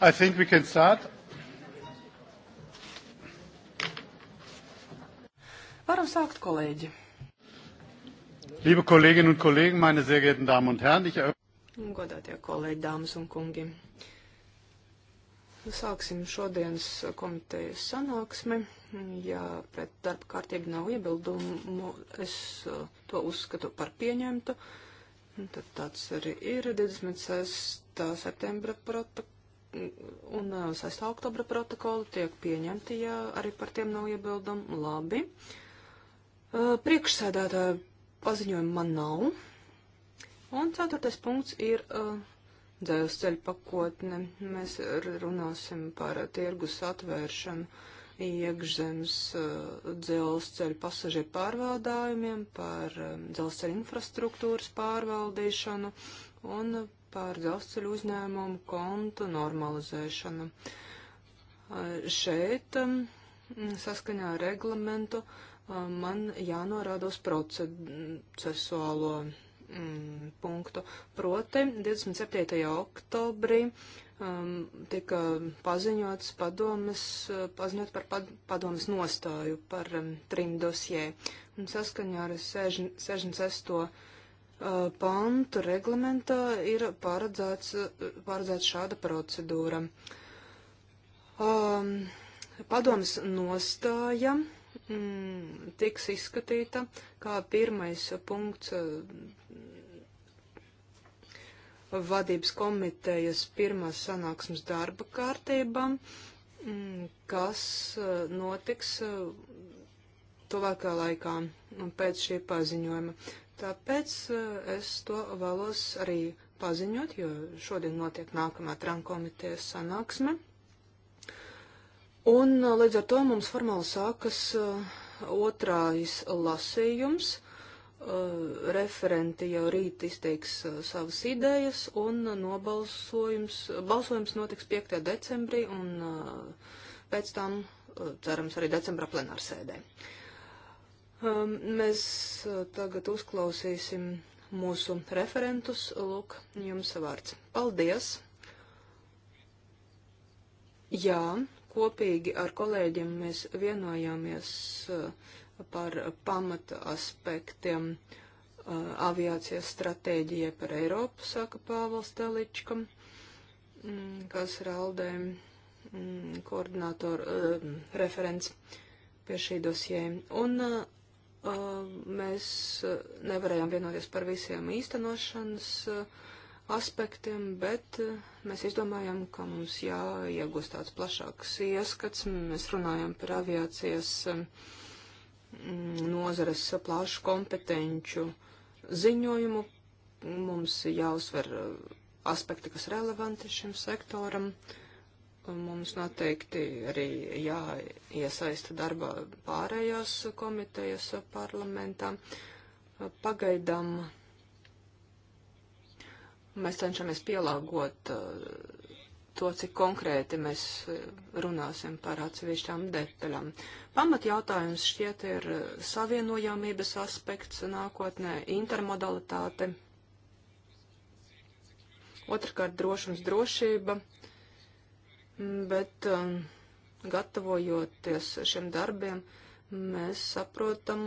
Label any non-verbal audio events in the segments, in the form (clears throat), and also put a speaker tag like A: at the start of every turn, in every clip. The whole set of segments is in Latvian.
A: I think we can start. Varam sākt, kolēģi. Liebe Kolleginnen und Kollegen, meine sehr geehrten Damen und Herren, ich
B: Godātie kolēģi, dāmas un kungi. Sāksim šodienas komitejas sanāksmi. Ja pret darba kārtību nav iebildumu, es uh, to uzskatu par pieņemtu. Tad tāds arī ir 26. septembra protokols un 6. oktobra protokoli tiek pieņemti, ja arī par tiem nav iebildam. Labi. Priekšsēdētāja paziņojuma man nav. Un ceturtais punkts ir dzelzceļa pakotne. Mēs runāsim par tirgus atvēršanu iekšzemes dzelzceļa pasažieru pārvaldājumiem, par dzelzceļa infrastruktūras pārvaldīšanu un par dzelzceļu uzņēmumu kontu normalizēšanu. Eh, šeit mm, saskaņā ar reglamentu eh, man jānorāda uz procesuālo mm, punktu. Proti 27. oktobrī mm, tika paziņots padomes, eh, paziņot par pad, padomes nostāju par trim dosjē. Un saskaņā ar 66 pantu reglamentā ir paredzēts, paredzēts šāda procedūra. Um, padomas nostāja mm, tiks izskatīta kā pirmais punkts vadības komitejas pirmās sanāksmes darba kārtībā, mm, kas notiks tuvākā laikā pēc šī paziņojuma. Tāpēc eh, es to vēlos arī paziņot, jo šodien notiek nākamā trankomitejas sanāksme. Un eh, līdz ar to mums formāli sākas eh, otrājs lasījums. Referenti jau rīt izteiks savas idejas un nobalsojums, balsojums notiks 5. decembrī un pēc tam, cerams, arī decembra plenārsēdē. Ar Um, mēs uh, tagad uzklausīsim mūsu referentus. Lūk, jums vārds. Paldies! Jā, kopīgi ar kolēģiem mēs vienojāmies uh, par pamata aspektiem uh, aviācijas stratēģijai par Eiropu, saka Pāvils Teličkam, mm, kas ir Aldēm mm, koordinātoru referents pie šī dosjē. Un Uh, mēs uh, nevarējām vienoties par visiem īstenošanas uh, aspektiem, bet mēs izdomājām, ka mums jāiegūst tāds plašāks ieskats. Mēs runājam par aviācijas um, nozares plašu kompetenču ziņojumu. Mums jāuzsver aspekti, kas relevanti šim sektoram. Uh, Mums noteikti arī jāiesaista darbā pārējās komitejas parlamentā. Pagaidām mēs cenšamies pielāgot uh, to, cik konkrēti mēs runāsim par atsevišķām detaļām. Pamat jautājums šķiet ir savienojamības aspekts nākotnē, intermodalitāte. Otrakārt drošums drošība, bet um, gatavojoties šiem darbiem, mēs saprotam,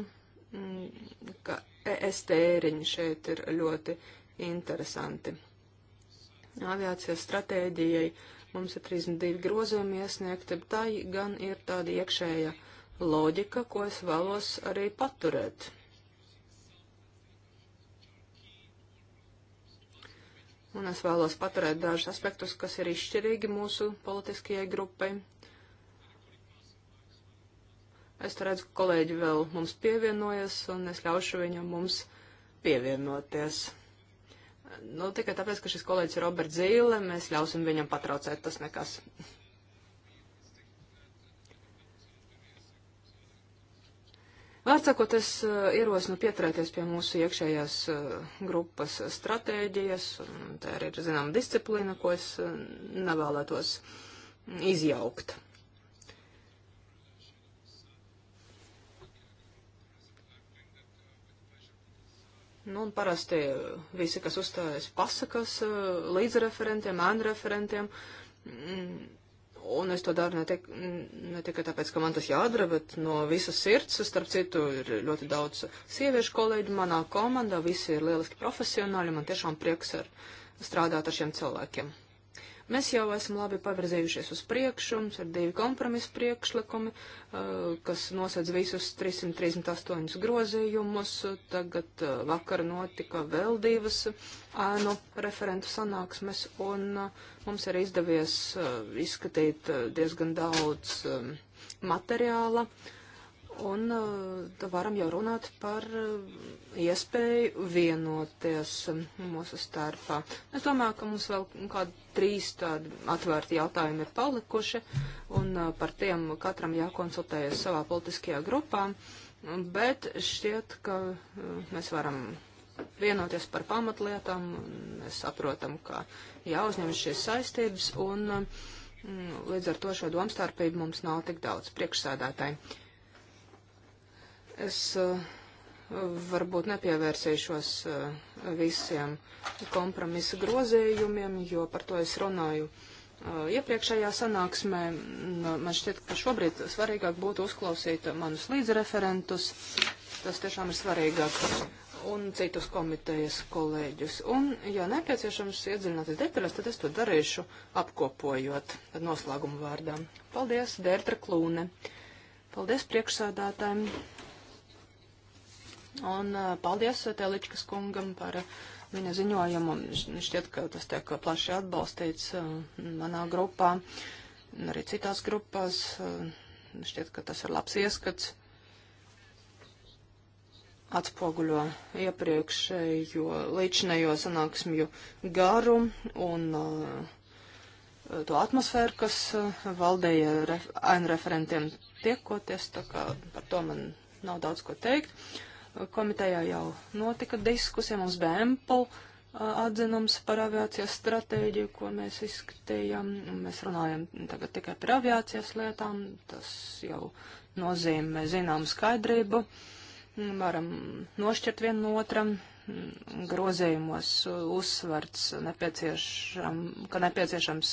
B: mm, ka ES tēriņi šeit ir ļoti interesanti. Aviācijas stratēģijai mums ir 32 grozījumi iesniegti, bet tā gan ir tāda iekšēja loģika, ko es vēlos arī paturēt Un es vēlos paturēt dažus aspektus, kas ir izšķirīgi mūsu politiskajai grupai. Es redzu, ka kolēģi vēl mums pievienojas, un es ļaušu viņam mums pievienoties. Nu, tikai tāpēc, ka šis kolēģis ir Roberts Zīle, mēs ļausim viņam patraucēt, tas nekas. Vārdsakot, es eh, ierosinu pieturēties pie mūsu iekšējās eh, grupas stratēģijas, un tā arī ir, zinām, disciplīna, ko es eh, nevēlētos izjaukt. Nu, un parasti visi, kas uzstājas pasakas līdzreferentiem, ēnreferentiem, mm, Un es to daru ne, tiek, ne tikai tāpēc, ka man tas jādara, bet no visas sirds. Starp citu, ir ļoti daudz sieviešu kolēģi manā komandā, visi ir lieliski profesionāļi, man tiešām prieks ar strādāt ar šiem cilvēkiem. Mēs jau esam labi pavirzējušies uz priekšu, mums ir divi kompromisu priekšlikumi, eh, kas nosedz visus 338 grozījumus. Tagad eh, vakar notika vēl divas ēnu eh, referentu sanāksmes, un mums ir izdevies izskatīt diezgan daudz materiāla. Uh, Un uh, varam jau runāt par uh, iespēju vienoties mūsu starpā. Es domāju, ka mums vēl kādi trīs tādi atvērti jautājumi ir palikuši, un uh, par tiem katram jākonsultējas savā politiskajā grupā, bet šķiet, ka uh, mēs varam vienoties par pamatlietām, mēs saprotam, ka jāuzņem šīs saistības, un uh, mm, līdz ar to šo domstarpību mums nav tik daudz priekšsēdētāji. Es eh, varbūt nepievērsīšos eh, visiem kompromisa grozējumiem, jo par to es runāju eh, iepriekšējā sanāksmē. Man šķiet, ka šobrīd svarīgāk būtu uzklausīt manus līdzreferentus. Tas tiešām ir svarīgāk un citus komitejas kolēģus. Un, ja nepieciešams iedziļināties detaļās, tad es to darīšu apkopojot noslēgumu vārdām. Paldies, Dērtra Klūne. Paldies priekšsādātājiem. Un paldies Teličkas kungam par viņa ziņojumu. Nu, šķiet, ka tas tiek plaši atbalstīts manā grupā un arī citās grupās. Nu, šķiet, ka tas ir labs ieskats. Atspoguļo iepriekšējo līdšanējo sanāksmju garu un uh, to atmosfēru, kas valdēja ref, ainu referentiem tiekoties, tā kā par to man nav daudz ko teikt komitejā jau notika diskusija, mums bija Empel atzinums par aviācijas stratēģiju, ko mēs izskatījām. Mēs runājam tagad tikai par aviācijas lietām, tas jau nozīmē zinām skaidrību. Varam nošķirt vienu no otram, grozījumos uzsverts, nepieciešam, ka nepieciešams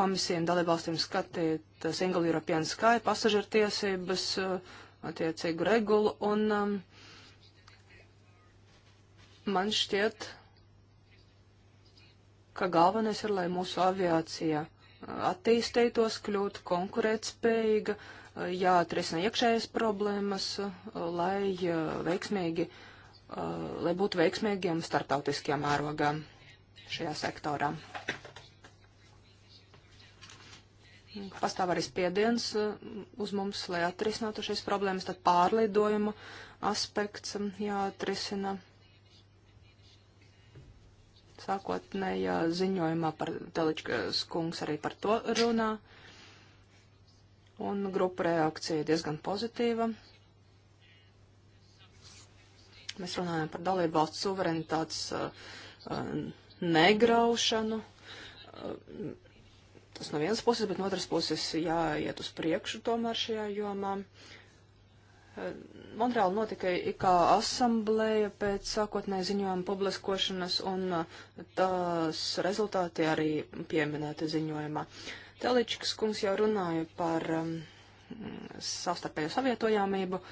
B: komisijām dalībvalstīm skatīt Single European Sky pasažiertiesības, tiesības, attiecīgu regulu, un um, man šķiet, ka galvenais ir, lai mūsu aviācija uh, attīstītos, kļūtu konkurētspējīga, uh, jāatrisina iekšējas problēmas, uh, lai veiksmīgi, lai būtu veiksmīgiem starptautiskiem mērogām šajā sektorā pastāv arī spiediens uh, uz mums, lai atrisinātu šīs problēmas, tad pārlidojuma aspekts um, jāatrisina. Sākotnējā ziņojumā par Teličkas kungs arī par to runā, un grupa reakcija diezgan pozitīva. Mēs runājam par dalību valsts suverenitātes uh, uh negraušanu. Uh, Tas no vienas puses, bet no otras puses jāiet uz priekšu tomēr šajā jomā. Eh, Monreāli notika IKA asamblēja pēc sākotnēji ziņojuma publiskošanas, un eh, tās rezultāti arī pieminēti ziņojumā. Teličkas kungs jau runāja par um, ehm, savstarpēju savietojāmību.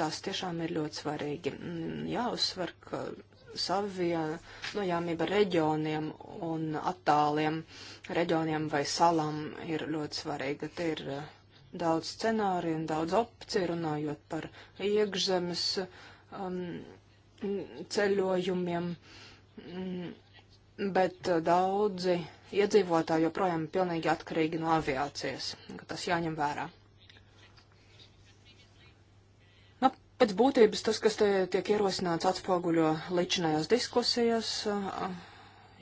B: Tas tiešām ir ļoti svarīgi. Mm, jāuzsver, ka savienojamība reģioniem un attāliem reģioniem vai salām ir ļoti svarīga. Te ir eh, daudz scenāriju un daudz opciju runājot par iekšzemes um, ceļojumiem, mm, bet eh, daudzi iedzīvotāji joprojām pilnīgi atkarīgi no aviācijas, ka tas jāņem vērā. Pēc būtības tas, kas te tiek ierosināts, atspoguļo ličinājās diskusijas,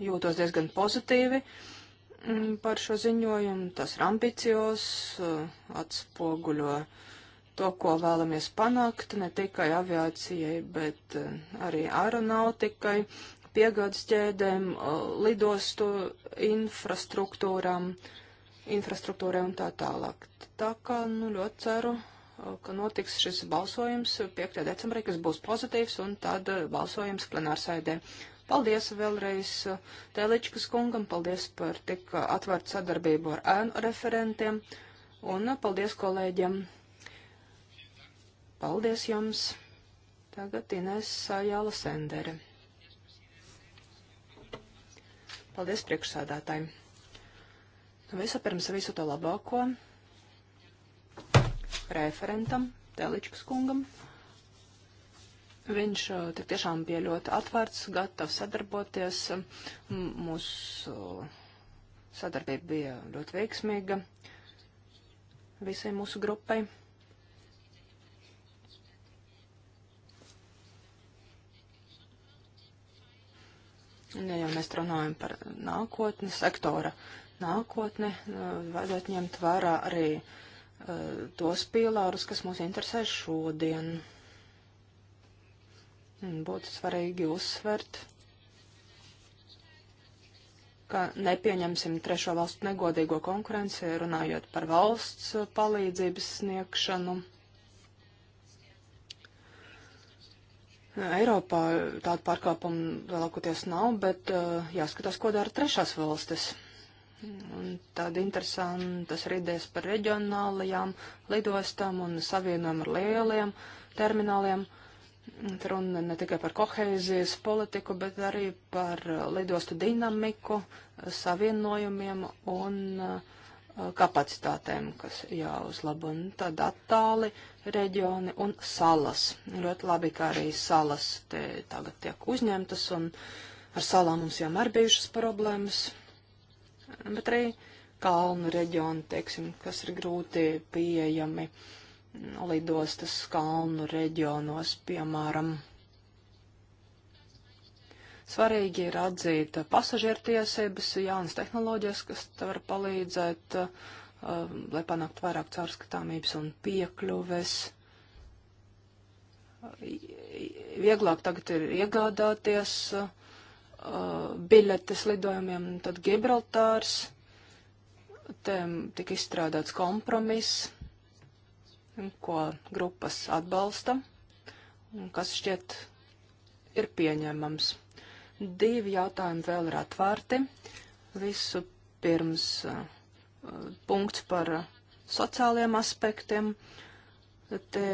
B: jūtos diezgan pozitīvi mm, par šo ziņojumu, tas ir ambicios, atspoguļo to, ko vēlamies panākt ne tikai aviācijai, bet arī aeronautikai, piegādes ķēdēm, lidostu infrastruktūrām, infrastruktūrai un tā tālāk. Tā kā, nu, ļoti ceru Uh, ka notiks šis balsojums 5. decembrī, kas būs pozitīvs, un tad uh, balsojums plenārsēdē. Paldies vēlreiz uh, Teličkas kungam, paldies par tik atvērtu sadarbību ar ēnu referentiem, un paldies kolēģiem. Paldies jums. Tagad Inēs Jāla Sendere. Paldies priekšsādātājiem. Nu, Visapirms visu to labāko referentam, Teličkas kungam. Viņš uh, tik tiešām bija ļoti atvērts, gatavs sadarboties. Mūsu sadarbība bija ļoti veiksmīga visai mūsu grupai. Ja jau mēs runājam par nākotni, sektora nākotni, uh, vajadzētu ņemt vērā arī uh, Eh, tos pīlārus, kas mūs interesē šodien. Būtu svarīgi uzsvert, ka nepieņemsim trešo valstu negodīgo konkurenci, runājot par valsts palīdzības sniegšanu. Eiropā tādu pārkāpumu lielākoties nav, bet eh, jāskatās, ko dara trešās valstis. Un tāda interesantas ir idejas par reģionālajām lidostām un savienojumu ar lieliem termināliem. Te runa ne tikai par kohēzijas politiku, bet arī par lidostu dinamiku, savienojumiem un uh, kapacitātēm, kas jāuzlabo. Un tad attāli reģioni un salas. Ļoti labi, ka arī salas te tagad tiek uzņemtas un ar salām mums vienmēr bijušas problēmas bet arī kalnu reģioni, teiksim, kas ir grūti pieejami lidostas kalnu reģionos, piemēram. Svarīgi ir atzīt pasažieru tiesības, jaunas tehnoloģijas, kas var palīdzēt, uh, lai panāktu vairāk caurskatāmības un piekļuves. Vieglāk tagad ir iegādāties uh, uh, biļetes lidojumiem, tad Gibraltārs, te tika izstrādāts kompromiss, ko grupas atbalsta, un kas šķiet ir pieņemams. Divi jautājumi vēl ir atvērti. Visu pirms uh, punkts par uh, sociāliem aspektiem. Te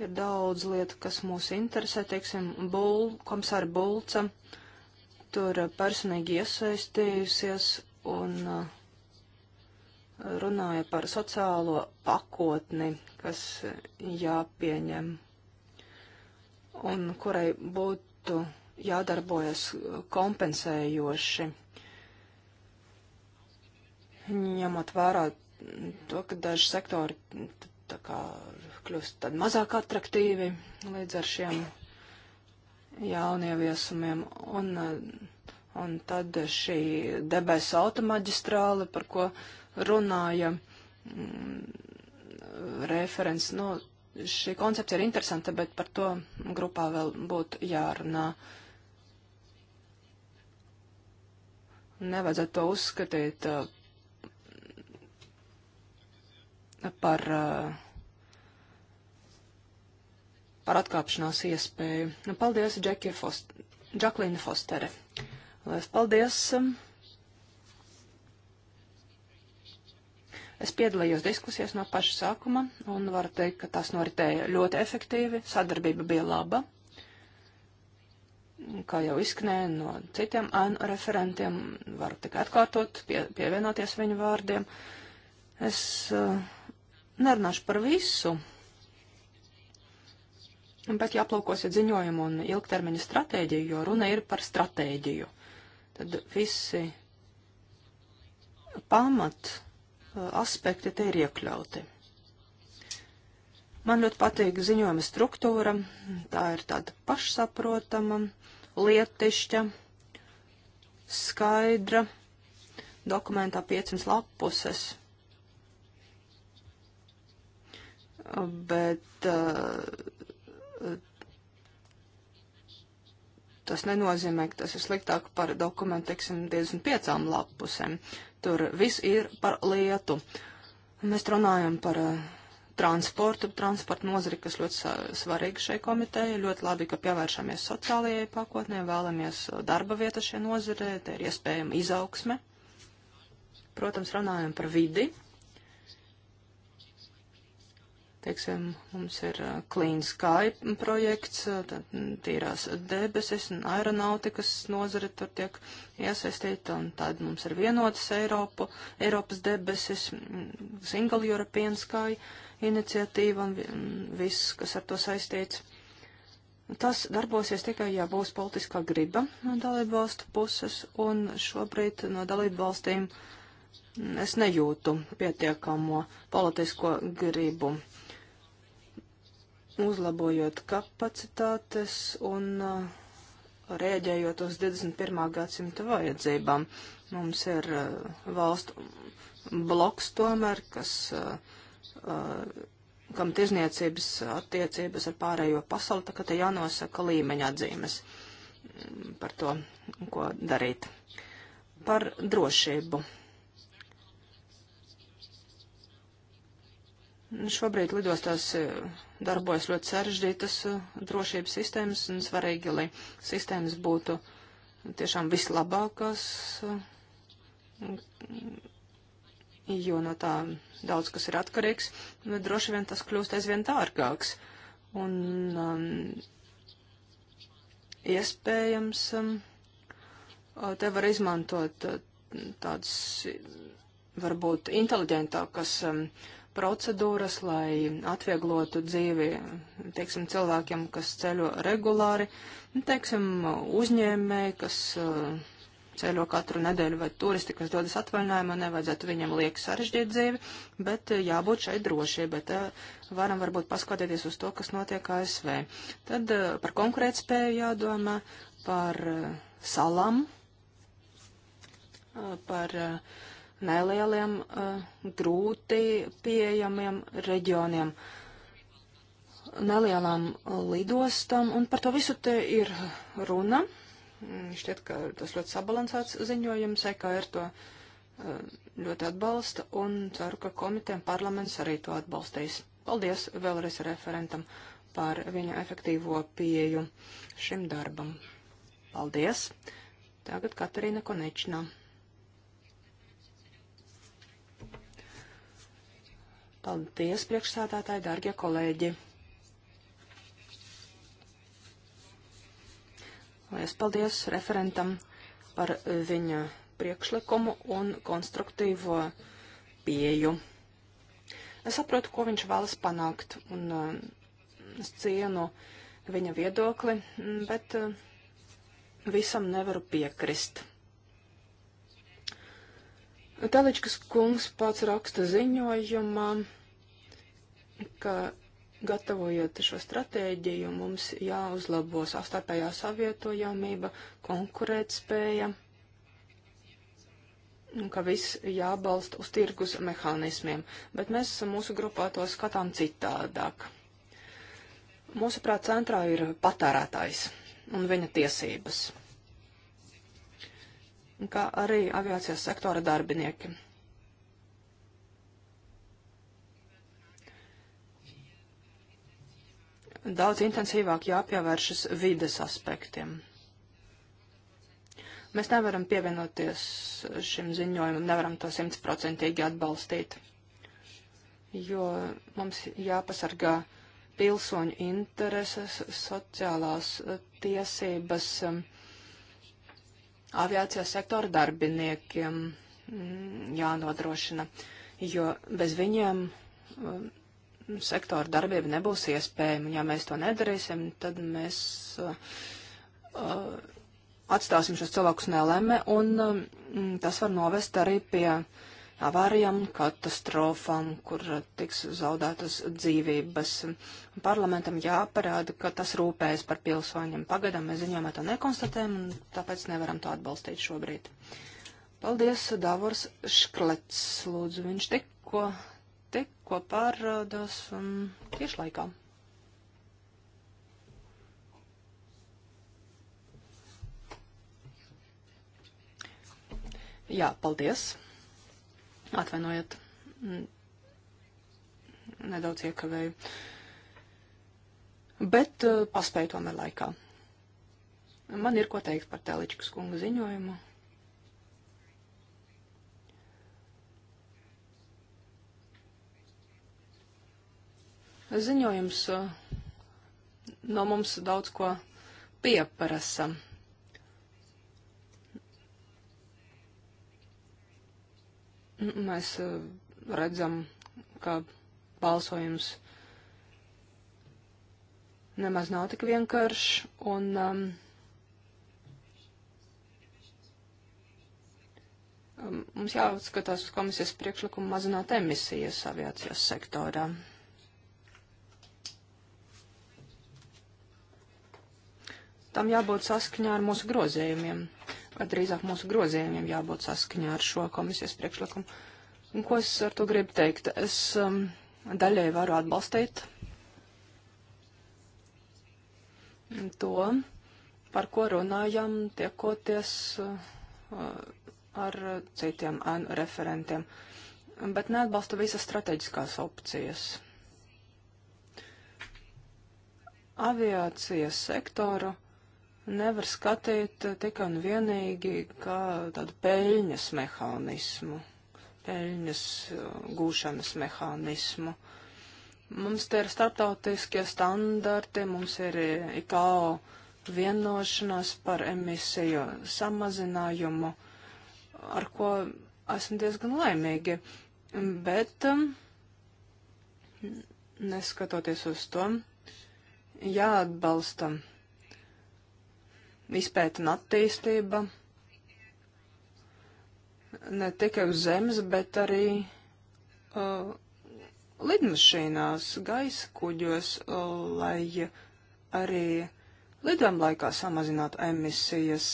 B: ir daudz lietu, kas mūs interesē, teiksim, bul, komisāra Bulca. Uh, tur personīgi iesaistījusies un uh, runāja par sociālo pakotni, kas jāpieņem un kurai būtu jādarbojas kompensējoši, ņemot vērā to, ka daži sektori tā kā kļūst tad mazāk atraktīvi līdz ar šiem jaunieviesumiem. Un, eh, un tad šī debesu automaģistrāle, par ko runāja mm, referents, nu, šī koncepcija ir interesanta, bet par to grupā vēl būtu jārunā. Nevajadzētu to uzskatīt eh, par uh, par atkāpšanās iespēju. Nu, paldies, Fost Džaklīna Fostere. Lielas paldies. Es piedalījos diskusijās no paša sākuma un varu teikt, ka tās noritēja ļoti efektīvi, sadarbība bija laba. Kā jau izskanēja no citiem ēnu referentiem, varu tikai atkārtot, pie, pievienoties viņu vārdiem. Es uh, nerunāšu par visu, Bet, ja aplūkosiet ziņojumu un ilgtermiņa stratēģiju, jo runa ir par stratēģiju, tad visi pamat eh, aspekti te ir iekļauti. Man ļoti patīk ziņojuma struktūra, tā ir tāda pašsaprotama, lietišķa, skaidra, dokumentā 500 lapuses. Bet uh, tas nenozīmē, ka tas ir sliktāk par dokumentu, teiksim, 25 lapusēm. Tur viss ir par lietu. Mēs runājam par uh, transportu, transporta nozari, kas ļoti svarīga šai komitejai. Ļoti labi, ka pievēršamies sociālajai pakotnē, vēlamies eh, darba vietu šai nozarē, te ir iespējama izaugsme. Protams, runājam par vidi, Teiksim, mums ir Clean Sky projekts, tad tīrās debesis un aeronautikas nozare tur tiek iesaistīta, un tad mums ir vienotas Eiropa, Eiropas debesis, Single European Sky iniciatīva un viss, kas ar to saistīts. Tas darbosies tikai, ja būs politiskā griba no dalību valstu puses, un šobrīd no dalību valstīm es nejūtu pietiekamo politisko gribu uzlabojot kapacitātes un uh, rēģējot uz 21. gadsimta vajadzībām. Mums ir uh, valstu bloks tomēr, kas, uh, uh, kam tirzniecības attiecības ar pārējo pasauli, tā kā te jānosaka līmeņa atzīmes par to, ko darīt. Par drošību Šobrīd lidostās e, darbojas ļoti sarežģītas e, drošības sistēmas un svarīgi, lai sistēmas būtu tiešām vislabākās, e, jo no tā daudz kas ir atkarīgs, bet droši vien tas kļūst aizvien dārgāks. Un um, iespējams, um, te var izmantot tādas varbūt inteliģentākas um, procedūras, lai atvieglotu dzīvi, teiksim, cilvēkiem, kas ceļo regulāri, nu, teiksim, uzņēmēji, kas uh, ceļo katru nedēļu vai turisti, kas dodas atvaļinājumā, nevajadzētu viņam liek sarežģīt dzīvi, bet uh, jābūt šai drošībai. Te uh, varam varbūt paskatīties uz to, kas notiek ASV. Tad par konkurētspēju jādomā, par salām, par uh, nelieliem, eh, grūti pieejamiem reģioniem, nelielām lidostām, un par to visu te ir runa. Mm, šķiet, ka tas ļoti sabalansēts ziņojums, EKR to eh, ļoti atbalsta, un ceru, ka komitēm parlaments arī to atbalstīs. Paldies vēlreiz referentam par viņa efektīvo pieju šim darbam. Paldies! Tagad Katarīna Konečnā. Paldies, priekšsādātāji, dārgie kolēģi! Lielas paldies referentam par viņa priekšlikumu un konstruktīvo pieju. Es saprotu, ko viņš vēlas panākt, un uh, es cienu viņa viedokli, bet uh, visam nevaru piekrist. Teličkas kungs pats raksta ziņojumā, ka gatavojot šo stratēģiju, mums jāuzlabo sastarpējā savietojamība, konkurētspēja, un ka viss jābalsta uz tirgus mehānismiem, bet mēs mūsu grupā to skatām citādāk. Mūsuprāt, centrā ir patērētājs un viņa tiesības kā arī aviācijas sektora darbinieki. Daudz intensīvāk jāpievēršas vides aspektiem. Mēs nevaram pievienoties šim ziņojumam, nevaram to simtprocentīgi atbalstīt, jo mums jāpasargā pilsoņu intereses, sociālās tiesības. Um, aviācijas sektora darbiniekiem mm, jānodrošina, jo bez viņiem mm, sektora darbība nebūs iespējama. Ja mēs to nedarīsim, tad mēs uh, atstāsim šos cilvēkus nelēmē, un um, tas var novest arī pie uh, avārijām, katastrofām, kur tiks zaudētas dzīvības. Parlamentam jāparāda, ka tas rūpējas par pilsoņiem. Pagaidām mēs ziņojumā to nekonstatējam, un tāpēc nevaram to atbalstīt šobrīd. Paldies, Davors Šklets, lūdzu, viņš tikko, tikko pārādās un tieši laikā. Jā, paldies. Atvainojiet, nedaudz iekavēju. Bet uh, paspēju tomēr laikā. Man ir ko teikt par Teličkas kunga ziņojumu. Ziņojums uh, no mums daudz ko pieprasa. Mēs e, redzam, ka balsojums nemaz nav tik vienkāršs, un um, um mums jāatskatās uz komisijas priekšlikumu mazināt emisijas aviācijas sektorā. Tam jābūt saskaņā ar mūsu grozējumiem drīzāk mūsu grozījumiem jābūt saskaņā ar šo komisijas priekšlikumu. Un ko es ar to gribu teikt? Es um, daļai varu atbalstīt to, par ko runājam, tiekoties uh, ar citiem ēnu referentiem, bet neatbalstu visas strateģiskās opcijas. Aviācijas sektoru uh, nevar skatīt eh, tikai un vienīgi kā tādu peļņas mehānismu, peļņas eh, gūšanas mehānismu. Mums te ir starptautiskie standarti, mums ir eh, IKO vienošanās par emisiju samazinājumu, ar ko esam diezgan laimīgi. Bet, mm, neskatoties uz to, jāatbalsta. Ja izpēta un attīstība ne tikai uz zemes, bet arī uh, lidmašīnās, gaisa kuģos, uh, lai arī lidojuma laikā samazinātu emisijas.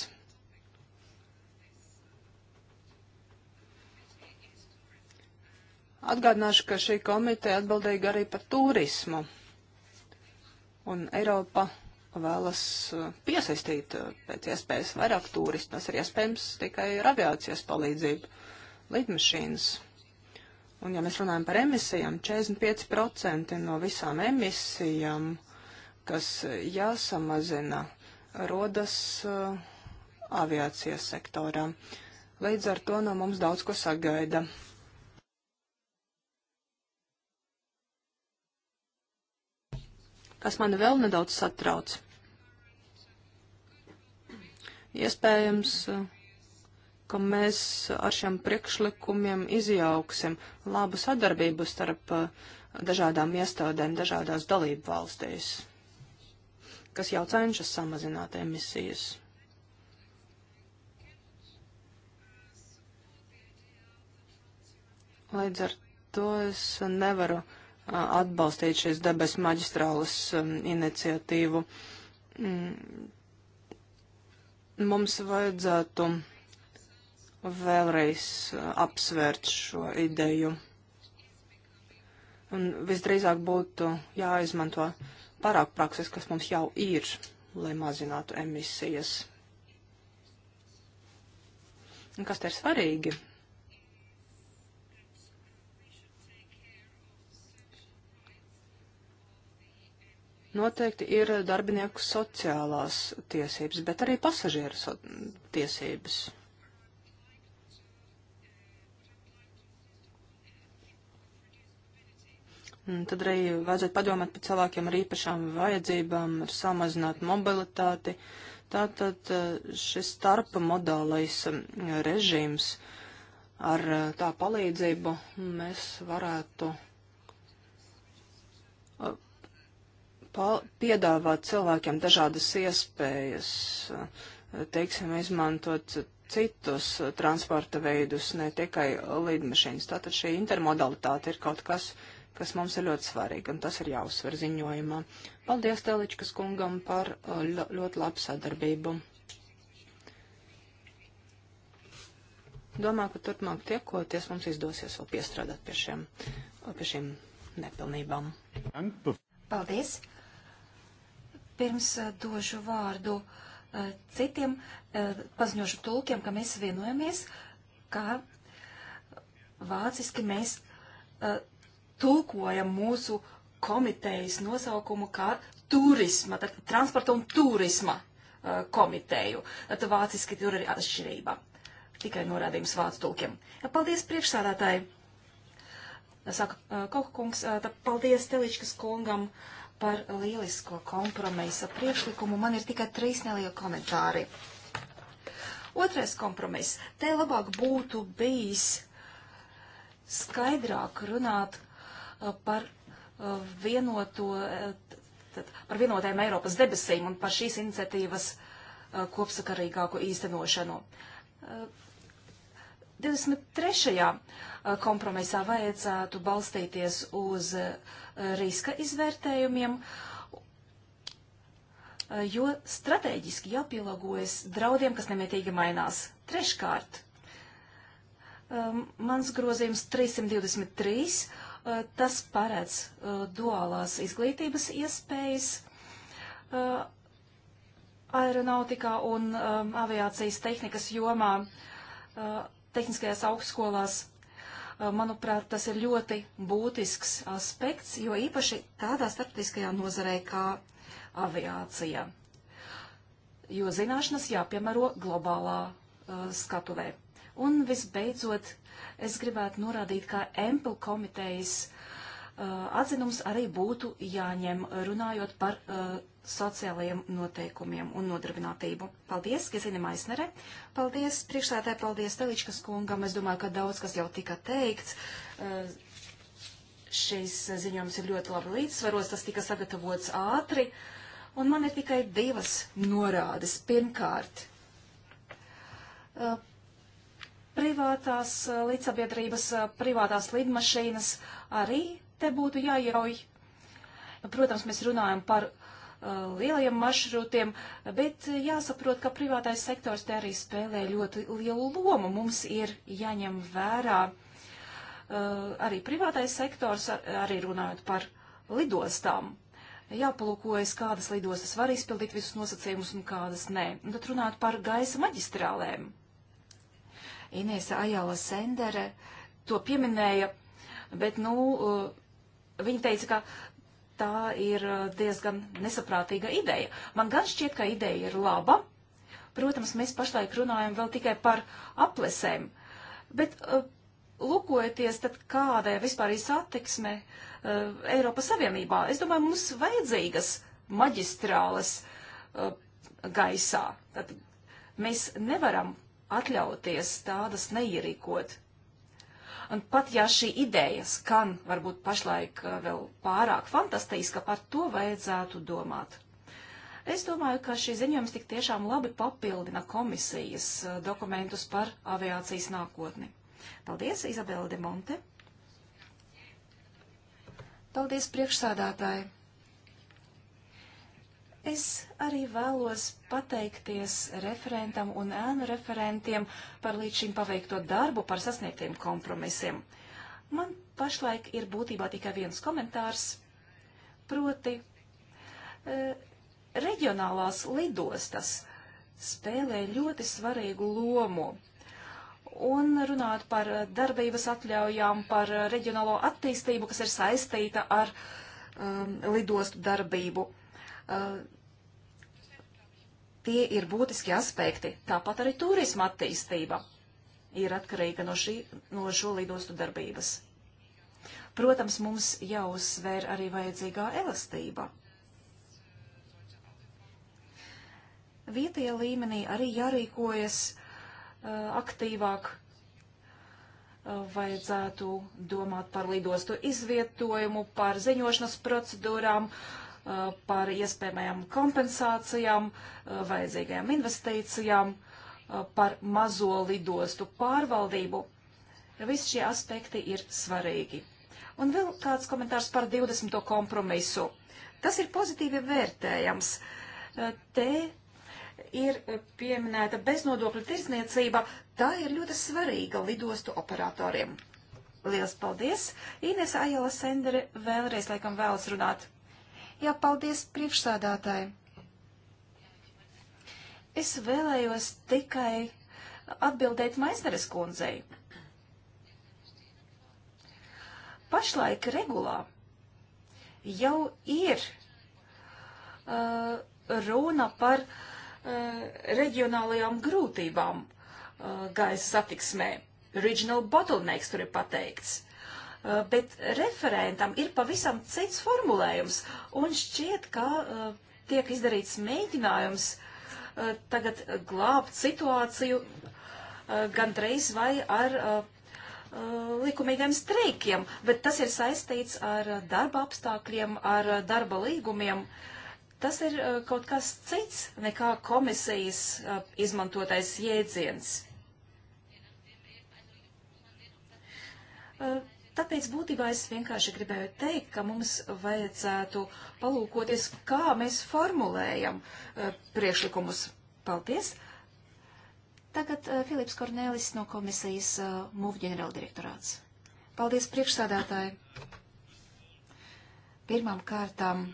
B: Atgādināšu, ka šī komiteja atbildīga arī par turismu. Un Eiropa vēlas uh, piesaistīt uh, pēc iespējas vairāk turistu. Tas ir iespējams tikai ar aviācijas palīdzību, lidmašīnas. Un ja mēs runājam par emisijām, 45% no visām emisijām, kas uh, jāsamazina, rodas uh, aviācijas sektorā. Līdz ar to no mums daudz ko sagaida. kas mani vēl nedaudz satrauc. Iespējams, ka mēs ar šiem priekšlikumiem izjauksim labu sadarbību starp eh, dažādām iestādēm dažādās dalību valstīs, kas jau cenšas samazināt emisijas. Līdz ar to es nevaru eh, atbalstīt šīs debesu maģistrāles eh, iniciatīvu. Mm, mums vajadzētu vēlreiz uh, apsvērt šo ideju. Un visdrīzāk būtu jāizmanto parāk prakses, kas mums jau ir, lai mazinātu emisijas. Un kas te ir svarīgi? noteikti ir darbinieku sociālās tiesības, bet arī pasažieru so tiesības. Un tad arī vajadzētu padomāt par cilvēkiem ar īpašām vajadzībām, ar samazināt mobilitāti. Tātad eh, šis starpa modālais eh, režīms ar eh, tā palīdzību mēs varētu piedāvāt cilvēkiem dažādas iespējas, eh, teiksim, izmantot citus eh, transporta veidus, ne tikai lidmašīnas. Tātad šī intermodalitāte ir kaut kas, kas mums ir ļoti svarīgi, un tas ir jāuzsver ziņojumā. Paldies Teličkas kungam par eh, ļoti labu sadarbību. Domāju, ka turpmāk tiekoties mums izdosies vēl piestrādāt pie šiem, pie šiem nepilnībām.
C: Paldies! Pirms eh, došu vārdu eh, citiem, eh, paziņošu tulkiem, ka mēs vienojamies, ka vāciski mēs tulkojam mūsu komitejas nosaukumu kā turisma, tad transporta un turisma komiteju. Tad vāciski tur ir atšķirība. Tikai norādījums vācu tulkiem. Paldies priekšsādātāji! Saka Koka kungs, tad paldies Teličkas kungam. Uh, par lielisko kompromisa priekšlikumu. Man ir tikai trīs nelieli komentāri. Otrais kompromiss. Te labāk būtu bijis skaidrāk runāt uh, par uh, vienoto, uh, par vienotēm Eiropas debesīm un par šīs iniciatīvas kopsakarīgāku īstenošanu. 23. kompromisā vajadzētu balstīties uz uh, riska izvērtējumiem, eh, jo strateģiski jāpielāgojas draudiem, kas nemietīgi mainās. Treškārt, eh, mans grozījums 323, eh, tas paredz duālās izglītības iespējas aeronautikā un aviācijas tehnikas jomā tehniskajās augstskolās Eh, manuprāt, tas ir ļoti būtisks aspekts, jo īpaši tādā starptautiskajā nozarē kā aviācija. Jo zināšanas jāpiemēro globālā uh, skatuvē. Un visbeidzot, es gribētu norādīt, ka Empel komitejas atzinums arī būtu jāņem runājot par sociālajiem noteikumiem un nodarbinātību. Paldies, Gesine Maisnere. Paldies, priekšsētē, paldies Teličkas kungam. Es domāju, ka daudz kas jau tika teikts. Šis ziņojums ir ļoti labi līdzsvaros, tas tika sagatavots ātri. Un man ir tikai divas norādes. Pirmkārt, privātās līdzsabiedrības, privātās lidmašīnas arī te būtu jāierauj. Nu, protams, mēs runājam par uh, lielajiem maršrutiem, bet jāsaprot, ka privātais sektors te arī spēlē ļoti lielu lomu. Mums ir jāņem vērā uh, arī privātais sektors, ar, arī runājot par lidostām. Jāpalūkojas, kādas lidostas var izpildīt visus nosacījumus un kādas nē. Un tad runāt par gaisa maģistrālēm. Inēsa Ajala Sendere to pieminēja, bet, nu, uh, Viņa teica, ka tā ir uh, diezgan nesaprātīga ideja. Man gan šķiet, ka ideja ir laba. Protams, mēs pašlaik runājam vēl tikai par aplesēm. Bet uh, lūkojoties, tad kāda ir vispār izsateiksme uh, Eiropas Savienībā? Es domāju, mums vajadzīgas maģistrāles uh, gaisā. Tad mēs nevaram atļauties tādas neierīkot Un pat ja šī ideja skan varbūt pašlaik eh, vēl pārāk fantastiska, par to vajadzētu domāt. Es domāju, ka šī ziņojums tik tiešām labi papildina komisijas eh, dokumentus par aviācijas nākotni. Paldies, Izabela de Monte. Paldies, priekšsādātāji. Es arī vēlos pateikties referentam un ēnu referentiem par līdz šim paveikto darbu, par sasniegtiem kompromisiem. Man pašlaik ir būtībā tikai viens komentārs, proti e, reģionālās lidostas spēlē ļoti svarīgu lomu. Un runāt par darbības atļaujām, par reģionālo attīstību, kas ir saistīta ar um, lidostu darbību. Uh, tie ir būtiski aspekti. Tāpat arī turisma attīstība ir atkarīga no, šī, no šo lidostu darbības. Protams, mums jāuzsver arī vajadzīgā elastība. Vietējā līmenī arī jārīkojas uh, aktīvāk, uh, vajadzētu domāt par lidostu izvietojumu, par ziņošanas procedūrām, uh, par iespējamajām kompensācijām, eh, vajadzīgajām investīcijām, eh, par mazo lidostu pārvaldību. Visi šie aspekti ir svarīgi. Un vēl kāds komentārs par 20. kompromisu. Tas ir pozitīvi vērtējams. Eh, te ir pieminēta beznodokļu tirsniecība. Tā ir ļoti svarīga lidostu operatoriem. Lielas paldies! Ines Ajala Sendere vēlreiz laikam vēlas runāt. Jā, paldies priekšsādātāji. Es vēlējos tikai atbildēt Maisneres kundzei. Pašlaik regulā jau ir uh, runa par uh, reģionālajām grūtībām uh, gaisa satiksmē. Regional bottlenecks tur ir pateikts. Eh, bet referentam ir pavisam cits formulējums, un šķiet, ka eh, tiek izdarīts mēģinājums eh, tagad glābt situāciju gandrīz vai ar likumīgiem streikiem, bet tas ir saistīts ar darba apstākļiem, ar darba līgumiem. Tas ir kaut kas cits nekā komisijas izmantotais jēdziens. Tāpēc būtībā es vienkārši gribēju teikt, ka mums vajadzētu palūkoties, kā mēs formulējam uh, priekšlikumus. Paldies! Tagad uh, Filips Kornēlis no komisijas uh, MUV ģenerāldirektorāts. Paldies priekšsādātāji! Pirmām kārtām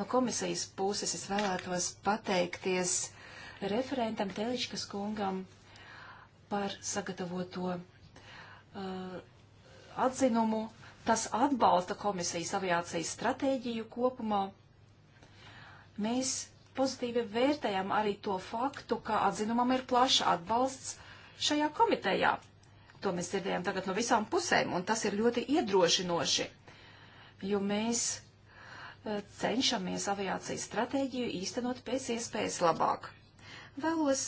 C: no komisijas puses es vēlētos pateikties referentam Teliškas kungam par sagatavoto uh, atzinumu. Tas atbalsta komisijas aviācijas stratēģiju kopumā. Mēs pozitīvi vērtējam arī to faktu, ka atzinumam ir plaša atbalsts šajā komitejā. To mēs dzirdējām tagad no visām pusēm, un tas ir ļoti iedrošinoši, jo mēs eh, cenšamies aviācijas stratēģiju īstenot pēc iespējas labāk. Vēlos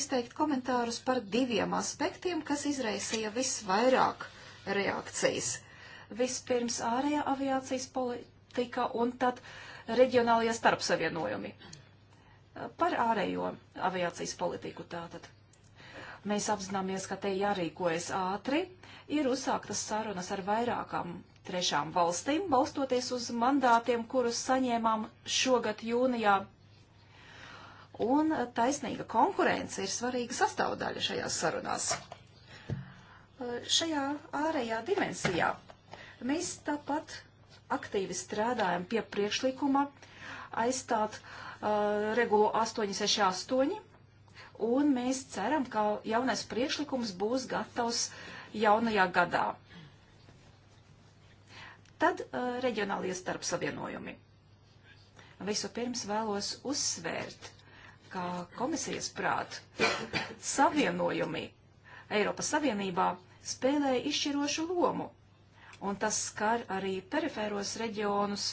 C: izteikt komentārus par diviem aspektiem, kas izraisīja visvairāk reakcijas. Vispirms ārējā aviācijas politika un tad reģionālajie starpsavienojumi. Par ārējo aviācijas politiku tātad. Mēs apzināmies, ka te jārīkojas ātri, ir uzsāktas sarunas ar vairākām trešām valstīm, balstoties uz mandātiem, kurus saņēmām šogad jūnijā. Un taisnīga konkurence ir svarīga sastāvdaļa šajās sarunās šajā ārējā dimensijā. Mēs tāpat aktīvi strādājam pie priekšlikuma aizstāt uh, regulu 868, un mēs ceram, ka jaunais priekšlikums būs gatavs jaunajā gadā. Tad uh, reģionālie starpsavienojumi. Vispirms vēlos uzsvērt, ka komisijas prāt savienojumi Eiropas Savienībā spēlēja izšķirošu lomu, un tas skar arī perifēros reģionus,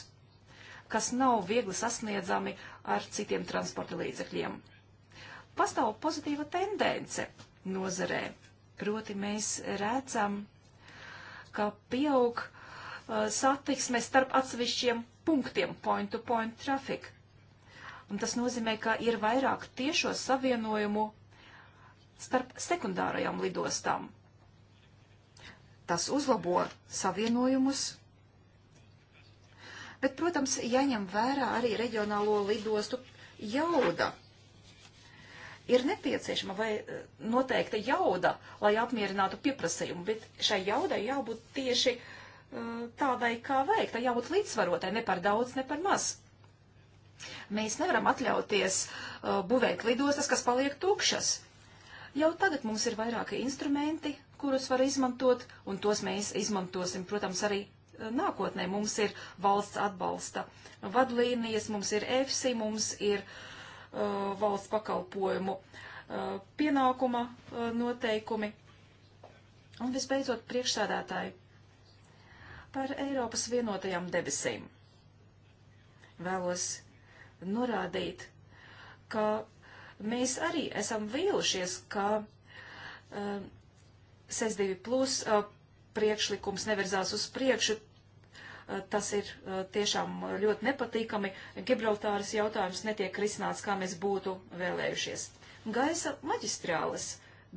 C: kas nav viegli sasniedzami ar citiem transporta līdzekļiem. Pastāv pozitīva tendence nozarē, proti mēs redzam, ka pieaug uh, satiksme starp atsevišķiem punktiem, point-to-point -point traffic. Un tas nozīmē, ka ir vairāk tiešo savienojumu starp sekundārajām lidostām. Tas uzlabo savienojumus. Bet, protams, jāņem vērā arī reģionālo lidostu jauda. Ir nepieciešama vai eh, noteikta jauda, lai apmierinātu pieprasījumu, bet šai jaudai jābūt tieši eh, tādai, kā vajag. Tā jābūt līdzsvarotai, ne par daudz, ne par maz. Mēs nevaram atļauties uh, būvēt lidostas, kas paliek tukšas. Jau tagad mums ir vairāki instrumenti, kurus var izmantot, un tos mēs izmantosim, protams, arī eh, nākotnē. Mums ir valsts atbalsta vadlīnijas, mums ir EFSI, mums ir uh, valsts pakalpojumu uh, pienākuma uh, noteikumi. Un visbeidzot, priekšsādātāji par Eiropas vienotajām debesīm. Vēlos norādīt, ka mēs arī esam vīlušies, ka uh, SES2 plus uh, priekšlikums nevirzās uz priekšu. Uh, tas ir uh, tiešām ļoti nepatīkami. Gibraltāras jautājums netiek risināts, kā mēs būtu vēlējušies. Gaisa maģistrāles,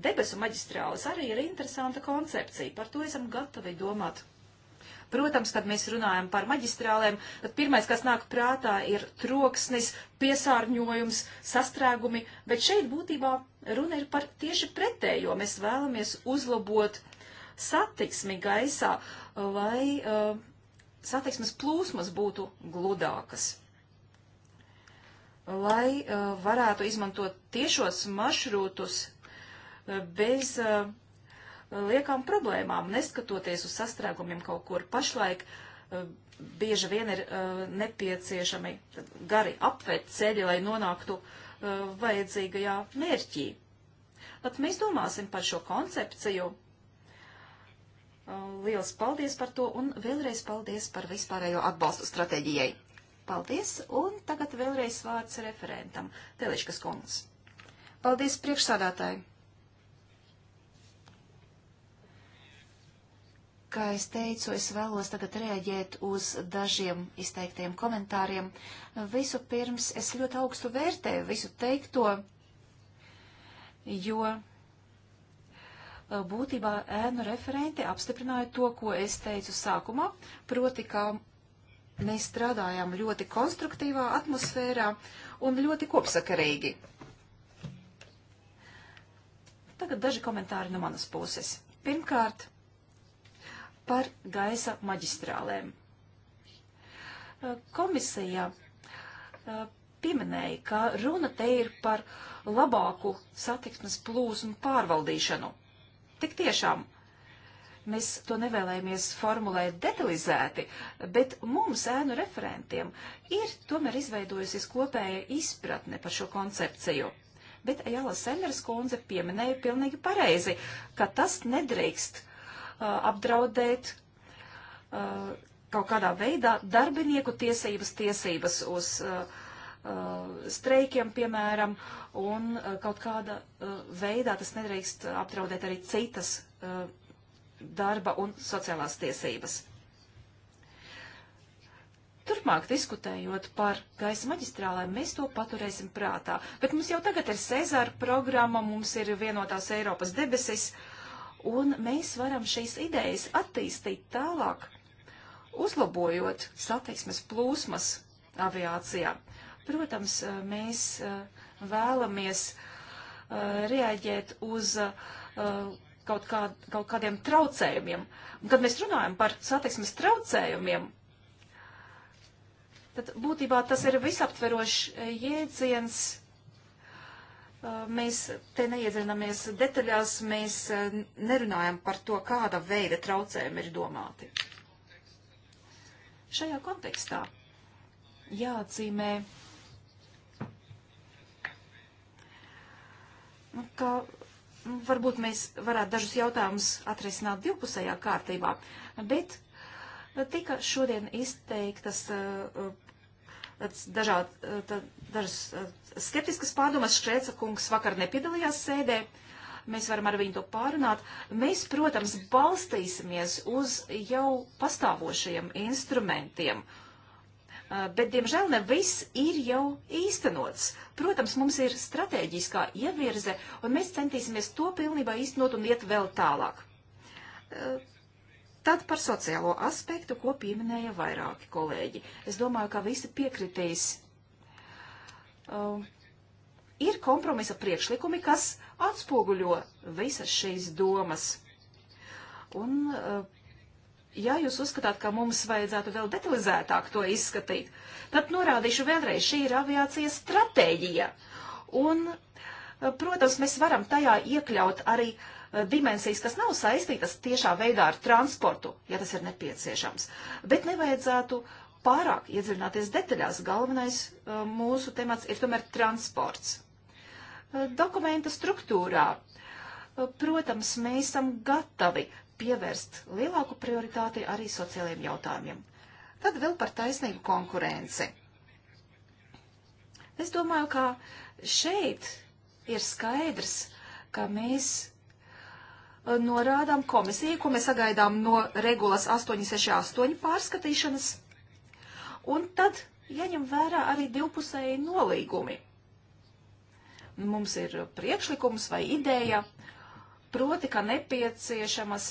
C: debesu maģistrāles arī ir interesanta koncepcija. Par to esam gatavi domāt Protams, kad mēs runājam par maģistrālēm, tad pirmais, kas nāk prātā, ir troksnis, piesārņojums, sastrēgumi, bet šeit būtībā runa ir par tieši pretējo. Mēs vēlamies uzlabot satiksmi gaisā, lai uh, satiksmes plūsmas būtu gludākas. Lai uh, varētu izmantot tiešos maršrūtus uh, bez uh, liekām problēmām, neskatoties uz sastrēgumiem kaut kur. Pašlaik eh, bieži vien ir eh, nepieciešami gari apvēt ceļi, lai nonāktu eh, vajadzīgajā mērķī. Tad mēs domāsim par šo koncepciju. Liels paldies par to un vēlreiz paldies par vispārējo atbalstu stratēģijai. Paldies, un tagad vēlreiz vārds referentam, Teliškas kungs. Paldies priekšsādātāji! Kā es teicu, es vēlos tagad reaģēt uz dažiem izteiktiem komentāriem. Visu pirms es ļoti augstu vērtēju visu teikto, jo būtībā ēnu referenti apstiprināja to, ko es teicu sākumā, proti, ka mēs strādājām ļoti konstruktīvā atmosfērā un ļoti kopsakarīgi. Tagad daži komentāri no manas puses. Pirmkārt, par gaisa maģistrālēm. Komisija pieminēja, ka runa te ir par labāku satiksmes plūsmu pārvaldīšanu. Tik tiešām mēs to nevēlējamies formulēt detalizēti, bet mums, ēnu referentiem, ir tomēr izveidojusies kopēja izpratne par šo koncepciju. Bet Jāla Senders kundze pieminēja pilnīgi pareizi, ka tas nedrīkst apdraudēt kaut kādā veidā darbinieku tiesības, tiesības uz streikiem, piemēram, un kaut kāda veidā tas nedrīkst apdraudēt arī citas darba un sociālās tiesības. Turpmāk diskutējot par gaisa maģistrālēm, mēs to paturēsim prātā. Bet mums jau tagad ir Cezara programma, mums ir vienotās Eiropas debesis. Uh, un mēs varam šīs idejas attīstīt tālāk, uzlabojot satiksmes plūsmas aviācijā. Protams, eh, mēs eh, vēlamies eh, reaģēt uz kaut, kā, kaut kādiem traucējumiem. Un, kad mēs runājam par satiksmes traucējumiem, tad būtībā tas ir visaptverošs jēdziens Uh, mēs te neiedzināmies detaļās, mēs uh, nerunājam par to, kāda veida traucējumi ir domāti. Šajā kontekstā jāatzīmē, nu, ka nu, varbūt mēs varētu dažus jautājumus atrisināt divpusējā kārtībā, bet tika šodien izteiktas uh, dažādi, eh, dažas eh, skeptiskas pārdomas. Šķēca kungs vakar nepiedalījās sēdē. Mēs varam ar viņu to pārunāt. Mēs, protams, balstīsimies uz jau pastāvošajiem instrumentiem. Eh, bet, diemžēl, ne viss ir jau īstenots. Protams, mums ir strateģiskā ievirze, un mēs centīsimies to pilnībā īstenot un iet vēl tālāk. Tad par sociālo aspektu, ko pieminēja vairāki kolēģi. Es domāju, ka visi piekritīs. Um, ir kompromisa priekšlikumi, kas atspoguļo visas šīs domas. Un, uh, ja jūs uzskatāt, ka mums vajadzētu vēl detalizētāk to izskatīt, tad norādīšu vēlreiz, šī ir aviācijas stratēģija. Un, uh, protams, mēs varam tajā iekļaut arī uh, Eh, dimensijas, kas nav saistītas tiešā veidā ar transportu, ja tas ir nepieciešams. Bet nevajadzētu pārāk iedziļināties detaļās. Galvenais eh, mūsu temats ir tomēr transports. Eh, dokumenta struktūrā. Protams, mēs esam gatavi pievērst lielāku prioritāti arī sociālajiem jautājumiem. Tad vēl par taisnīgu konkurenci. Es domāju, ka šeit ir skaidrs, ka mēs Eh, norādām komisiju, ko mēs sagaidām no regulas 868 pārskatīšanas. Un tad jaņem vērā arī divpusēji nolīgumi. Mums ir priekšlikums vai ideja, proti, ka nepieciešamas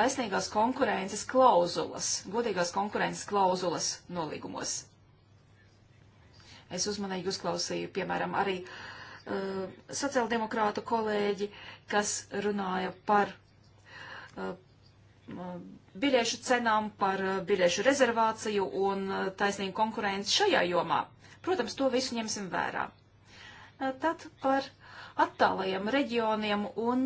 C: taisnīgās konkurences klauzulas, godīgās konkurences klauzulas nolīgumos. Es uzmanīgi uzklausīju, piemēram, arī uh, uh, sociāldemokrātu kolēģi, kas runāja par uh, biļešu cenām, par eh, biļešu rezervāciju un taisnīgu konkurenci šajā jomā. Protams, to visu ņemsim vērā. Tad par attālajiem reģioniem un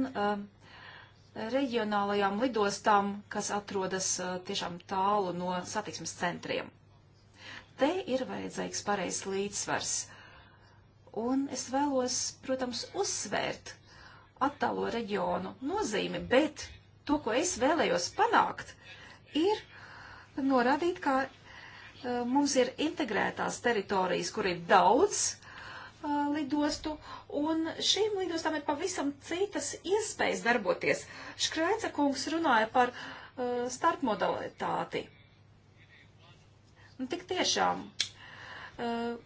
C: reģionālajām lidostām, kas atrodas tiešām tālu no satiksmes centriem. Te ir vajadzīgs pareizs līdzsvars Un es vēlos, protams, uzsvērt attālo reģionu nozīmi, bet to, ko es vēlējos panākt, ir norādīt, ka uh, mums ir integrētās teritorijas, kur ir daudz uh, lidostu, un šīm lidostām ir pavisam citas iespējas darboties. Škrēca kungs runāja par uh, starpmodalitāti. Un tik tiešām. Uh,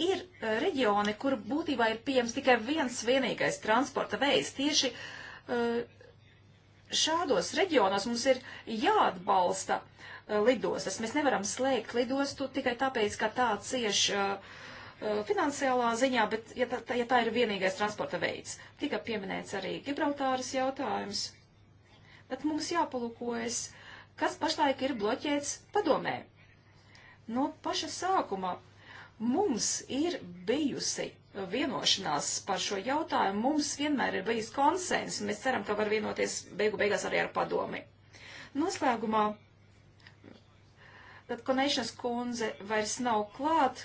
C: ir eh, reģioni, kur būtībā ir pieejams tikai viens vienīgais transporta veids. Tieši eh, šādos reģionos mums ir jāatbalsta eh, lidostas. Mēs nevaram slēgt lidostu tikai tāpēc, ka tā cieš finansiālā ziņā, bet ja tā, ja tā ir vienīgais transporta veids. Tika pieminēts arī Gibraltāras jautājums. Bet mums jāpalūkojas, kas pašlaik ir bloķēts padomē. No paša sākuma Mums ir bijusi vienošanās par šo jautājumu, mums vienmēr ir bijis konsens, un mēs ceram, ka var vienoties beigu beigās arī ar padomi. Noslēgumā, tad Konēšanas kundze vairs nav klāt,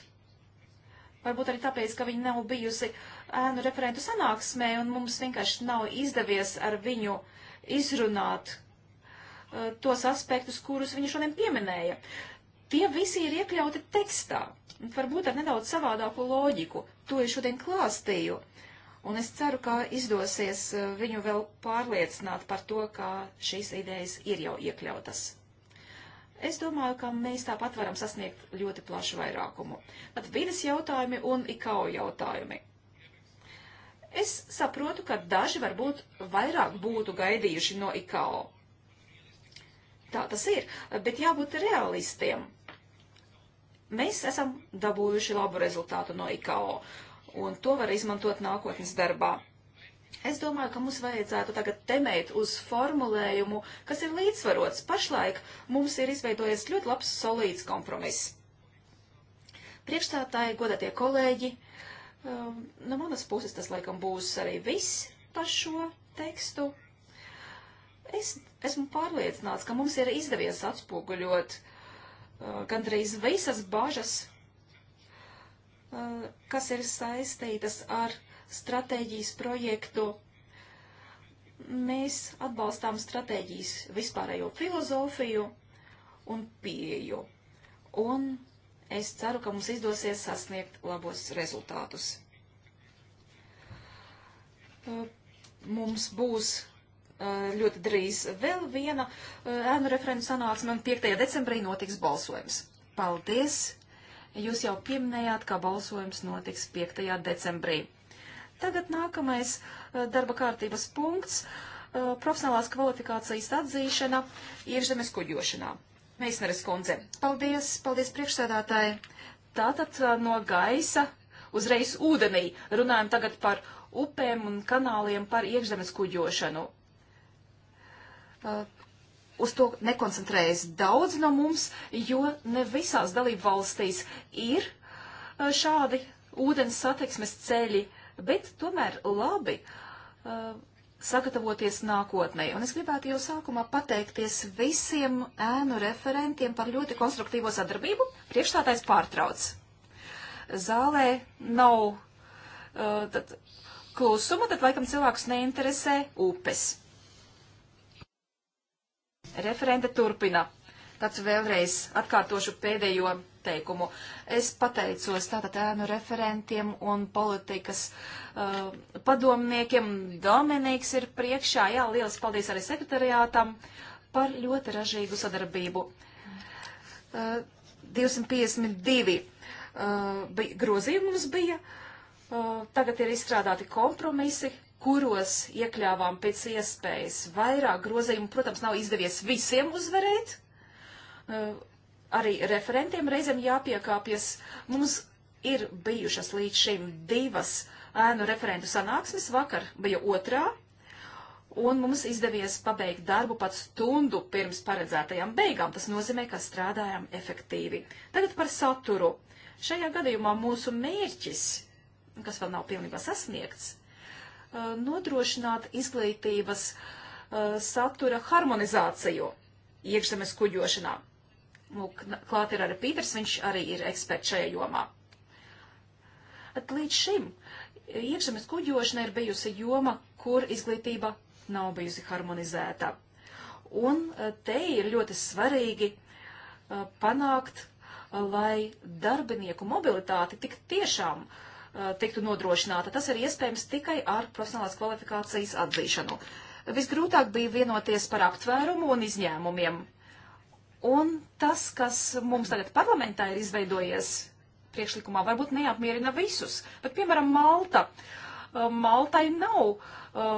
C: varbūt arī tāpēc, ka viņa nav bijusi ēnu referentu sanāksmē, un mums vienkārši nav izdevies ar viņu izrunāt uh, tos aspektus, kurus viņa šodien pieminēja. Uh, Tie visi ir iekļauti tekstā, varbūt ar nedaudz savādāku loģiku. To es šodien klāstīju. Un es ceru, ka izdosies eh, viņu vēl pārliecināt par to, ka šīs idejas ir jau iekļautas. Es domāju, ka mēs tāpat varam sasniegt ļoti plašu vairākumu. Tad vidas jautājumi un IKO jautājumi. Es saprotu, ka daži varbūt vairāk būtu gaidījuši no IKO. Tā tas ir, bet jābūt realistiem. Mēs esam dabūjuši labu rezultātu no IKO, un to var izmantot nākotnes darbā. Es domāju, ka mums vajadzētu tagad temēt uz formulējumu, kas ir līdzsvarots. Pašlaik mums ir izveidojies ļoti labs, solīts kompromiss. Priekšstātāji, godātie kolēģi, um, no manas puses tas laikam būs arī viss par šo tekstu. Es esmu pārliecināts, ka mums ir izdevies atspoguļot uh, gandrīz visas bažas, kas ir saistītas ar stratēģijas projektu. Mēs atbalstām stratēģijas vispārējo filozofiju un pieju. Un es ceru, ka mums izdosies sasniegt labos rezultātus. Mums būs Eh, ļoti drīz vēl viena eh, ēnu referendu sanāksme un 5. decembrī notiks balsojums. Paldies! Jūs jau pieminējāt, ka balsojums notiks 5. decembrī. Tagad nākamais eh, darba kārtības punkts - profesionālās kvalifikācijas atzīšana iekšzemes kuģošanā. Meisneres kundze, paldies, paldies priekšsēdātāji. Tātad no gaisa uzreiz ūdenī runājam tagad par upēm un kanāliem par iekšzemes kuģošanu uz to nekoncentrējas daudz no mums, jo ne visās dalību valstīs ir uh, šādi ūdens satiksmes ceļi, bet tomēr labi uh, sagatavoties nākotnē. Un es gribētu jau sākumā pateikties visiem ēnu referentiem par ļoti konstruktīvo sadarbību. Priekšstādājs pārtrauc. Zālē nav uh, tad, klusuma, tad laikam cilvēkus neinteresē upes. Referente turpina. Tāds vēlreiz atkārtošu pēdējo teikumu. Es pateicos tātad ēnu referentiem un politikas uh, padomniekiem. Dominiks ir priekšā. Jā, liels paldies arī sekretariātam par ļoti ražīgu sadarbību. Uh, 252 uh, grozījumi mums bija. Uh, tagad ir izstrādāti kompromisi, kuros iekļāvām pēc iespējas vairāk grozījumu. Protams, nav izdevies visiem uzvarēt. Eh, arī referentiem reizēm jāpiekāpjas. Mums ir bijušas līdz šim divas ēnu referentu sanāksmes. Vakar bija otrā. Un mums izdevies pabeigt darbu pat stundu pirms paredzētajām beigām. Tas nozīmē, ka strādājam efektīvi. Tagad par saturu. Šajā gadījumā mūsu mērķis, kas vēl nav pilnībā sasniegts, Uh, nodrošināt izglītības uh, satura harmonizāciju iekšzemes kuģošanā. Lūk, klāt ir arī Pīters, viņš arī ir eksperts šajā jomā. At līdz šim iekšzemes kuģošana ir bijusi joma, kur izglītība nav bijusi harmonizēta. Un uh, te ir ļoti svarīgi panākt, lai darbinieku mobilitāte tik tiešām uh, Eh, tiktu nodrošināta. Tas ir iespējams tikai ar profesionālās kvalifikācijas atzīšanu. Visgrūtāk bija vienoties par aptvērumu un izņēmumiem. Un tas, kas mums tagad parlamentā ir izveidojies priekšlikumā, varbūt neapmierina visus. Bet, piemēram, Malta. Eh, Maltai nav uh,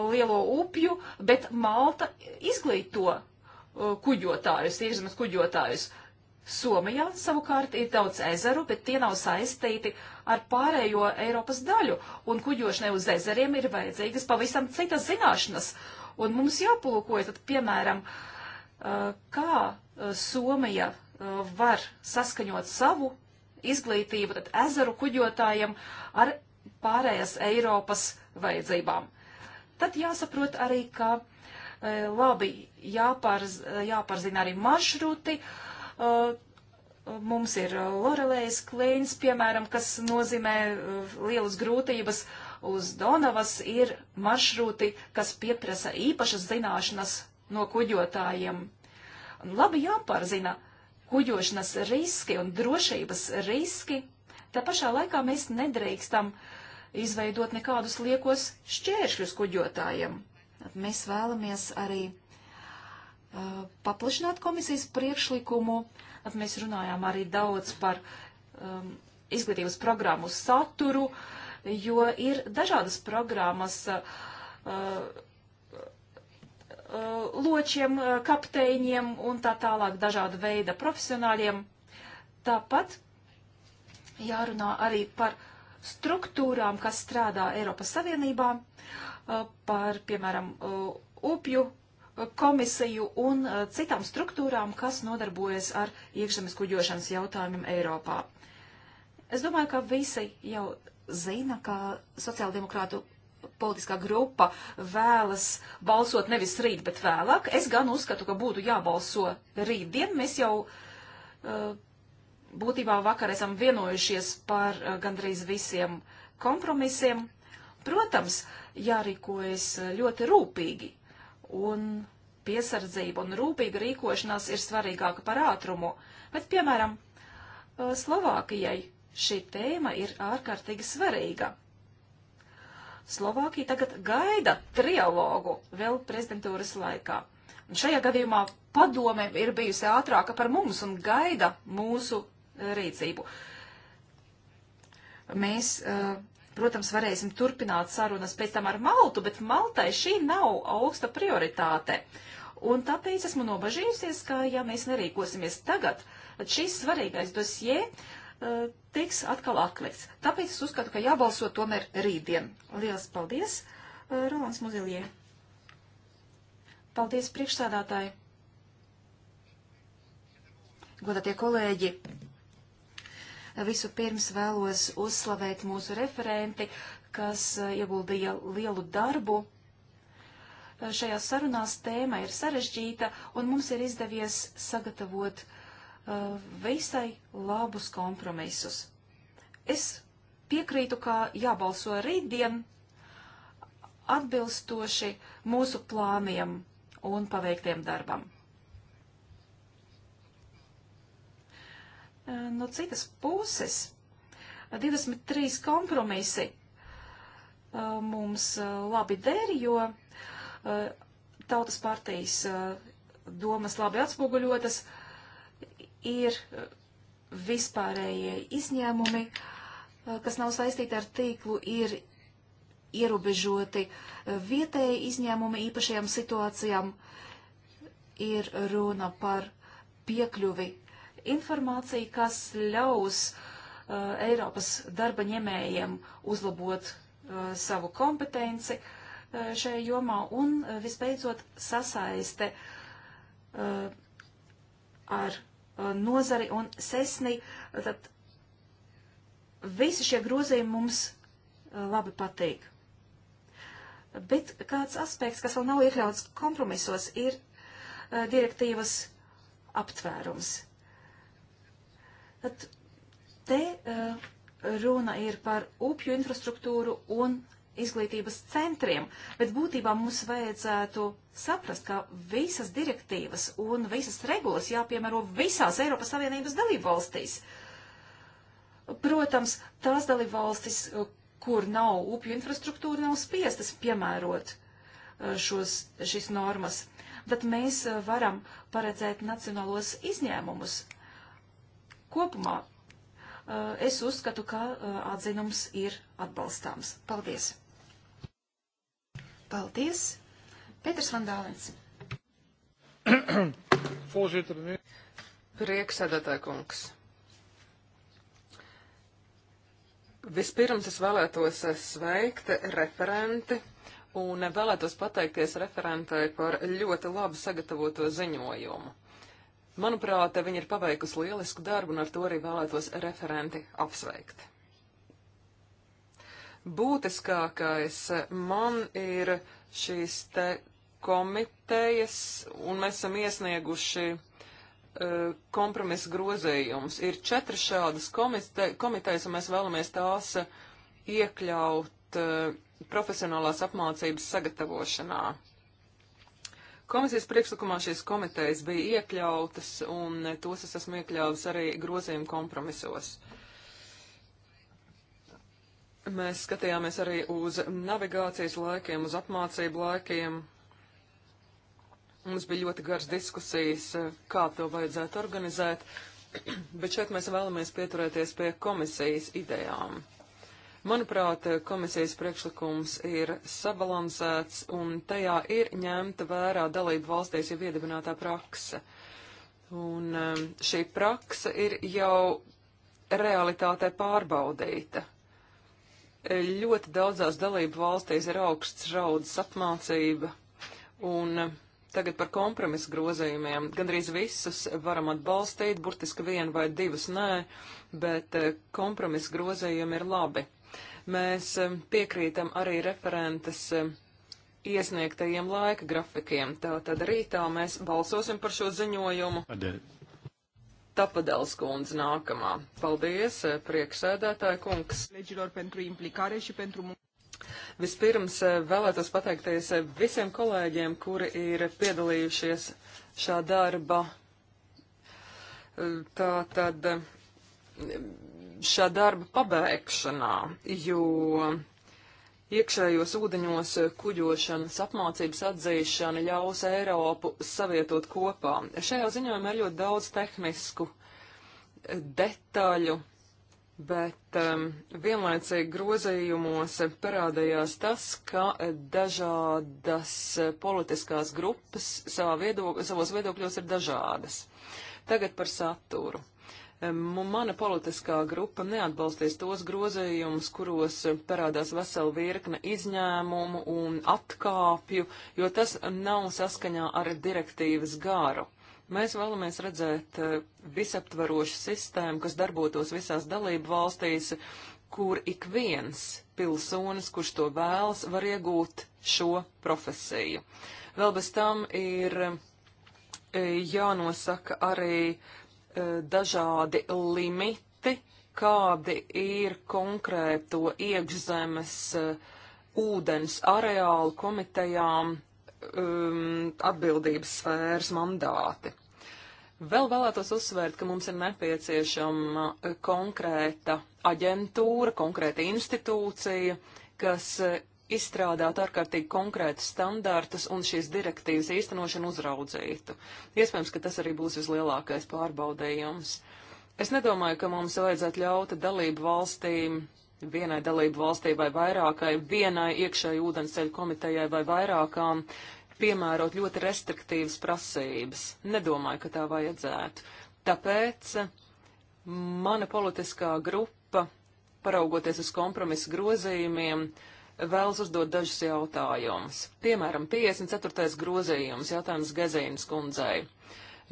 C: lielo upju, bet Malta izglīto uh, kuģotājus, tiešzemes kuģotājus. Uh, Somijā savukārt ir daudz ezeru, bet tie nav saistīti ar pārējo Eiropas daļu, un kuģošanai uz ezeriem ir vajadzīgas pavisam citas zināšanas. Un mums jāpalūkoja, tad, piemēram, kā Somija var saskaņot savu izglītību, tad ezeru kuģotājiem ar pārējās Eiropas vajadzībām. Tad jāsaprot arī, ka labi jāpārz, jāpārzina arī maršruti, uh, Uh, mums ir uh, Lorelējas klīns, piemēram, kas nozīmē uh, lielas grūtības. Uz Donavas ir maršruti, kas pieprasa īpašas zināšanas no kuģotājiem. Labi jāpārzina kuģošanas riski un drošības riski. Tā pašā laikā mēs nedrīkstam izveidot nekādus liekos šķēršļus kuģotājiem. Mēs vēlamies arī paplašināt komisijas priekšlikumu. Tad mēs runājām arī daudz par um, izglītības programmu saturu, jo ir dažādas programmas uh, uh, ločiem, uh, kapteiņiem un tā tālāk dažāda veida profesionāļiem. Tāpat jārunā arī par struktūrām, kas strādā Eiropas Savienībā, uh, par, piemēram, uh, upju komisiju un eh, citām struktūrām, kas nodarbojas ar iekšzemes kuģošanas jautājumiem Eiropā. Es domāju, ka visi jau zina, ka sociāldemokrātu politiskā grupa vēlas balsot nevis rīt, bet vēlāk. Es gan uzskatu, ka būtu jābalso rītdien. Mēs jau eh, būtībā vakar esam vienojušies par eh, gandrīz visiem kompromisiem. Protams, jārīkojas ļoti rūpīgi un piesardzība un rūpīga rīkošanās ir svarīgāka par ātrumu. Bet, piemēram, eh, Slovākijai šī tēma ir ārkārtīgi svarīga. Slovākija tagad gaida trialogu vēl prezidentūras laikā. Un šajā gadījumā padome ir bijusi ātrāka par mums un gaida mūsu rīcību. Mēs uh, Protams, varēsim turpināt sarunas pēc tam ar Maltu, bet Maltai šī nav augsta prioritāte. Un tāpēc esmu nobažījusies, ka ja mēs nerīkosimies tagad, tad šis svarīgais dosie uh, tiks atkal atlikts. Tāpēc es uzskatu, ka jābalso tomēr rītdien. Lielas paldies, uh, Rolands Muzilie. Paldies priekšsādātāji. Godatie kolēģi. Visu pirms vēlos uzslavēt mūsu referenti, kas eh, ieguldīja lielu darbu. Eh, šajās sarunās tēma ir sarežģīta, un mums ir izdevies sagatavot uh, visai labus kompromisus. Es piekrītu, ka jābalso rītdien atbilstoši mūsu plāniem un paveiktiem darbam. no citas puses 23 kompromisi mums labi der, jo tautas partijas domas labi atspoguļotas, ir vispārējie izņēmumi, kas nav saistīti ar tīklu, ir ierobežoti vietēji izņēmumi īpašajām situācijām, ir runa par piekļuvi informācija, kas ļaus uh, Eiropas darba ņemējiem uzlabot uh, savu kompetenci uh, šajā jomā un uh, visbeidzot sasaiste uh, ar uh, nozari un sesni. Tad visi šie grozījumi mums uh, labi patīk. Bet kāds aspekts, kas vēl nav iekļauts kompromisos, ir uh, direktīvas aptvērums. Tad te uh, runa ir par upju infrastruktūru un izglītības centriem, bet būtībā mums vajadzētu saprast, ka visas direktīvas un visas regulas jāpiemēro visās Eiropas Savienības dalību valstīs. Protams, tās dalību valstis, eh, kur nav upju infrastruktūra, nav spiestas piemērot eh, šos, šīs normas, bet mēs varam paredzēt nacionālos izņēmumus Kopumā eh, es uzskatu, ka eh, atzinums ir atbalstāms. Paldies! Paldies! Pēters Vandālins.
D: (coughs) Prieksēdētāj kungs. Vispirms es vēlētos eh, sveikt referenti un vēlētos pateikties referentai par ļoti labi sagatavoto ziņojumu. Manuprāt, viņa ir paveikusi lielisku darbu un ar to arī vēlētos referenti apsveikt. Būtiskākais man ir šīs te komitejas, un mēs esam iesnieguši eh, kompromisa grozējums. Ir četras šādas komite, komitejas, un mēs vēlamies tās iekļaut eh, profesionālās apmācības sagatavošanā. Komisijas priekšlikumā šīs komitejas bija iekļautas, un tos es esmu iekļāvis arī grozījuma kompromisos. Mēs skatījāmies arī uz navigācijas laikiem, uz apmācību laikiem. Mums bija ļoti garas diskusijas, kā to vajadzētu organizēt, (clears throat) bet šeit mēs vēlamies pieturēties pie komisijas idejām. Manuprāt, komisijas priekšlikums ir sabalansēts un tajā ir ņemta vērā dalību valstīs jau iedibinātā prakse. Un um, šī prakse ir jau realitātē pārbaudīta. Ļoti daudzās dalību valstīs ir augsts raudas apmācība un um, Tagad par kompromisu grozījumiem. Gandrīz visus varam atbalstīt, burtiski vienu vai divus nē, bet uh, kompromisu grozījumi ir labi. Mēs piekrītam arī referentes iesniegtajiem laika grafikiem. Tātad rītā mēs balsosim par šo ziņojumu. Tapadels kundze nākamā. Paldies, eh, priekšsēdētāja kungs. Vispirms eh, vēlētos pateikties eh, visiem kolēģiem, kuri ir piedalījušies šā darba. Tā tad šā darba pabeigšanā, jo iekšējos ūdeņos kuģošanas apmācības atzīšana ļaus Eiropu savietot kopā. Šajā ziņojumā ir ļoti daudz tehnisku detaļu, bet um, vienlaicīgi grozījumos parādījās tas, ka dažādas politiskās grupas viedok savos viedokļos ir dažādas. Tagad par saturu. Mana politiskā grupa neatbalstīs tos grozējumus, kuros parādās vesela virkne izņēmumu un atkāpju, jo tas nav saskaņā ar direktīvas gāru. Mēs vēlamies redzēt eh, visaptvarošu sistēmu, kas darbotos visās dalību valstīs, kur ik viens pilsonis, kurš to vēlas, var iegūt šo profesiju. Vēl bez tam ir eh, jānosaka arī E, dažādi limiti, kādi ir konkrēto iekšzemes e, ūdens areālu komitejām um, atbildības sfēras mandāti. Vēl vēlētos uzsvērt, ka mums ir nepieciešama e, konkrēta aģentūra, konkrēta institūcija, kas izstrādāt ārkārtīgi konkrētus standārtus un šīs direktīvas īstenošanu uzraudzītu. Iespējams, ka tas arī būs vislielākais pārbaudējums. Es nedomāju, ka mums vajadzētu ļaut dalību valstīm, vienai dalību valstī vai vairākai, vienai iekšēju ūdensceļu komitejai vai vairākām, piemērot ļoti restriktīvas prasības. Nedomāju, ka tā vajadzētu. Tāpēc mana politiskā grupa, paraugoties uz kompromisu grozījumiem, uh, vēlas uzdot dažus jautājumus. Piemēram, 54. grozījums jautājums Gazīnas kundzei.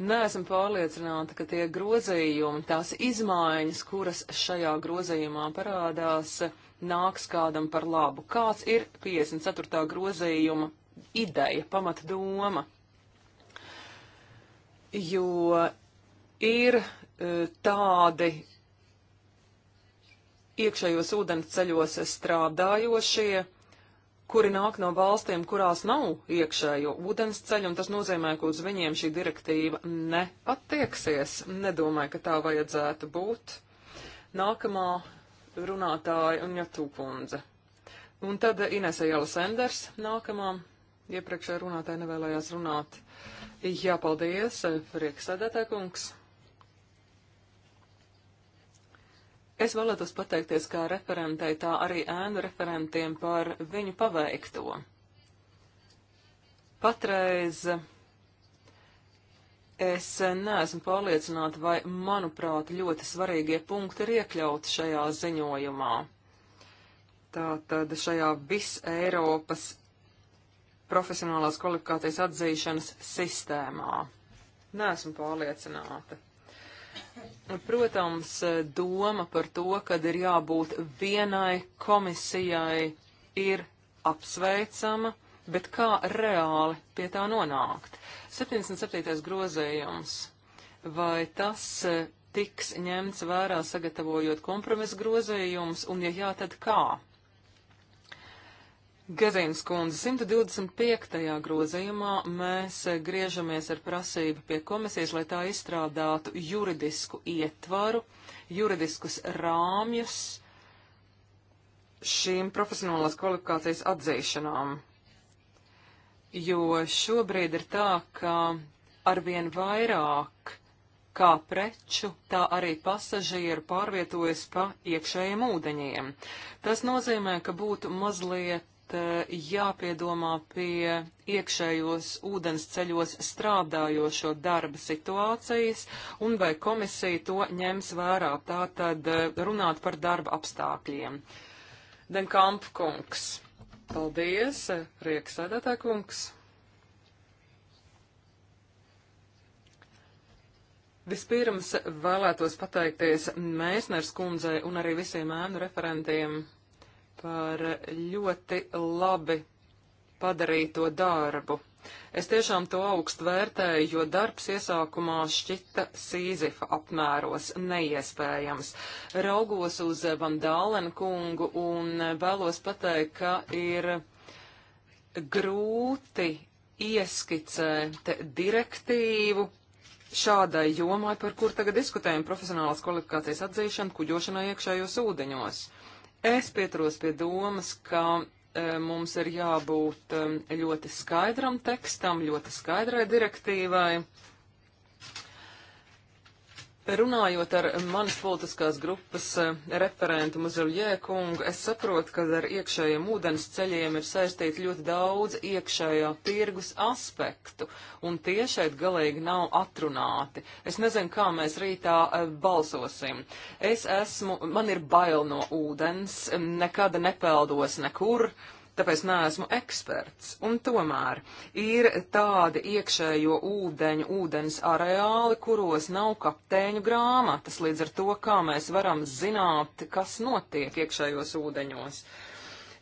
D: Neesam pārliecināti, ka tie grozījumi, tās izmaiņas, kuras šajā grozījumā parādās, nāks kādam par labu. Kāds ir 54. grozījuma ideja, pamata doma? Jo ir eh, tādi iekšējos ūdens ceļos strādājošie, kuri nāk no valstīm, kurās nav iekšējo ūdens ceļu, un tas nozīmē, ka uz viņiem šī direktīva neattieksies. Nedomāju, ka tā vajadzētu būt. Nākamā runātāja un Jatūkundze. Un tad Inese Jala Senders nākamā. Iepriekšējā runātāja nevēlējās runāt. Jā, paldies, priekšsēdētāj kungs. Es vēlētos pateikties kā referentei, tā arī ēnu referentiem par viņu paveikto. Patreiz es neesmu pārliecināta, vai, manuprāt, ļoti svarīgie punkti ir iekļauti šajā ziņojumā. Tātad šajā vis-Eiropas profesionālās kvalifikācijas atzīšanas sistēmā. Neesmu pārliecināta. Protams, doma par to, kad ir jābūt vienai komisijai, ir apsveicama, bet kā reāli pie tā nonākt? 77. grozējums. Vai tas e, tiks ņemts vērā sagatavojot kompromisu grozējumus, un ja jā, tad kā? Gezins kundze, 125. grozījumā mēs eh, griežamies ar prasību pie komisijas, lai tā izstrādātu juridisku ietvaru, juridiskus rāmjus šīm profesionālās kvalifikācijas atzīšanām. Jo šobrīd ir tā, ka arvien vairāk kā preču, tā arī pasažieru pārvietojas pa iekšējiem ūdeņiem. Tas nozīmē, ka būtu mazliet Eh, jāpiedomā pie iekšējos ūdens ceļos strādājošo darba situācijas un vai komisija to ņems vērā, tātad eh, runāt par darba apstākļiem. Denkamp kungs. Paldies, Rieksēdētā kungs. Vispirms vēlētos pateikties Mēsners kundzei un arī visiem ēnu referentiem par ļoti labi padarīto darbu. Es tiešām to augstu vērtēju, jo darbs iesākumā šķita Sīzifa apmēros neiespējams. Raugos uz Van Dālen kungu un vēlos pateikt, ka ir grūti ieskicēt direktīvu šādai jomai, par kur tagad diskutējam - profesionālas kvalifikācijas atzīšana, kuģošanā iekšējos ūdeņos. Es pieturos pie domas, ka e, mums ir jābūt e, ļoti skaidram tekstam, ļoti skaidrai direktīvai. Runājot ar manas politiskās grupas eh, referentu Mazuļie kungu, es saprotu, ka ar iekšējiem ūdens ceļiem ir saistīti ļoti daudz iekšējā tirgus aspektu, un tie šeit galīgi nav atrunāti. Es nezinu, kā mēs rītā eh, balsosim. Es esmu, man ir bail no ūdens, nekad nepeldos nekur. Uh, tāpēc neesmu eksperts. Un tomēr ir tādi iekšējo ūdeņu, ūdens areāli, kuros nav kapteiņu grāmatas, līdz ar to, kā mēs varam zināt, kas notiek iekšējos ūdeņos.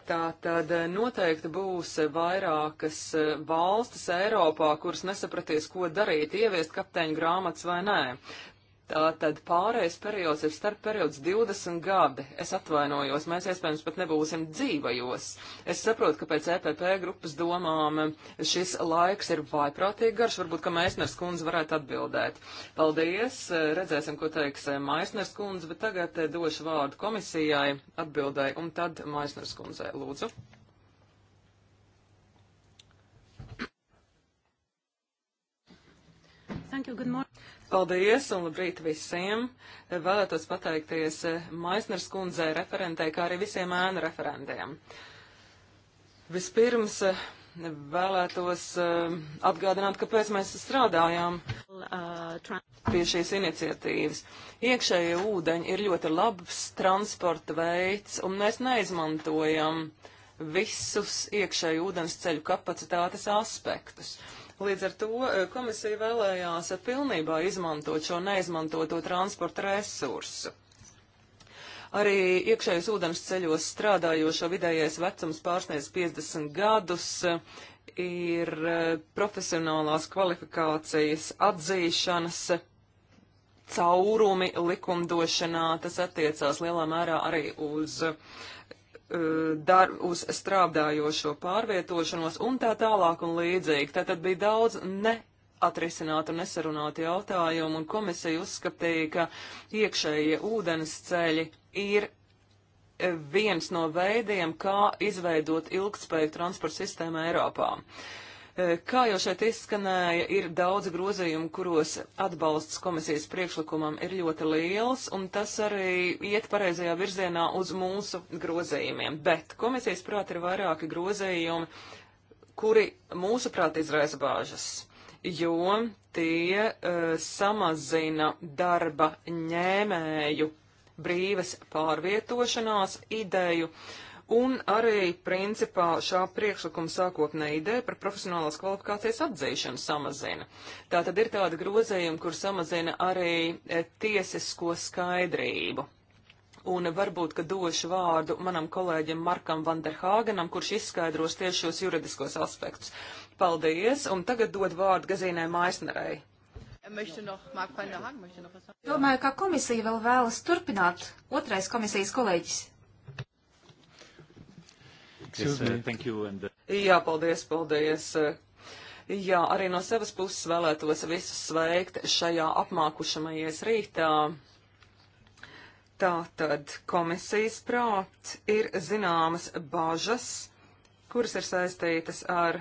D: Tā tad eh, noteikti būs vairākas eh, valstis Eiropā, kuras nesapratīs, ko darīt, ieviest kapteiņu grāmatas vai nē. Tātad pārējais periods ir starp periods 20 gadi. Es atvainojos, mēs iespējams pat nebūsim dzīvajos. Es saprotu, ka pēc EPP grupas domām šis laiks ir vaiprātīgi garš, varbūt, ka Maisners kundze varētu atbildēt. Paldies, redzēsim, ko teiks Maisners kundze, bet tagad došu vārdu komisijai atbildai un tad Maisners kundzei. Lūdzu.
C: Thank you. Good morning.
D: Paldies un labrīt visiem! Vēlētos pateikties eh, Maisners kundzei referentei, kā arī visiem ēnu referentiem. Vispirms eh, vēlētos eh, atgādināt, kāpēc mēs strādājām pie šīs iniciatīvas. Iekšējie ūdeņi ir ļoti labs transporta veids, un mēs neizmantojam visus iekšēju ūdens ceļu kapacitātes aspektus. Uh, Līdz ar to e, komisija vēlējās pilnībā izmantot šo neizmantoto transporta resursu. Arī iekšējos ūdens ceļos strādājošo vidējais vecums pārsniedz 50 gadus, ir e, profesionālās kvalifikācijas atzīšanas caurumi likumdošanā. Tas attiecās lielā mērā arī uz uh, Uh, dar, uz strādājošo pārvietošanos un tā tālāk un līdzīgi. Tātad bija daudz neatrisinātu un nesarunātu jautājumu, un komisija uzskatīja, ka iekšējie ūdens ceļi ir e, viens no veidiem, kā izveidot ilgspēju transporta sistēmu Eiropā. Uh, Eh, kā jau šeit izskanēja, ir daudz grozījumu, kuros atbalsts komisijas priekšlikumam ir ļoti liels, un tas arī iet pareizajā virzienā uz mūsu grozījumiem. Bet komisijas prāt ir vairāki grozījumi, kuri mūsuprāt izraisa bāžas, jo tie uh, samazina darba ņēmēju brīvas pārvietošanās ideju. Uh, un arī, principā, šā priekšlikuma sākotnēja ideja par profesionālās kvalifikācijas atzīšanu samazina. Tā tad ir tāda grozējuma, kur samazina arī e, tiesisko skaidrību. Un varbūt, ka došu vārdu manam kolēģim Markam Vanderhāgenam, kurš izskaidros tieši šos juridiskos aspektus. Paldies, un tagad dod vārdu Gazīnai Maisnerei.
C: Domāju, ka komisija vēl vēlas turpināt. Otrais komisijas kolēģis. Yes, uh, thank you. And, uh...
D: Jā, paldies, paldies. Jā, arī no savas puses vēlētos visus sveikt šajā apmākušamajies rītā. Tātad komisijas prāt ir zināmas bažas, kuras ir saistītas ar,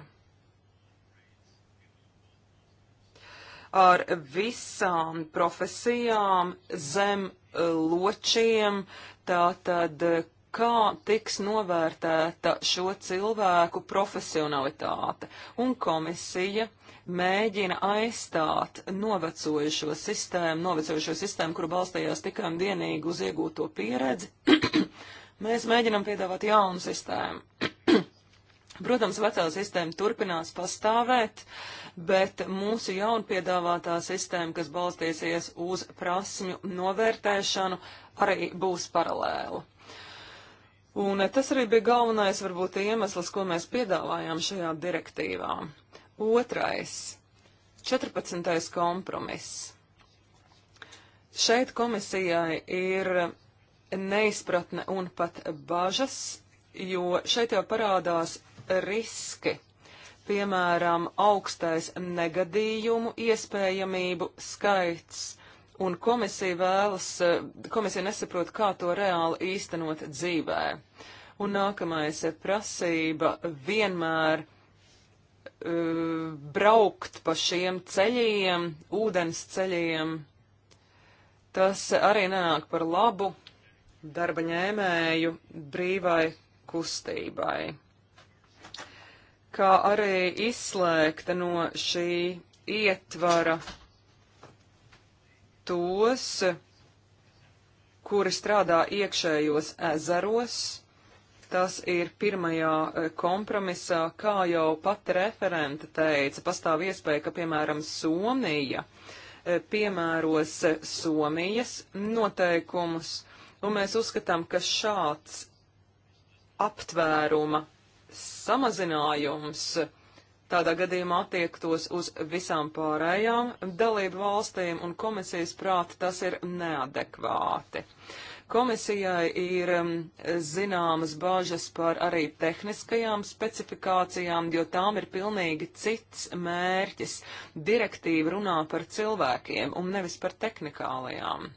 D: ar visām profesijām zem ločiem, tātad kā tiks novērtēta šo cilvēku profesionalitāte. Un komisija mēģina aizstāt novecojušo sistēmu, novecojušo sistēmu, kuru balstījās tikai un vienīgi uz iegūto pieredzi. (clears throat) Mēs mēģinam piedāvāt jaunu sistēmu. (clears throat) Protams, vecā sistēma turpinās pastāvēt, bet mūsu jaunpiedāvātā sistēma, kas balstīsies uz prasmju novērtēšanu, arī būs paralēla. Un tas arī bija galvenais, varbūt, iemesls, ko mēs piedāvājām šajā direktīvā. Otrais - 14. kompromiss. Šeit komisijai ir neizpratne un pat bažas, jo šeit jau parādās riski, piemēram, augstais negadījumu iespējamību skaits un komisija vēlas, eh, komisija nesaprot, kā to reāli īstenot dzīvē. Un nākamais eh, prasība vienmēr uh, braukt pa šiem ceļiem, ūdens ceļiem. Tas arī nenāk par labu darba ņēmēju brīvai kustībai, kā arī izslēgta no šī ietvara tos, kuri strādā iekšējos ezeros. Tas ir pirmajā eh, kompromisā, kā jau pati referente teica, pastāv iespēja, ka, piemēram, Somija eh, piemēros eh, Somijas noteikumus, un mēs uzskatām, ka šāds aptvēruma samazinājums uh, tādā gadījumā attiektos uz visām pārējām dalību valstīm, un komisijas prāta tas ir neadekvāti. Komisijai ir um, zināmas bažas par arī tehniskajām specifikācijām, jo tām ir pilnīgi cits mērķis. Direktīva runā par cilvēkiem un nevis par tehnikālajām.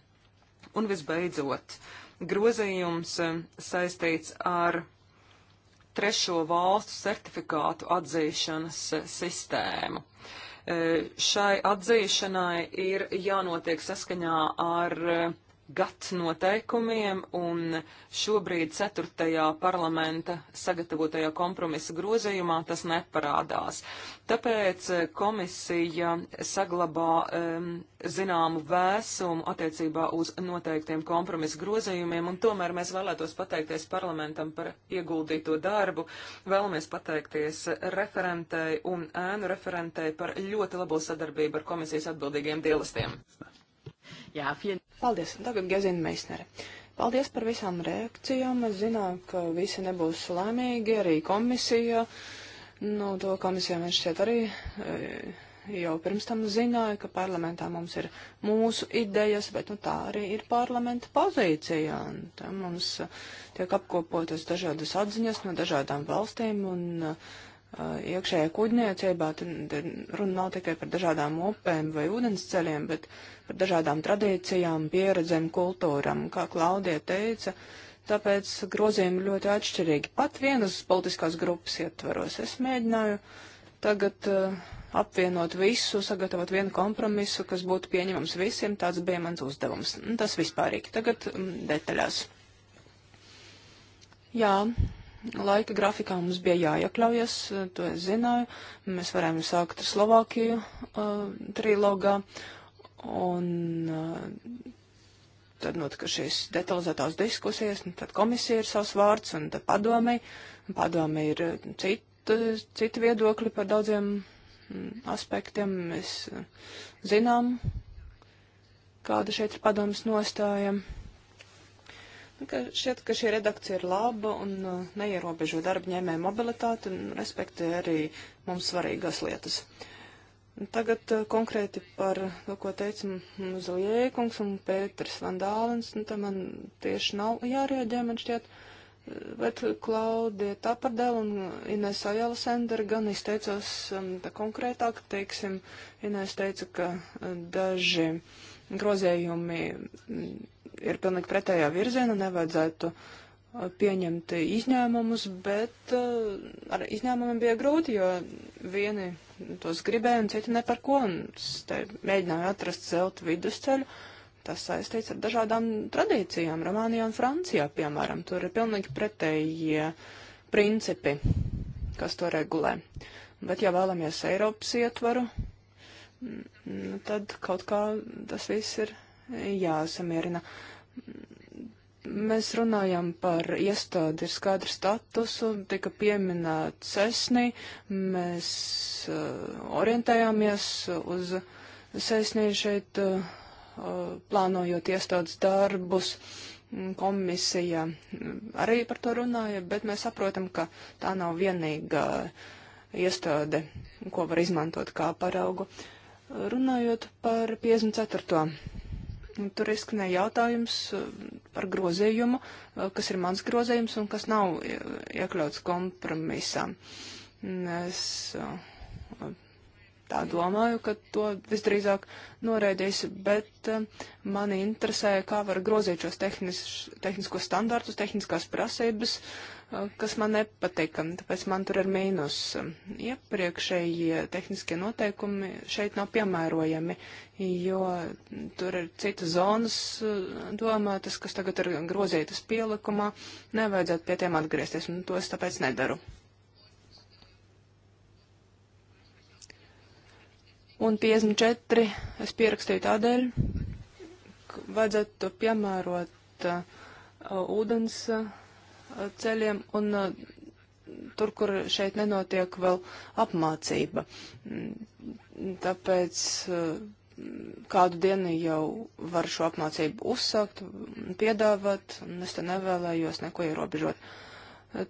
D: Un visbeidzot, grozījums um, saistīts ar trešo valstu certifikātu atzīšanas eh, sistēmu. Eh, šai atzīšanai ir jānotiek saskaņā ar eh, gads noteikumiem, un šobrīd 4. parlamenta sagatavotajā kompromisa grozījumā tas neparādās. Tāpēc eh, komisija saglabā um, zināmu vēsumu attiecībā uz noteiktiem kompromisa grozījumiem, un tomēr mēs vēlētos pateikties parlamentam par ieguldīto darbu, vēlamies pateikties referentei un ēnu referentei par ļoti labo sadarbību ar komisijas atbildīgiem dienestiem.
B: Jā, fien... Paldies. Tagad Gezina Meisnere. Paldies par visām reakcijām. Es zināju, ka visi nebūs laimīgi, arī komisija. Nu, to komisija man šķiet arī e, jau pirms tam zināja, ka parlamentā mums ir mūsu idejas, bet nu, tā arī ir parlamenta pozīcija. Un, tā mums e, tiek apkopotas dažādas atziņas no dažādām valstīm. Un, uh, Uh, iekšējā kuģniecībā, tad runa nav tikai par dažādām upēm vai ūdensceļiem, bet par dažādām tradīcijām, pieredzēm, kultūram, kā Klaudija teica. Tāpēc grozījumi ļoti atšķirīgi. Pat vienas politiskās grupas ietvaros es mēģināju tagad uh, apvienot visu, sagatavot vienu kompromisu, kas būtu pieņemams visiem. Tāds bija mans uzdevums. Tas vispārīgi. Tagad um, detaļās. Jā, Laika grafikā mums bija jāiekļaujas, eh, to es zināju. Mēs varējām sākt ar Slovākiju uh, trilogā, un uh, tad notika šīs detalizētās diskusijas, un tad komisija ir savs vārds, un tad padomei. Padome ir cita, cita viedokļa par daudziem mm, aspektiem. Mēs zinām, kāda šeit ir padomas nostājama ka šķiet, ka šī redakcija ir laba un uh, neierobežo darba ņēmēju mobilitāti un respektē arī mums svarīgas lietas. Tagad uh, konkrēti par to, ko teica Ziliekungs un Pēters Vandālens, nu, tam man tieši nav jārēģē, man šķiet, uh, bet Klaudija Tapardēl un Inēs Ajala Sendera gan izteicās um, konkrētāk, teiksim, Inēs teica, ka daži grozējumi mm, ir pilnīgi pretējā virziena, nevajadzētu uh, pieņemt izņēmumus, bet uh, ar izņēmumiem bija grūti, jo vieni tos gribēja un citi ne par ko, un te mēģināja atrast zelta vidusceļu. Tas saistīts ar dažādām tradīcijām, Romānijā un Francijā, piemēram, tur ir pilnīgi pretējie principi, kas to regulē. Bet, ja vēlamies Eiropas ietvaru, mm, nu, tad kaut kā tas viss ir jāsamierina. Mēs runājam par iestādi ar skaidru statusu, tika pieminēta sesnī, mēs uh, orientējāmies uz sesnī šeit, uh, plānojot iestādes darbus. Komisija arī par to runāja, bet mēs saprotam, ka tā nav vienīgā iestāde, ko var izmantot kā paraugu. Runājot par 54. Tur izskanēja jautājums eh, par grozījumu, eh, kas ir mans grozījums un kas nav eh, iekļauts kompromisā. Es tā domāju, ka to visdrīzāk noraidīs, bet mani interesē, kā var grozīt šos tehnis, tehniskos standartus, tehniskās prasības, uh, kas man nepatika, tāpēc man tur ir mīnus. Iepriekšējie tehniskie noteikumi šeit nav piemērojami, jo tur ir citas zonas eh, domātas, kas tagad ir grozītas pielikumā, nevajadzētu pie tiem atgriezties, un to es tāpēc nedaru. Un 54 es pierakstīju tādēļ, ka vajadzētu to piemērot uh, ūdens. Uh, ceļiem un uh, tur, kur šeit nenotiek vēl apmācība. Mm, tāpēc uh, kādu dienu jau var šo apmācību uzsākt, mm, piedāvāt, un es te nevēlējos neko ierobežot. Uh,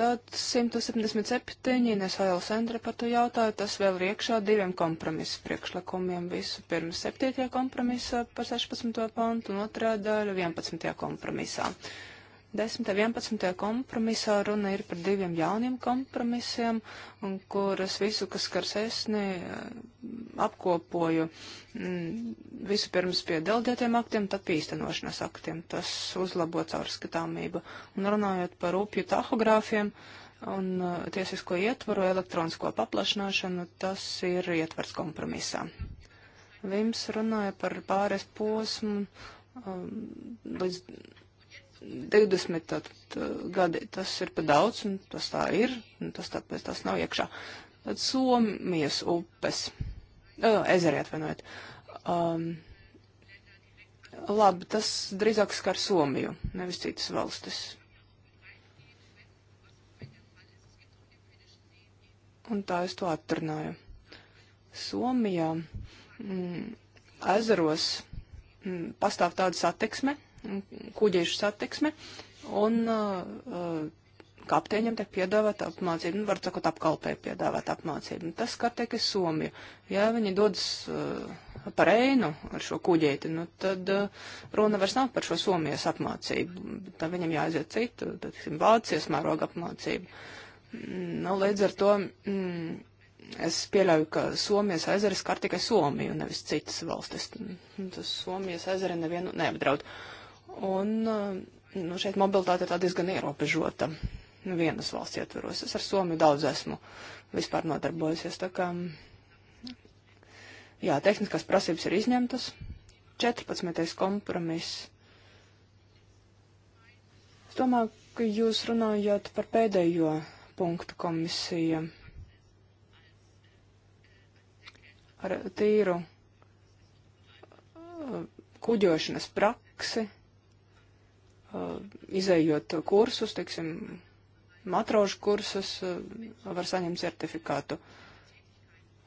B: tad 177, Ines Haila Sendra par to jautāja, tas vēl ir iekšā diviem kompromisu priekšlikumiem. Visu pirms 7. kompromisā par 16. pantu un otrā daļa 11. kompromisā. Uh, 10. un 11. kompromisā runa ir par diviem jauniem kompromisiem, un kuras visu, kas skars esni, eh, apkopoju mm, visu pirms pie delģētiem aktiem, tad pie īstenošanas aktiem. Tas uzlabo caurskatāmību. Un runājot par upju tahogrāfiem un eh, tiesisko ietvaru, elektronisko paplašināšanu, tas ir ietvers kompromisā. Vims runāja par pāris posmu um, līdz 20 tad, eh, gadi, tas ir pa daudz, un tas tā ir, un tas tāpēc tas nav iekšā. Tad Somijas upes, uh, ezeri atvainojiet. Um, labi, tas drīzāk skar Somiju, nevis citas valstis. Un tā es to atrunāju. Somijā mm, ezeros mm, pastāv tāda satiksme, kuģiešu satiksme, un uh, uh, kapteiņiem tiek piedāvāta apmācība, nu, var sakot, apkalpē piedāvāta apmācība. Tas skar tiek uz Somiju. Ja viņi dodas uh, par Einu ar šo kuģēti, nu, tad uh, runa vairs nav par šo Somijas apmācību. Tad viņam jāaiziet citu, tad, tiksim, Vācijas mēroga apmācību. Mm, nu, līdz ar to mm, es pieļauju, ka Somijas ezeri skar tikai Somiju, nevis citas valstis. Tas Somijas ezeri nevienu neapdraud. Uh, Un eh, nu, šeit mobilitāte ir diezgan ierobežota vienas valsts ietveros. Es ar Somiju daudz esmu vispār nodarbojusies. Tā kā, jā, tehniskās prasības ir izņemtas. 14. kompromiss. Es domāju, ka jūs runājat par pēdējo punktu komisija ar tīru eh, kuģošanas praksi Uh, izējot kursus, teiksim, matrošu kursus, uh, var saņemt certifikātu.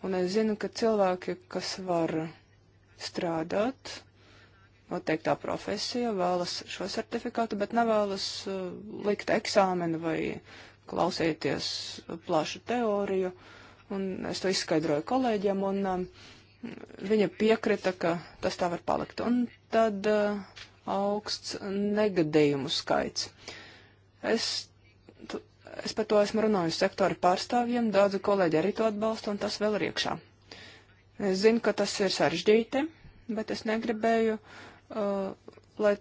B: Un es zinu, ka cilvēki, kas var strādāt, noteiktā profesija, vēlas šo certifikātu, bet nevēlas uh, likt eksāmenu vai klausīties plašu teoriju. Un es to izskaidroju kolēģiem, un um, viņa piekrita, ka tas tā var palikt. Un tad uh, augsts negadījumu skaits. Es, tu, es par to esmu runājusi sektora pārstāvjiem, daudzi kolēģi arī to atbalsta, un tas vēl ir iekšā. Es zinu, ka tas ir sarežģīti, bet es negribēju, uh, lai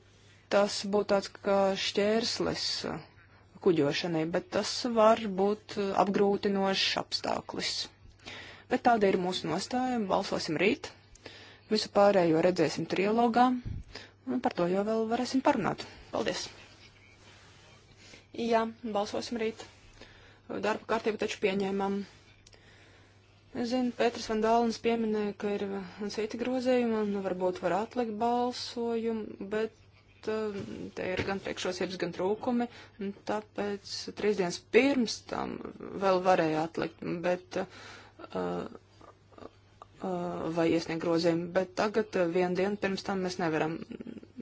B: tas būtu tāds kā šķērslis. Uh, kuģošanai, bet tas var būt uh, apgrūtinošs apstāklis. Bet tāda ir mūsu nostāja, balsosim rīt, visu pārējo redzēsim trilogā, Un nu, par to jau vēl varēsim parunāt. Paldies! Jā, balsosim rīt. Darba kārtību taču pieņēmām. Es zinu, Pēters Vandālins pieminēja, ka ir citi grozījumi un nu, varbūt var atlikt balsojumu, bet uh, te ir gan priekšrocības, gan trūkumi, tāpēc trīs dienas pirms tam vēl varēja atlikt, bet uh, uh, vai iesniegt grozījumu, bet tagad uh, vienu dienu pirms tam mēs nevaram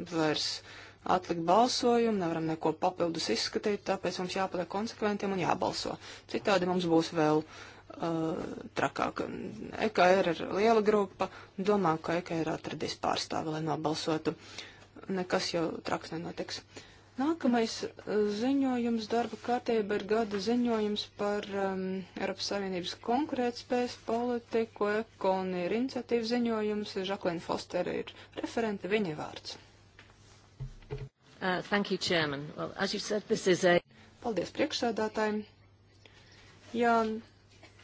B: vairs atlikt balsojumu, nevaram neko papildus izskatīt, tāpēc mums jāpaliek konsekventiem un jābalso. Citādi mums būs vēl uh, trakāk. EKR ir liela grupa, domāju, ka EKR atradīs pārstāvi, lai nobalsotu. Nekas jau traks nenotiks. Nākamais uh, ziņojums darba kārtība ir gada ziņojums par um, Eiropas Savienības konkurētspējas politiku, ekon ir iniciatīva ziņojums, Žaklina Foster ir referente, viņa vārds. Uh, thank you, Chairman. Well, as you said, this is a... Paldies priekšsēdātājiem. Jā,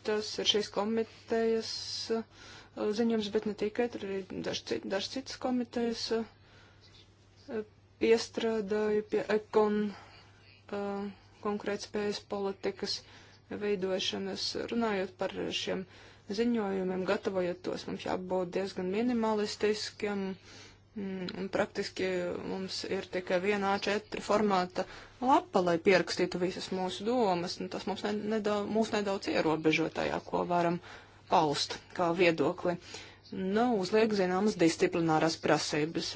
B: tas ir šīs komitejas uh, ziņojums, bet ne tikai, tur arī dažs cit, daž cits komitejas uh, piestrādāju pie ekon uh, konkrētspējas politikas veidošanas, runājot par šiem ziņojumiem, gatavojot tos, mums jābūt diezgan minimalistiskiem. Ja Mm, un praktiski mums ir tikai viena A4 formāta lapa, lai pierakstītu visas mūsu domas, un tas mums nedaudz, mūs nedaudz ierobežo tajā, ko varam paust kā viedokli. Nu, uzliek zināmas disciplinārās prasības.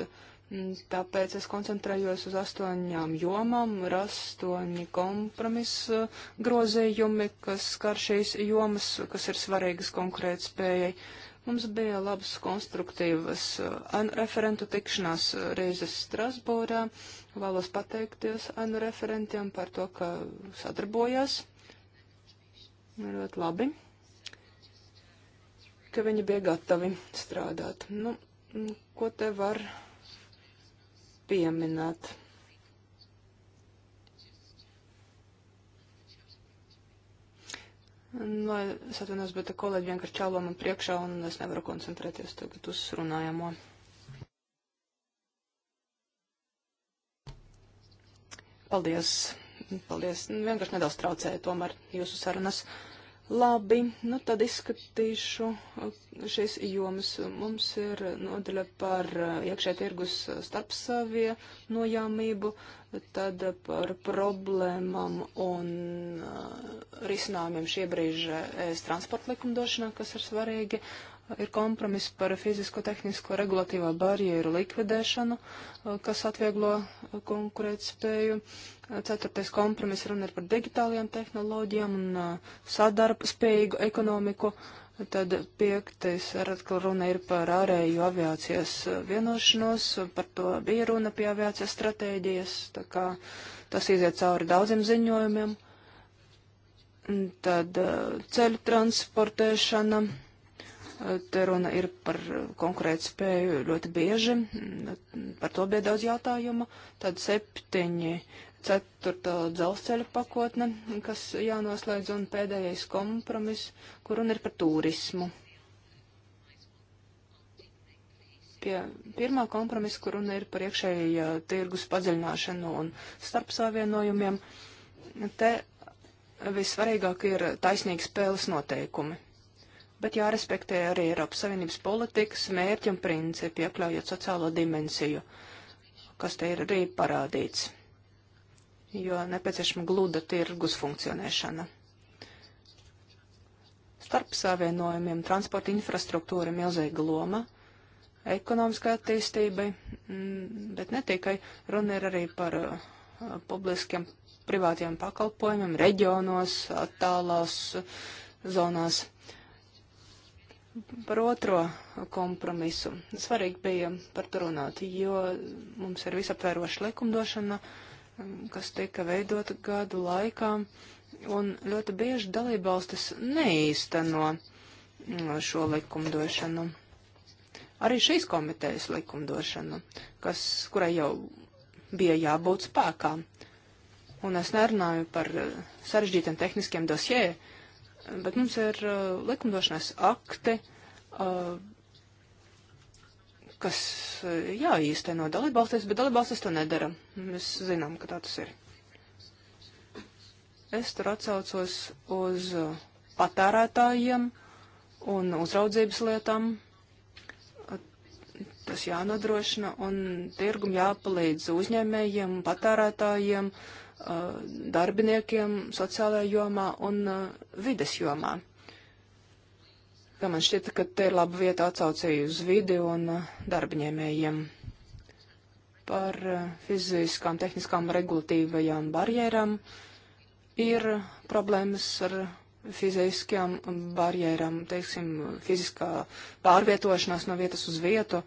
B: Mm, tāpēc es koncentrējos uz astoņām jomām, ir astoņi kompromisa grozījumi, kas skar šīs jomas, kas ir svarīgas konkrēt spējai. Uh, Mums bija labas konstruktīvas eh, anu referentu tikšanās eh, reizes Strasbūrā. Vēlos pateikties anu referentiem par to, ka sadarbojās. Ļoti labi, ka viņi bija gatavi strādāt. Nu, ko te var pieminēt? Nu, es atvainojos, bet kolēģi vienkārši čālo man priekšā, un es nevaru koncentrēties tagad uz runājamo. Paldies. Paldies. Vienkārši nedaudz traucēja tomēr jūsu sarunas. Uh, Labi, nu tad izskatīšu uh, šīs jomas. Mums ir nodaļa par uh, iekšē tirgus uh, starpsavie nojāmību, tad par problēmām un risinājumiem šie brīži es transporta likumdošanā, kas ir svarīgi, ir kompromiss par fizisko-tehnisko regulatīvā barjeru likvidēšanu, eh, kas atvieglo eh, konkurētspēju. Eh, ceturtais kompromiss runa ir par digitālajām tehnoloģijām un sadarbspējīgu ekonomiku. Tad piektais atkal runa ir par ārēju aviācijas vienošanos, par to bija runa pie aviācijas stratēģijas, tā kā tas iziet cauri daudziem ziņojumiem. Tad ceļu transportēšana Te runa ir par konkurētspēju ļoti bieži, par to bija daudz jautājumu. Tad septiņi, ceturtā dzelzceļa pakotne, kas jānoslēdz, un pēdējais kompromis, kur runa ir par turismu. Pie pirmā kompromisa, kur runa ir par iekšēju tirgus padziļināšanu un starpsavienojumiem, te vissvarīgāk ir taisnīgi spēles noteikumi bet jārespektē arī Eiropas Savienības politikas mērķi un principi, iekļaujot sociālo dimensiju, kas te ir arī parādīts, jo nepieciešama gluda tirgus funkcionēšana. Starp savienojumiem transporta infrastruktūra milzīga loma ekonomiskai attīstībai, mm, bet ne tikai runa ir arī par uh, publiskiem privātiem pakalpojumiem reģionos, attālās zonās. Uh, Par otro kompromisu. Svarīgi bija par to runāt, jo mums ir visaptvēroša likumdošana, um, kas tika veidota gadu laikā, un ļoti bieži dalībvalstis neīsteno mm, šo likumdošanu. Arī šīs komitejas likumdošanu, kas, kurai jau bija jābūt spēkā. Un es nerunāju par uh, sarežģītiem tehniskiem dosjē, bet mums ir uh, likumdošanas akti, uh, kas uh, jāīsteno dalībvalstīs, bet dalībvalstis to nedara. Mēs zinām, ka tā tas ir. Es tur atsaucos uz uh, patērētājiem un uzraudzības lietām. Tas jānodrošina un tirgum jāpalīdz uzņēmējiem, patērētājiem. Uh, Uh, darbiniekiem sociālajā jomā un uh, vides jomā. Ja man šķiet, ka te ir laba vieta atsaucēju uz vidi un uh, darbiņēmējiem par fiziskām, tehniskām, regulatīvajām barjerām. Ir problēmas ar fiziskajām barjerām, teiksim, fiziskā pārvietošanās no vietas uz vietu,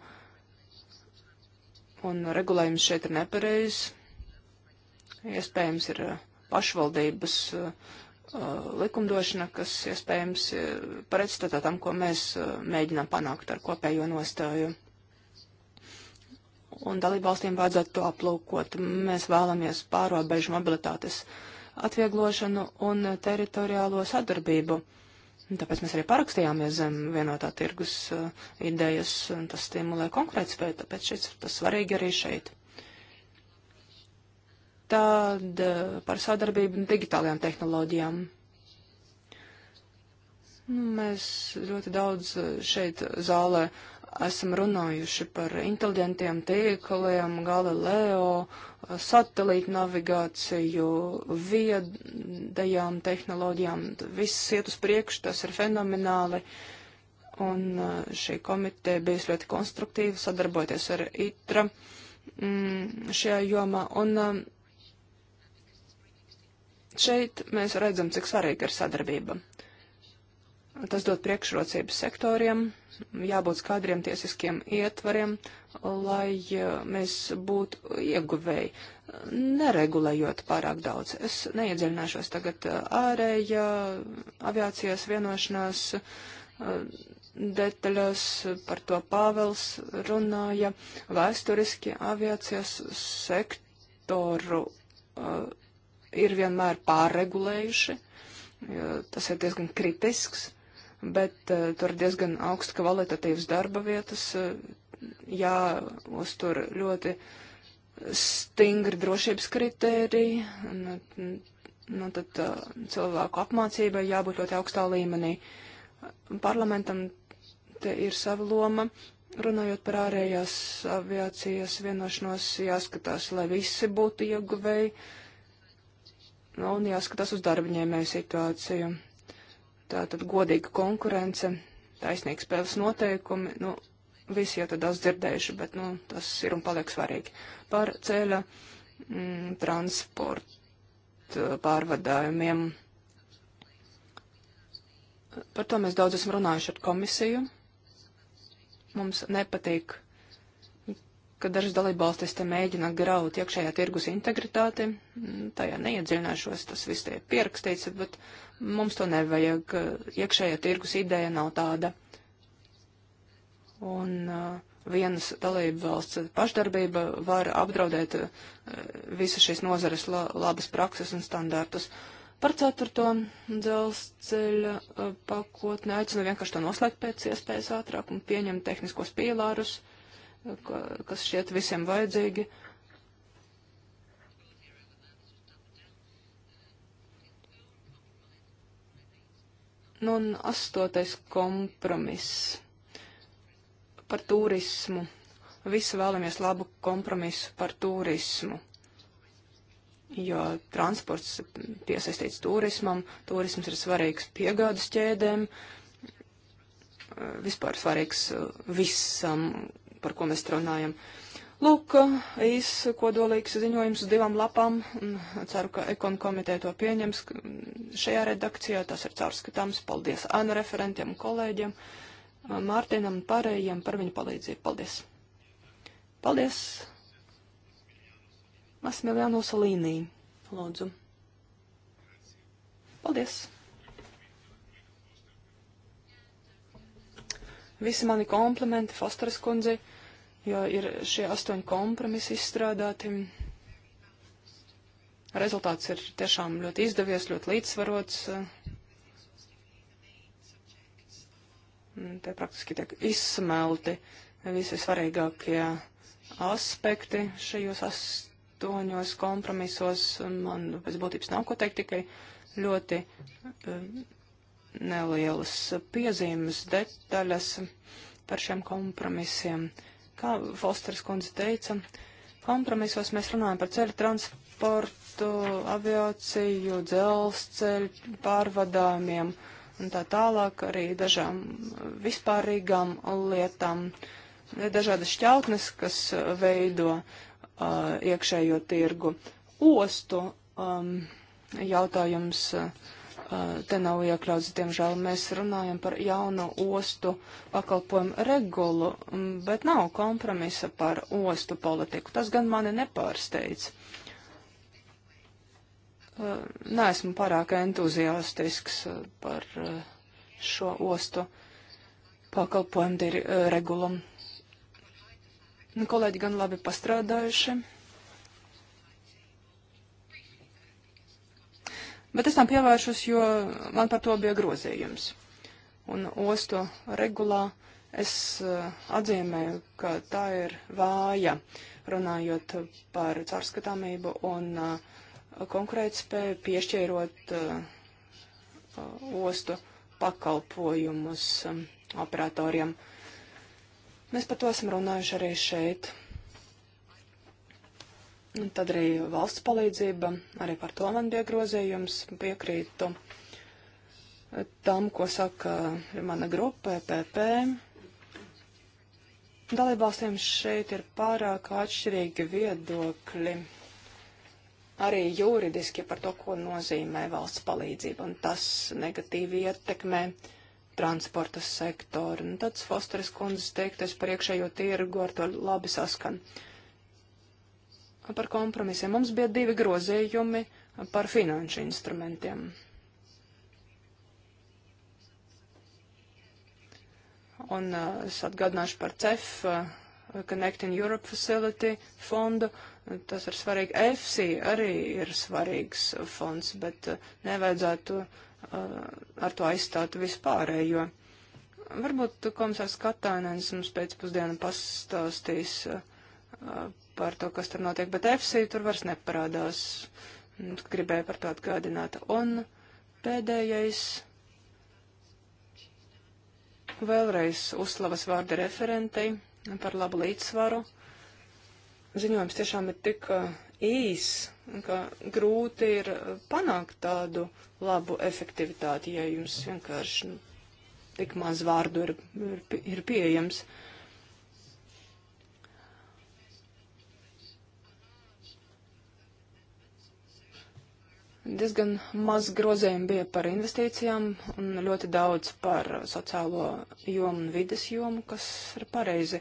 B: un regulējums šeit ir nepareizs Iespējams ir uh, pašvaldības uh, uh, likumdošana, kas iespējams pretstatā tam, ko mēs mēģinām panākt ar kopējo nostāju. Un dalībvalstīm vajadzētu to aplūkot. Mēs vēlamies pārobežu mobilitātes atvieglošanu un teritoriālo sadarbību. Tāpēc mēs arī parakstījāmies zem vienotā tirgus uh, idejas, un tas stimulē konkurētspēju, tāpēc šis, tas svarīgi arī šeit tad eh, par sadarbību digitālajām tehnoloģijām. Nu, mēs ļoti daudz eh, šeit zālē esam runājuši par inteliģentiem tīkliem, Galileo, eh, satelītu navigāciju, viedajām tehnoloģijām. Viss iet uz priekšu, tas ir fenomenāli. Un šī komiteja bijusi ļoti konstruktīva, sadarbojoties ar ITRA mm, šajā jomā. Un Šeit mēs redzam, cik svarīga ir sadarbība. Tas dod priekšrocības sektoriem, jābūt skaidriem tiesiskiem ietvariem, lai eh, mēs būtu ieguvēji, neregulējot pārāk daudz. Es neiedziļināšos tagad eh, ārēja aviācijas vienošanās eh, detaļās, par to Pāvels runāja, vēsturiski aviācijas sektoru ir vienmēr pārregulējuši. Tas ir diezgan kritisks, bet eh, tur diezgan augsta kvalitatīvas darba vietas eh, jāuztur ļoti stingri drošības kritēriji. Un, nu, tad uh, cilvēku apmācībai jābūt ļoti augstā līmenī. Parlamentam te ir sava loma. Runājot par ārējās aviācijas vienošanos, jāskatās, lai visi būtu ieguvēji. Uh, Nu, un jāskatās uz darbaņēmēju situāciju. Tātad godīga konkurence, taisnīgi spēles noteikumi, nu, visi jau tad dzirdējuši, bet, nu, tas ir un paliek svarīgi. Par ceļa mm, transportu eh, pārvadājumiem. Par to mēs daudz esam runājuši ar komisiju. Mums nepatīk ka dažas dalībvalstis te mēģina graut iekšējā tirgus integritāti. Tajā neiedziļināšos, tas viss te ir pierakstīts, bet mums to nevajag. Iekšējā tirgus ideja nav tāda. Un uh, vienas dalībvalsts pašdarbība var apdraudēt uh, visas šīs nozares la labas prakses un standārtus. Par ceturto dzelzceļa uh, pakotni aicinu vienkārši to noslēgt pēc iespējas ātrāk un pieņemt tehniskos pīlārus. Uh, kas šķiet visiem vajadzīgi. Nu, un astotais kompromiss par turismu. Visi vēlamies labu kompromisu par turismu, jo transports piesaistīts turismam, turisms ir svarīgs piegādas ķēdēm, vispār svarīgs visam, par ko mēs runājam. Lūk, īs kodolīgs ziņojums uz divām lapām. Ceru, ka ekon komiteja to pieņems šajā redakcijā. Tas ir caurskatāms. Paldies ANU referentiem un kolēģiem, Mārtiņam un pārējiem par viņu palīdzību. Paldies! Paldies! Masmiljāno Salīnī, lūdzu. Paldies! Visi mani komplimenti Fosteras kundzei jo ir šie astoņi kompromisi izstrādāti. Rezultāts ir tiešām ļoti izdevies, ļoti līdzsvarots. Te praktiski tiek izsmelti visi svarīgākie aspekti šajos astoņos kompromisos. Man pēc būtības nav ko teikt, tikai ļoti um, nelielas piezīmes, detaļas par šiem kompromisiem. Uh, Kā Fosters kundze teica, kompromisos mēs runājam par ceļu transportu, aviāciju, dzelzceļu, pārvadājumiem un tā tālāk arī dažām vispārīgām lietām. Dažādas šķautnes, kas uh, veido uh, iekšējo tirgu. Ostu um, jautājums. Uh, te nav iekļauts, diemžēl. Mēs runājam par jaunu ostu pakalpojumu regulu, bet nav kompromisa par ostu politiku. Tas gan mani nepārsteidz. Nē, esmu pārāk entuziastisks par šo ostu pakalpojumu regulu. Nu, kolēģi gan labi pastrādājuši. Bet es tam pievēršos, jo man par to bija grozījums. Un ostu regulā es eh, atzīmēju, ka tā ir vāja, runājot par cārskatāmību un eh, konkurētspēju piešķirot eh, ostu pakalpojumus operatoriem. Mēs par to esam runājuši arī šeit. Un tad arī valsts palīdzība, arī par to man bija grozījums, piekrītu tam, ko saka mana grupa, PP. E Dalībvalstīm šeit ir pārāk atšķirīgi viedokļi, arī juridiski par to, ko nozīmē valsts palīdzība, un tas negatīvi ietekmē transporta sektoru. Un nu, tāds Fosteris kundzes teiktais par iekšējo tirgu ar to labi saskan. Uh, par kompromisiem. Mums bija divi grozījumi par finanšu instrumentiem. Un eh, es atgādināšu par CEF, eh, Connecting Europe Facility fondu. Tas ir svarīgi. EFSI arī ir svarīgs fonds, bet eh, nevajadzētu ar to aizstāt vispārējo. Varbūt komisārs Katainēns mums pēcpusdienu pastāstīs par to, kas tur notiek, bet FC tur vairs neparādās. Nu, gribēju par to atgādināt. Un pēdējais vēlreiz uzslavas vārdi referentei par labu līdzsvaru. Ziņojums tiešām ir tik uh, īs, ka grūti ir uh, panākt tādu labu efektivitāti, ja jums vienkārši nu, tik maz vārdu ir, ir, ir pieejams. Uh, Diezgan maz grozējumi bija par investīcijām un ļoti daudz par sociālo jomu un vides jomu, kas ir pareizi.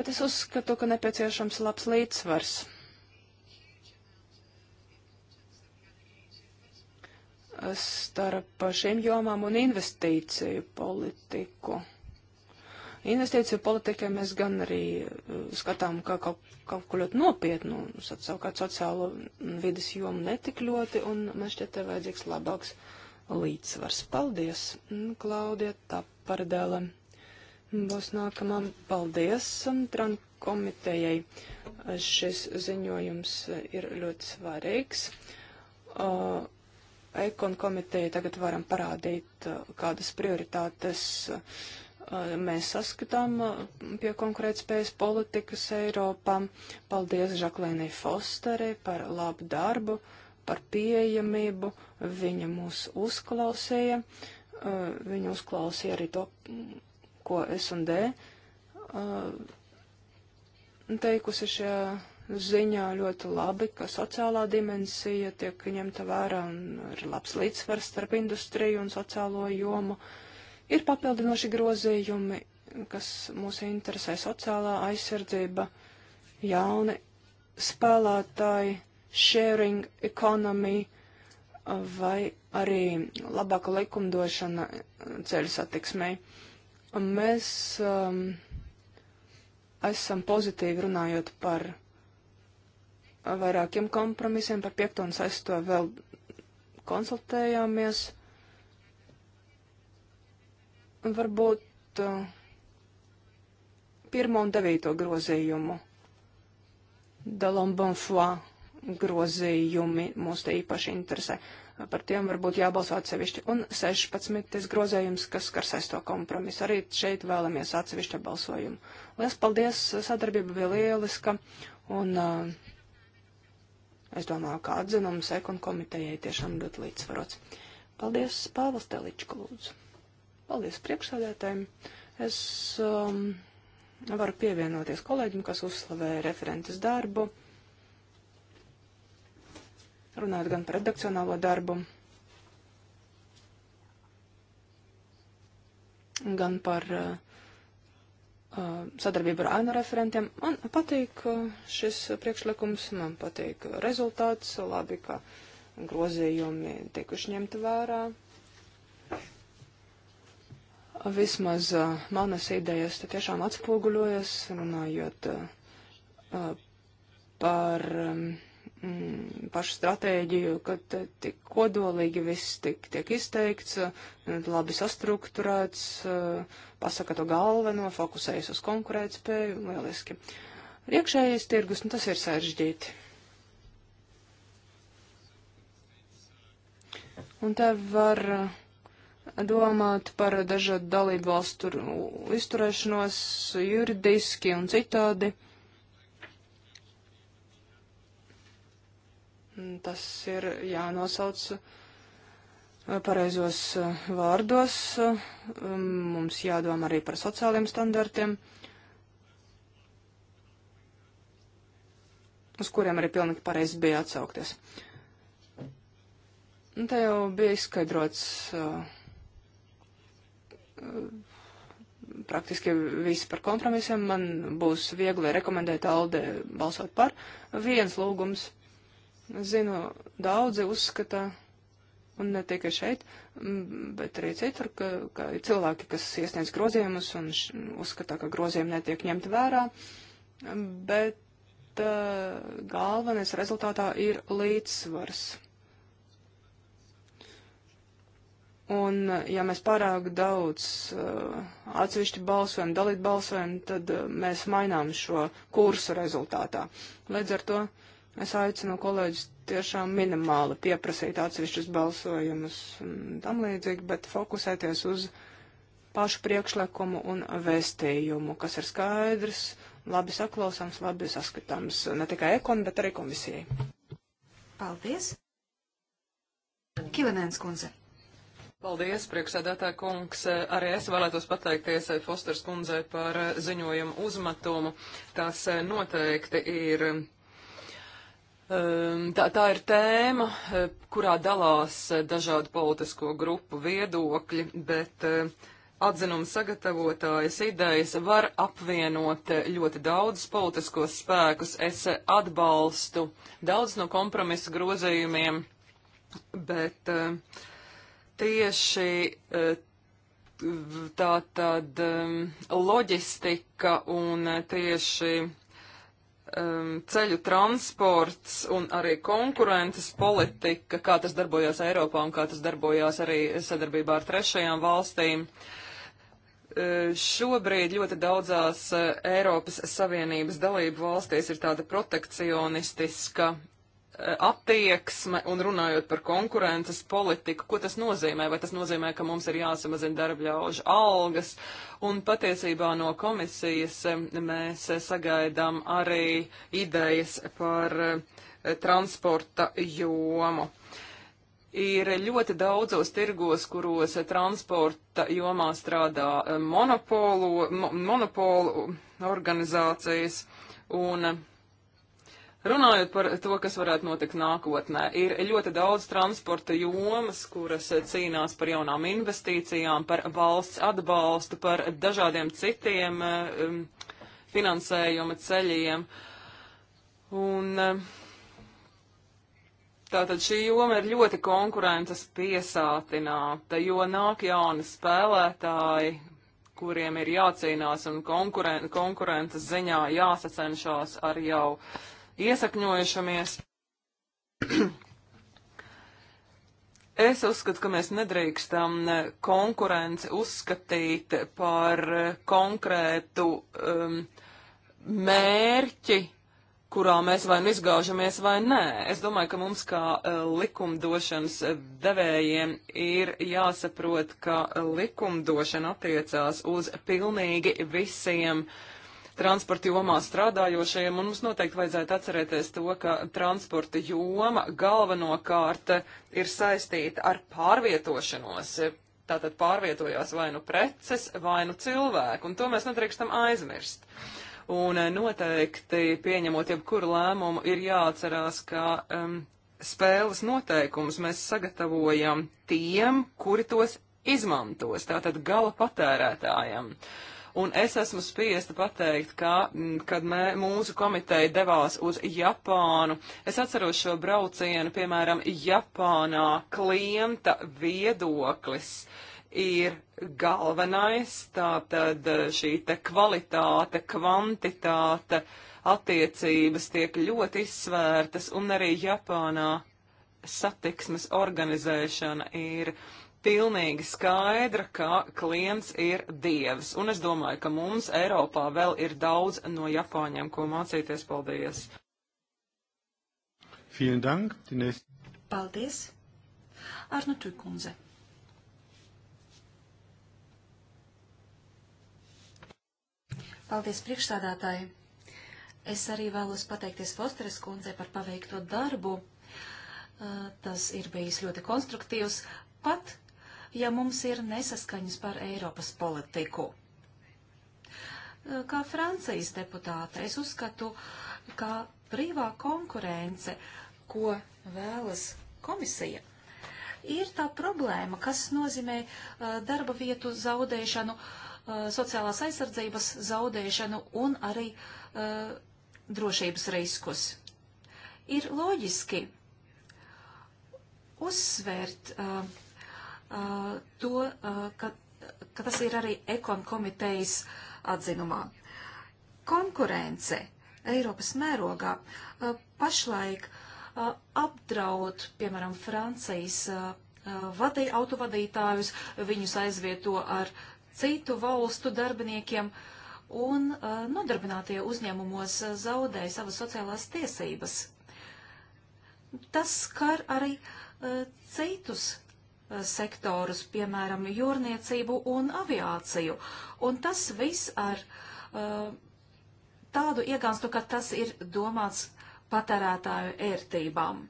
B: Bet es uzskatu, ka nepieciešams labs līdzsvars. starp šīm jomām un investīciju politiku investīciju politikai mēs gan arī eh, skatām kā kaut, kaut ko ļoti nopietnu, savukārt sociālo vidas jomu netik ļoti, un man šķiet, te vajadzīgs labāks līdzsvars. Paldies, mm, Klaudija Tapardēla. Būs nākamā. Paldies mm, Tran komitejai. Šis ziņojums ir ļoti svarīgs. Uh, Ekon komiteja tagad varam parādīt, eh, kādas prioritātes uh, Eh, mēs saskatām eh, pie konkurētspējas politikas Eiropā. Paldies Žaklēnai Fosterei par labu darbu, par pieejamību. Viņa mūs uzklausīja. Eh, viņa uzklausīja arī to, ko es un D teikusi šajā ziņā ļoti labi, ka sociālā dimensija tiek ņemta vērā un ir labs līdzsvars starp industriju un sociālo jomu. Uh, Ir papildinoši grozījumi, kas mūs interesē sociālā aizsardzība, jauni spēlētāji, sharing economy vai arī labāka likumdošana ceļu satiksmei. Mēs um, esam pozitīvi runājot par vairākiem kompromisiem, par piekto un sesto vēl konsultējāmies varbūt uh, pirmo un devīto grozījumu. Dalombonfoy grozījumi mūs te īpaši interesē. Par tiem varbūt jābalso atsevišķi. Un 16. grozījums, kas skar sesto kompromisu. Arī šeit vēlamies atsevišķa balsojumu. Lielas paldies, sadarbība bija lieliska. Un uh, es domāju, ka atzinums ekon komitejai tiešām ļoti līdzsvarots. Paldies, Pāvils Teličku, lūdzu. Paldies priekšsādētājiem. Es um, varu pievienoties kolēģim, kas uzslavēja referentes darbu, runājot gan par redakcionālo darbu, gan par uh, uh sadarbību ar ANU referentiem. Man patīk uh, šis priekšlikums, man patīk rezultāts, labi, ka grozījumi tikuši ņemti vērā. Vismaz manas idejas te tiešām atspoguļojas, runājot par mm, pašu stratēģiju, kad tik kodolīgi viss tik, tiek izteikts, labi sastruktūrēts, pasaka to galveno, fokusējas uz konkurētspēju, lieliski. Iekšējais tirgus, nu tas ir sarežģīti. Un te var uh, domāt par dažādu dalību valstu izturēšanos juridiski un citādi. Tas ir jānosauc uh, pareizos uh, vārdos. Um, mums jādomā arī par sociāliem standartiem, uz kuriem arī pilnīgi pareizi bija atsaukties. Un te jau bija izskaidrots uh, praktiski viss par kompromisiem. Man būs viegli rekomendēt Alde balsot par. Viens lūgums. Zinu, daudzi uzskata, un ne tikai šeit, bet arī citur, ka, ka ir cilvēki, kas iesniedz grozījumus un š, uzskata, ka grozījumi netiek ņemti vērā, bet uh, galvenais rezultātā ir līdzsvars. Un, ja mēs pārāk daudz uh, atsevišķi balsojam, dalīt balsojam, tad uh, mēs mainām šo kursu rezultātā. Līdz ar to es aicinu kolēģis tiešām minimāli pieprasīt atsevišķus balsojumus un tam līdzīgi, bet fokusēties uz pašu priekšlikumu un vēstījumu, kas ir skaidrs, labi saklausams, labi saskatāms ne tikai ekon, bet arī komisijai.
C: Paldies! Kilenēns kundze.
D: Paldies, priekšsēdētā kungs. Arī es vēlētos pateikties Fosters kundzei par ziņojumu uzmetumu. Tas noteikti ir. Um, tā, tā ir tēma, kurā dalās dažādu politisko grupu viedokļi, bet uh, atzinuma sagatavotājas idejas var apvienot ļoti daudz politiskos spēkus. Es atbalstu daudz no kompromisa grozījumiem, bet uh, tieši eh, tā tad loģistika un tieši ceļu transports un arī konkurences politika, kā tas darbojās Eiropā un kā tas darbojās arī sadarbībā ar trešajām valstīm. Eh, šobrīd ļoti daudzās eh, Eiropas Savienības dalību valstīs ir tāda protekcionistiska attieksme un runājot par konkurences politiku, ko tas nozīmē? Vai tas nozīmē, ka mums ir jāsamazina darbļaužu algas? Un patiesībā no komisijas e, mēs sagaidām arī idejas par e, transporta jomu. Ir ļoti daudzos tirgos, kuros transporta jomā strādā e, monopolu, mo, monopolu organizācijas, un Runājot par to, kas varētu notikt nākotnē, ir ļoti daudz transporta jomas, kuras cīnās par jaunām investīcijām, par valsts atbalstu, par dažādiem citiem um, finansējuma ceļiem. Un um, tātad šī joma ir ļoti konkurences piesātināta, jo nāk jauni spēlētāji, kuriem ir jācīnās un konkuren konkurences ziņā jāsacenšās ar jau uh, iesakņojušamies. (clears throat) Es uzskatu, ka mēs nedrīkstam konkurenci uzskatīt par konkrētu um, mērķi, kurā mēs vai nu izgāžamies vai nē. Es domāju, ka mums kā uh, likumdošanas devējiem ir jāsaprot, ka likumdošana attiecās uz pilnīgi visiem uh, transporta jomā strādājošajiem, un mums noteikti vajadzētu atcerēties to, ka transporta joma galvenokārt ir saistīta ar pārvietošanos. Tātad pārvietojās vai nu preces, vai nu cilvēku, un to mēs nedrīkstam aizmirst. Un eh, noteikti, pieņemot jebkuru lēmumu, ir jāatcerās, ka um, spēles noteikumus mēs sagatavojam tiem, kuri tos izmantos, tātad gala patērētājiem. Uh, Un es esmu spiesta pateikt, ka, mm, kad mē, mūsu komiteja devās uz Japānu, es atceros šo braucienu, piemēram, Japānā klienta viedoklis ir galvenais, tātad eh, šī te kvalitāte, kvantitāte, attiecības tiek ļoti izsvērtas, un arī Japānā satiksmes organizēšana ir pilnīgi skaidra, ka klients ir dievs. Un es domāju, ka mums Eiropā vēl ir daudz no Japāņiem, ko mācīties. Paldies!
A: Dank, Dines.
C: Paldies! Arnu Tukundze. Paldies priekšstādātāji! Es arī vēlos pateikties Fosteres kundzei par paveikto darbu. Uh, tas ir bijis ļoti konstruktīvs, pat ja mums ir nesaskaņas par Eiropas politiku. Kā Francijas deputāte, es uzskatu, ka brīvā konkurence, ko vēlas komisija, ir tā problēma, kas nozīmē uh, darba vietu zaudēšanu, uh, sociālās aizsardzības zaudēšanu un arī uh, drošības riskus. Ir loģiski uzsvērt uh, to, ka, ka tas ir arī ekon komitejas atzinumā. Konkurence Eiropas mērogā pašlaik apdraud, piemēram, Francijas vadīja autovadītājus, viņus aizvieto ar citu valstu darbiniekiem, un nodarbinātie uzņēmumos zaudēja savas sociālās tiesības. Tas skar arī citus sektorus, piemēram, jūrniecību un aviāciju. Un tas viss ar uh, tādu iegānstu, ka tas ir domāts patērētāju ērtībām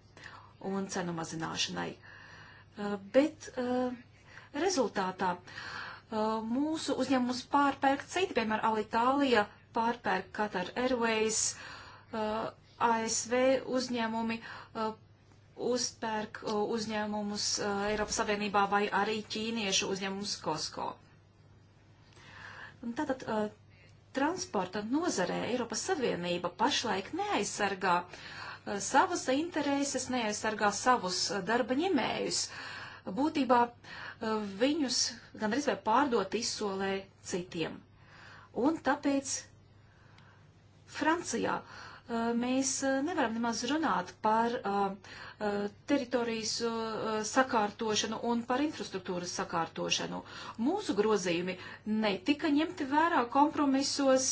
C: un cenu mazināšanai. Uh, bet uh, rezultātā uh, mūsu uzņēmums pārpērk citi, piemēram, Alitālija pārpērk Qatar Airways, uh, ASV uzņēmumi pārpērk uh, uzpērk uzņēmumus Eiropas Savienībā vai arī ķīniešu uzņēmumus Kosko. Un tātad transporta nozarē Eiropas Savienība pašlaik neaizsargā savas intereses, neaizsargā savus darba ņemējus. Būtībā viņus gandrīz vai pārdot izsolē citiem. Un tāpēc Francijā uh, mēs nevaram nemaz runāt par teritorijas sakārtošanu un par infrastruktūras sakārtošanu. Mūsu grozījumi netika ņemti vērā kompromisos.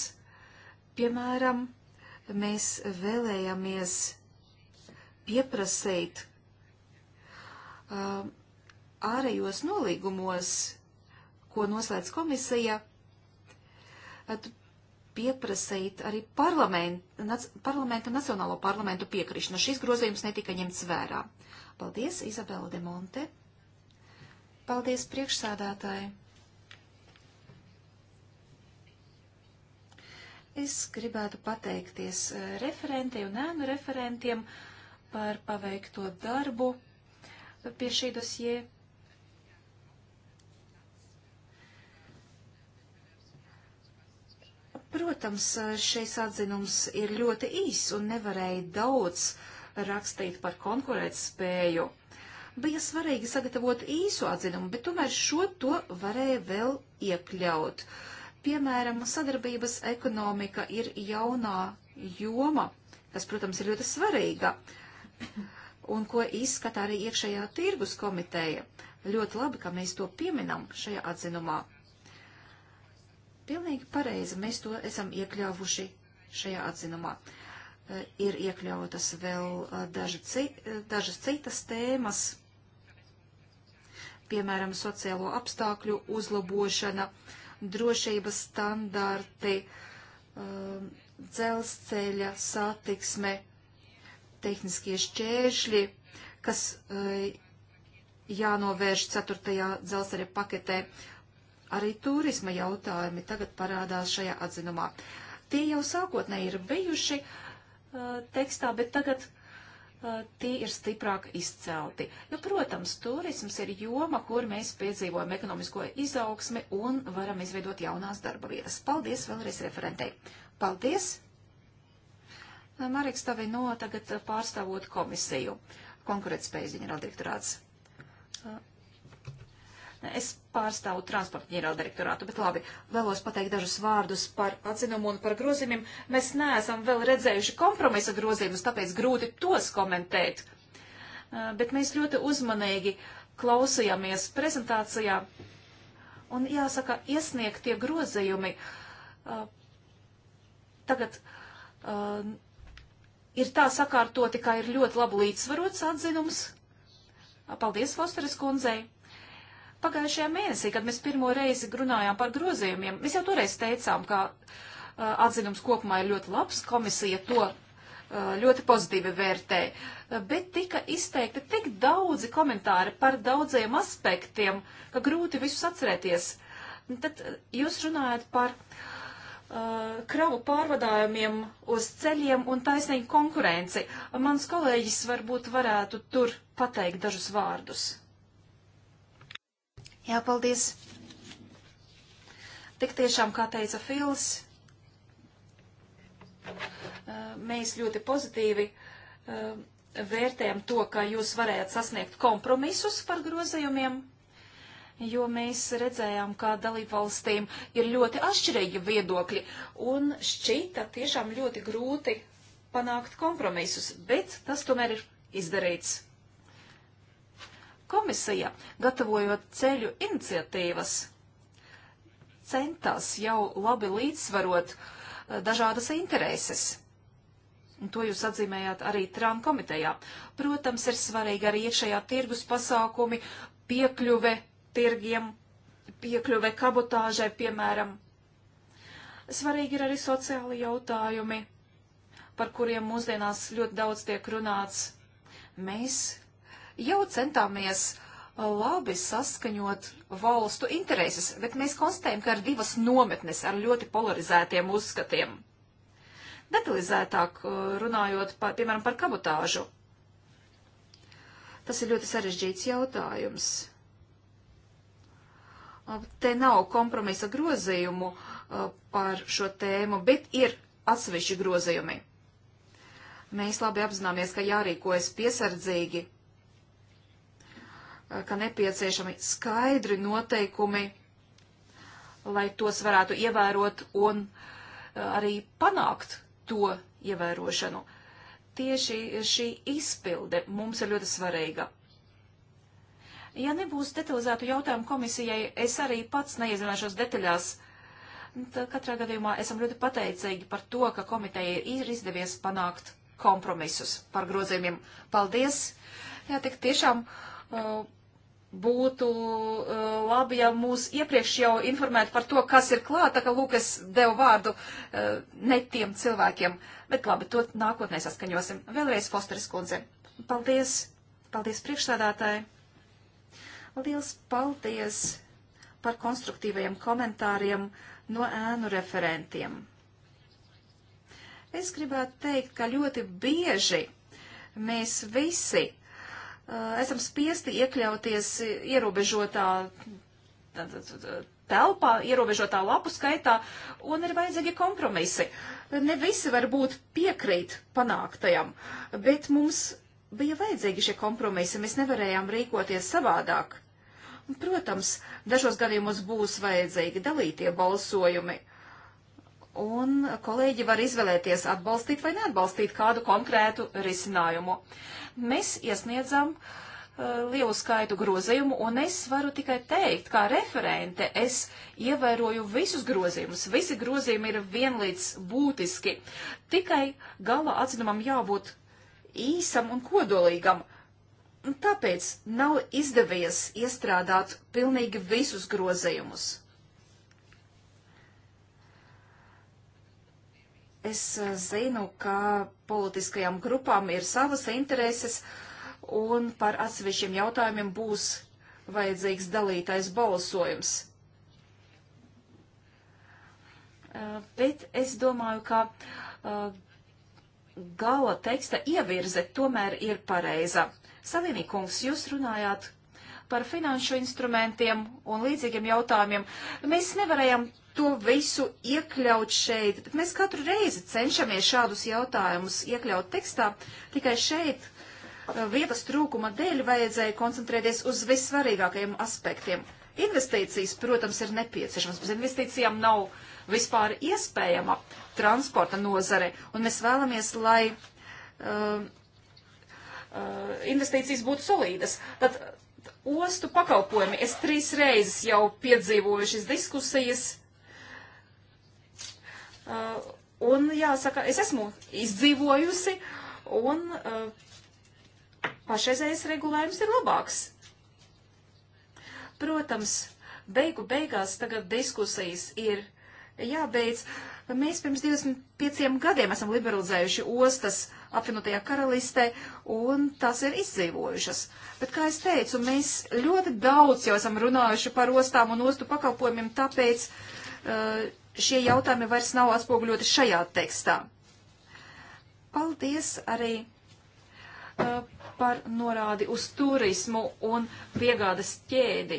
C: Piemēram, mēs vēlējāmies pieprasīt ārējos nolīgumos, ko noslēdz komisija, pieprasīt arī parlamentu, nac, parlamentu nacionālo parlamentu piekrišanu. Šis grozījums netika ņemts vērā. Paldies, Izabela de Monte. Paldies, priekšsādātāji. Es gribētu pateikties eh, referentei un ēnu referentiem par paveikto darbu pie šī dosieja Protams, eh, šis atzinums ir ļoti īss un nevarēja daudz rakstīt par konkurētspēju. Bija svarīgi sagatavot īsu atzinumu, bet tomēr šo to varēja vēl iekļaut. Piemēram, sadarbības ekonomika ir jaunā joma, kas, protams, ir ļoti svarīga un ko izskata arī iekšējā tirgus komiteja. Ļoti labi, ka mēs to pieminam šajā atzinumā. Pilnīgi pareizi mēs to esam iekļāvuši šajā atzinumā. Eh, ir iekļautas vēl eh, daži, eh, dažas citas tēmas, piemēram, sociālo apstākļu uzlabošana, drošības standarti, dzelzceļa satiksme, tehniskie šķēršļi, kas jānovērš ceturtajā dzelzceļa paketē Arī turisma jautājumi tagad parādās šajā atzinumā. Tie jau sākotnēji ir bijuši uh, tekstā, bet tagad uh, tie ir stiprāk izcelti. Nu, protams, turisms ir joma, kur mēs piedzīvojam ekonomisko izaugsmi un varam izveidot jaunās darba vietas. Paldies vēlreiz referentei. Paldies! Uh, Marīks Tavino tagad uh, pārstāvot komisiju, konkurētspējas ģenerāldirektorāts.
A: Uh,
C: Es pārstāvu transporta ģenerāldirektorātu, bet labi, vēlos pateikt dažus vārdus par atzinumu un par grozījumiem. Mēs neesam vēl redzējuši kompromisa grozījumus, tāpēc grūti tos komentēt. Uh, bet mēs ļoti uzmanīgi klausījāmies prezentācijā. Un jāsaka, iesniegtie grozījumi uh, tagad uh, ir tā sakārtoti, ka ir ļoti labi līdzsvarots atzinums. Paldies Fosteres kundzei pagājušajā mēnesī, kad mēs pirmo reizi runājām par grozījumiem, mēs jau toreiz teicām, ka uh, atzinums kopumā ir ļoti labs, komisija to uh, ļoti pozitīvi vērtē, uh, bet tika izteikti tik daudzi komentāri par daudziem aspektiem, ka grūti visus atcerēties. Tad jūs runājat par uh, kravu pārvadājumiem uz ceļiem un taisnīgu konkurenci. Mans kolēģis varbūt varētu tur pateikt dažus vārdus. Jā, paldies. Tik tiešām, kā teica Fils, eh, mēs ļoti pozitīvi eh, vērtējam to, ka jūs varējāt sasniegt kompromisus par grozījumiem, jo mēs redzējām, ka dalībvalstīm ir ļoti atšķirīgi viedokļi un šķita tiešām ļoti grūti panākt kompromisus, bet tas tomēr ir izdarīts. Komisija, gatavojot ceļu iniciatīvas, centās jau labi līdzsvarot eh, dažādas intereses. Un to jūs atzīmējāt arī Trānu komitejā. Protams, ir svarīgi arī iekšējā tirgus pasākumi, piekļuve tirgiem, piekļuve kabotāžai, piemēram. Svarīgi ir arī sociāli jautājumi, par kuriem mūsdienās ļoti daudz tiek runāts. Mēs, jau centāmies uh, labi saskaņot valstu intereses, bet mēs konstatējam, ka ir divas nometnes ar ļoti polarizētiem uzskatiem. Detalizētāk uh, runājot, par, piemēram, par kabotāžu. Tas ir ļoti sarežģīts jautājums. Uh, te nav kompromisa grozījumu par šo tēmu, bet ir atsevišķi grozījumi. Mēs labi apzināmies, ka jārīkojas piesardzīgi Eh, ka nepieciešami skaidri noteikumi, lai tos varētu ievērot un eh, arī panākt to ievērošanu. Tieši šī izpilde mums ir ļoti svarīga. Ja nebūs detalizētu jautājumu komisijai, es arī pats neiezināšos detaļās. Tā katrā gadījumā esam ļoti pateicīgi par to, ka komiteja ir izdevies panākt kompromisus par grozījumiem. Paldies! Jā, tik tiešām. Uh, būtu uh, labi, ja mūs iepriekš jau informētu par to, kas ir klāt, tā kā lūk, es devu vārdu uh, ne tiem cilvēkiem. Bet labi, to nākotnē saskaņosim. Vēlreiz Fosteris kundze. Paldies, paldies priekšsādātāji. Liels paldies par konstruktīvajiem komentāriem no ēnu referentiem. Es gribētu teikt, ka ļoti bieži mēs visi uh, Eh, esam spiesti iekļauties ierobežotā telpā, ierobežotā lapu skaitā, un ir vajadzīgi kompromisi. Ne visi varbūt piekrīt panāktajam, bet mums bija vajadzīgi šie kompromisi, mēs nevarējām rīkoties savādāk. Protams, dažos gadījumos būs vajadzīgi dalītie balsojumi. Uh, un kolēģi var izvēlēties atbalstīt vai neatbalstīt kādu konkrētu risinājumu. Mēs iesniedzam uh, lielu skaitu grozījumu, un es varu tikai teikt, kā referente, es ievēroju visus grozījumus. Visi grozījumi ir vienlīdz būtiski. Tikai gala atzinumam jābūt īsam un kodolīgam. Un tāpēc nav izdevies iestrādāt pilnīgi visus grozījumus. Es eh, zinu, ka politiskajām grupām ir savas intereses un par atsevišķiem jautājumiem būs vajadzīgs dalītais balsojums. Eh, bet es domāju, ka eh, gala teksta ievirze tomēr ir pareiza. Savienīkums, jūs runājāt par finanšu instrumentiem un līdzīgiem jautājumiem. Mēs nevarējām to visu iekļaut šeit, bet mēs katru reizi cenšamies šādus jautājumus iekļaut tekstā, tikai šeit eh, vietas trūkuma dēļ vajadzēja koncentrēties uz vissvarīgākajiem aspektiem. Investīcijas, protams, ir nepieciešamas, bez investīcijām nav vispār iespējama transporta nozare, un mēs vēlamies, lai uh, uh, investīcijas būtu solīdas. Tad ostu pakalpojumi, es trīs reizes jau piedzīvoju šīs diskusijas, Uh, un jāsaka, es esmu izdzīvojusi, un uh, pašreizējais regulējums ir labāks. Protams, beigu beigās tagad diskusijas ir jābeidz. Mēs pirms 25 gadiem esam liberalizējuši ostas apvienotajā karalistē, un tās ir izdzīvojušas. Bet, kā es teicu, mēs ļoti daudz jau esam runājuši par ostām un ostu pakalpojumiem, tāpēc uh, šie jautājumi vairs nav atspoguļoti šajā tekstā. Paldies arī uh, par norādi uz turismu un piegādas ķēdi.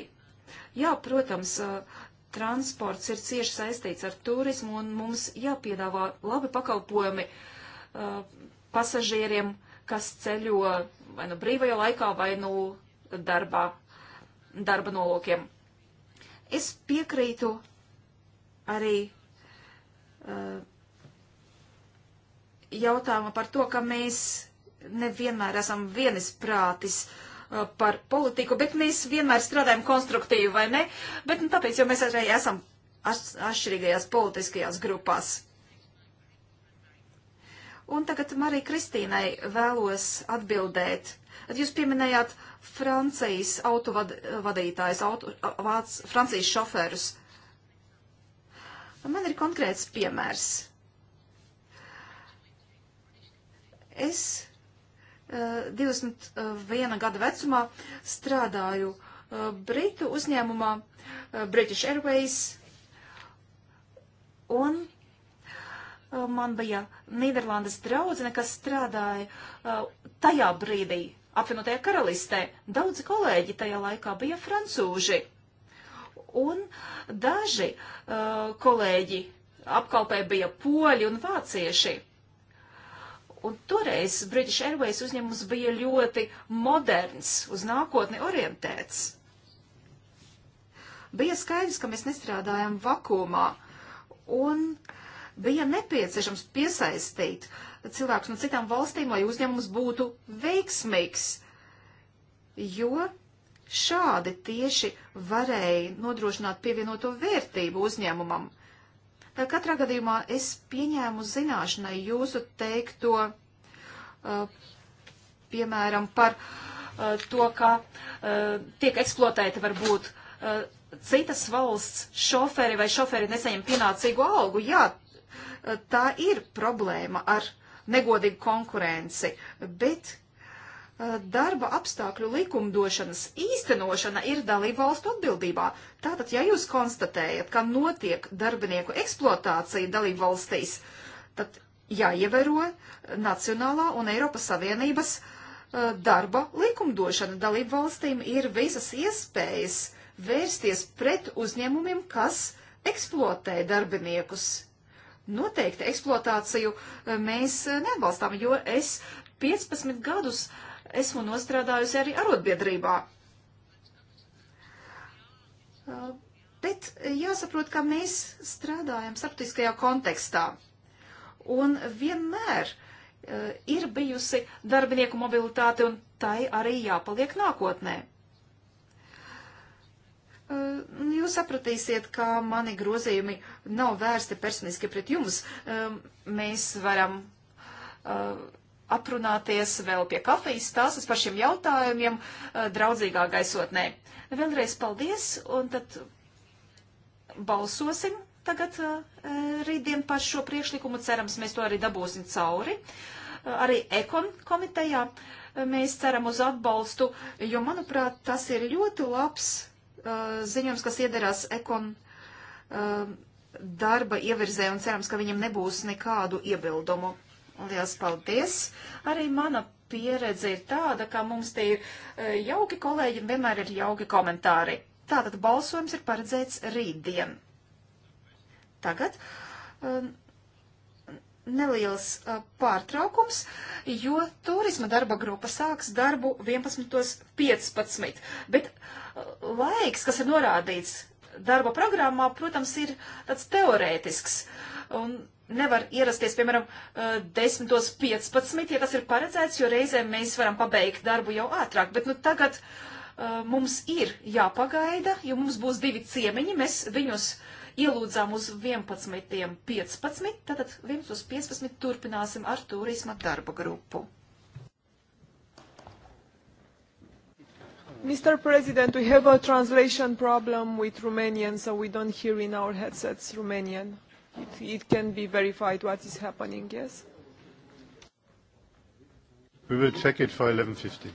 C: Jā, protams, uh, transports ir cieši saistīts ar turismu un mums jāpiedāvā labi pakalpojumi uh, pasažieriem, kas ceļo vai nu brīvajā laikā, vai nu darbā, darba nolūkiem. Es piekrītu arī uh, eh, jautājumu par to, ka mēs nevienmēr esam vienisprātis uh, par politiku, bet mēs vienmēr strādājam konstruktīvi, vai ne? Bet nu, tāpēc, jo mēs arī esam atšķirīgajās politiskajās grupās. Un tagad Marija Kristīnai vēlos atbildēt. Tad jūs pieminējāt Francijas autovadītājs, auto, vāc, Francijas šoferus. Uh, Man ir konkrēts piemērs. Es 21 eh, gada vecumā strādāju eh, Britu uzņēmumā eh, British Airways, un man bija Nīderlandes draudzene, kas strādāja tajā brīdī apvienotajā karalistē. Daudzi kolēģi tajā laikā bija francūži. Un daži uh, kolēģi apkalpē bija poļi un vācieši. Un toreiz British Airways uzņēmums bija ļoti moderns, uz nākotni orientēts. Bija skaidrs, ka mēs nestrādājam vakumā, un bija nepieciešams piesaistīt cilvēkus no citām valstīm, lai uzņēmums būtu veiksmīgs, jo šādi tieši varēja nodrošināt pievienoto vērtību uzņēmumam. Tā katrā gadījumā es pieņēmu zināšanai jūsu teikto, uh, piemēram, par uh, to, ka uh, tiek eksploatēti varbūt uh, citas valsts šoferi vai šoferi nesaņem pienācīgu algu. Jā, uh, tā ir problēma ar negodīgu konkurenci, bet Eh, darba apstākļu likumdošanas īstenošana ir dalību valstu atbildībā. Tātad, ja jūs konstatējat, ka notiek darbinieku eksploatācija dalību valstīs, tad jāievēro Nacionālā un Eiropas Savienības uh, darba likumdošana. Dalību valstīm ir visas iespējas vērsties pret uzņēmumiem, kas eksploatē darbiniekus. Noteikti eksploatāciju eh, mēs neatbalstām, jo es 15 gadus uh, Esmu nostrādājusi arī arotbiedrībā. Uh, bet jāsaprot, ka mēs strādājam starptautiskajā kontekstā. Un vienmēr uh, ir bijusi darbinieku mobilitāte, un tai arī jāpaliek nākotnē. Uh, jūs sapratīsiet, ka mani grozījumi nav vērsti personiski pret jums. Mēs varam aprunāties vēl pie kafijas stāstas par šiem jautājumiem eh, draudzīgā gaisotnē. Vēlreiz paldies, un tad balsosim tagad eh, rītdien par šo priekšlikumu. Cerams, mēs to arī dabūsim cauri. Eh, arī ekon komitejā mēs ceram uz atbalstu, jo, manuprāt, tas ir ļoti labs ziņojums, kas iederās ekon darba ievirzē un cerams, ka viņam nebūs nekādu iebildumu. Liels paldies! Arī mana pieredze ir tāda, ka mums tie ir e, jauki kolēģi un vienmēr ir jauki komentāri. Tātad balsojums ir paredzēts rītdien. Tagad um, neliels uh, pārtraukums, jo turisma darba grupa sāks darbu 11.15. Bet uh, laiks, kas ir norādīts darba programmā, protams, ir tāds teorētisks. Un nevar ierasties, piemēram, 10.15, eh, ja tas ir paredzēts, jo reizēm mēs varam pabeigt darbu jau ātrāk. Bet nu tagad uh, mums ir jāpagaida, jo mums būs divi ciemiņi, mēs viņus ielūdzām uz 11.15, tātad 11.15 turpināsim ar turisma darba grupu.
D: Mr. President, we have a translation problem with Romanian, so we don't hear in our headsets Romanian it, it can be verified what is happening, yes?
A: We will check it for 11.50.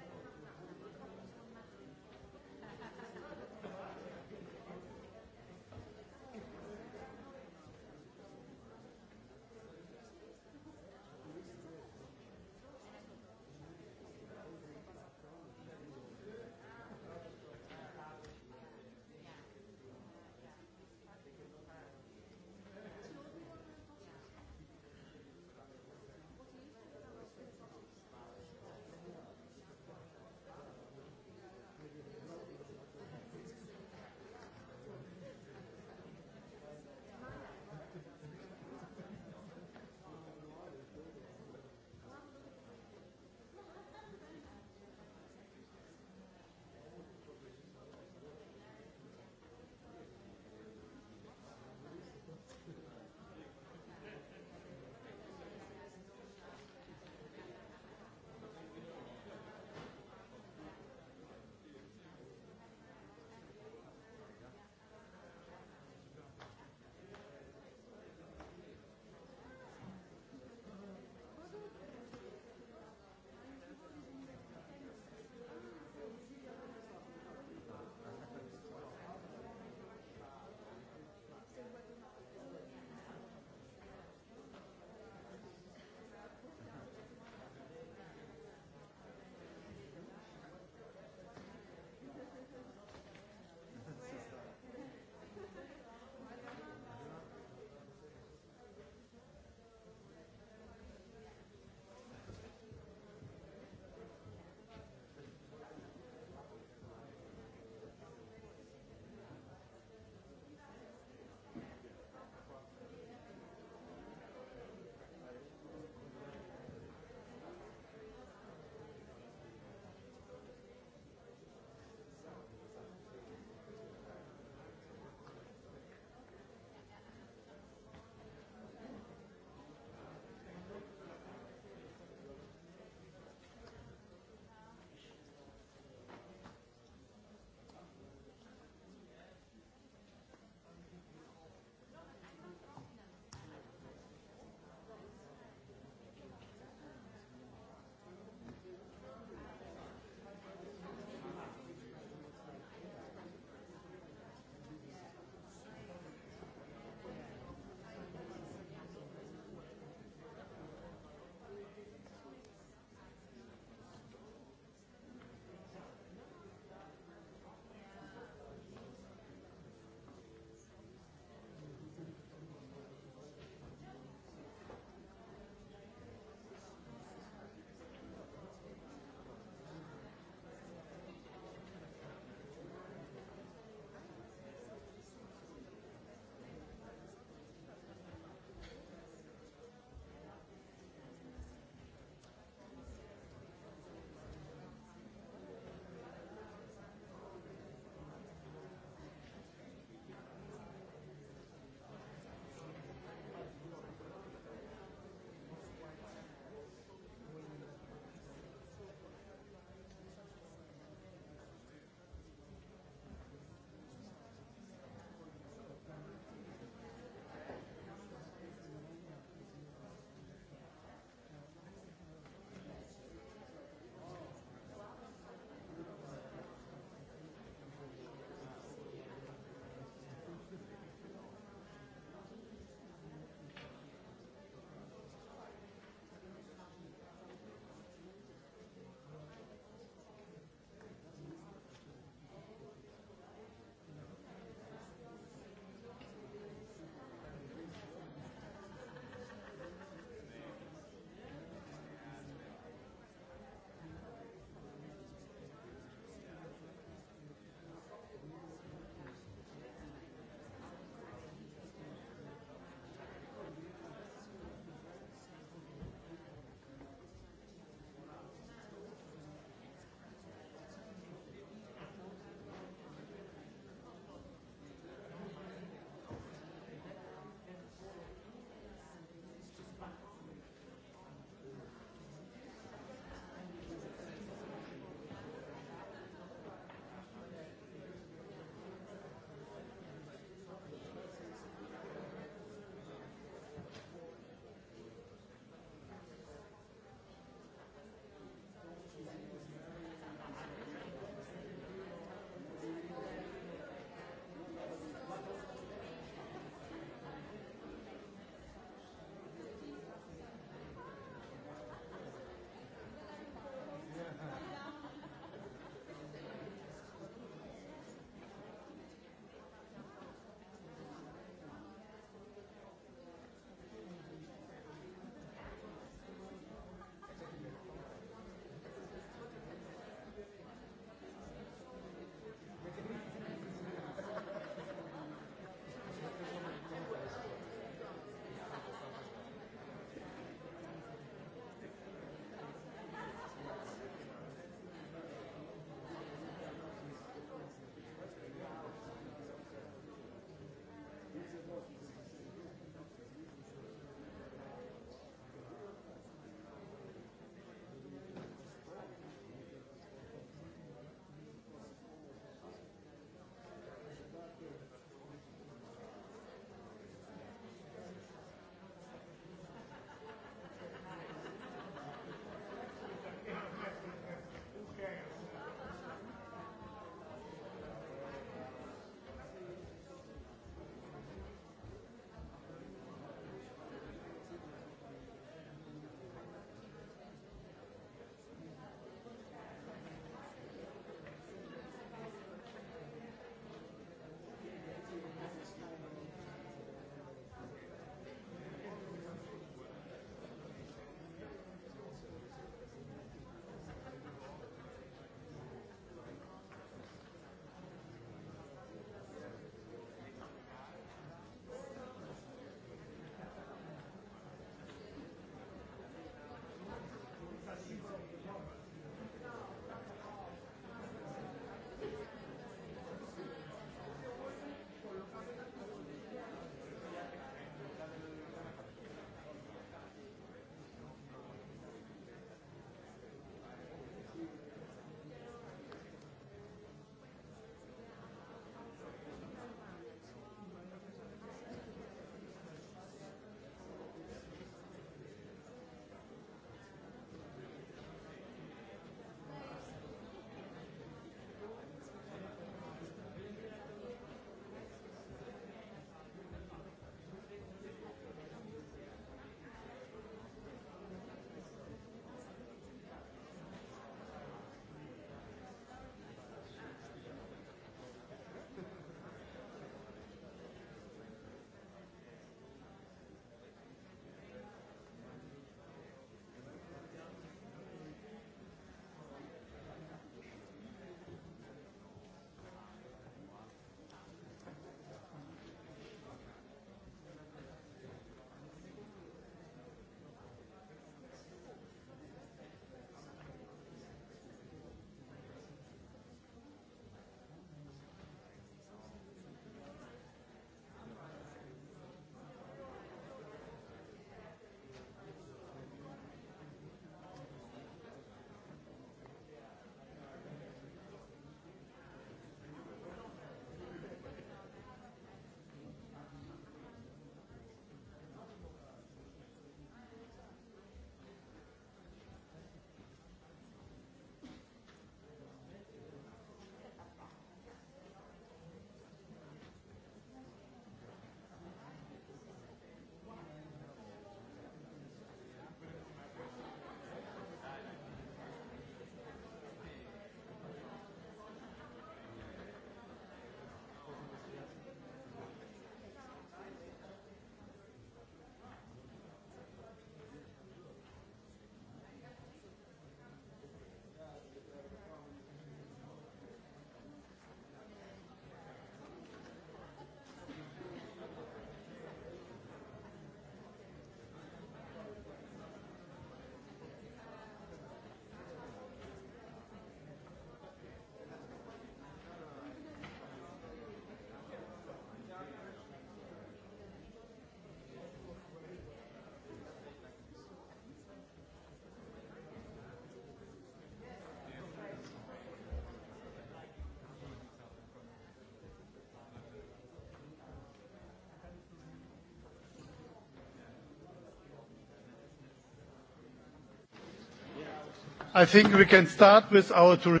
A: Our...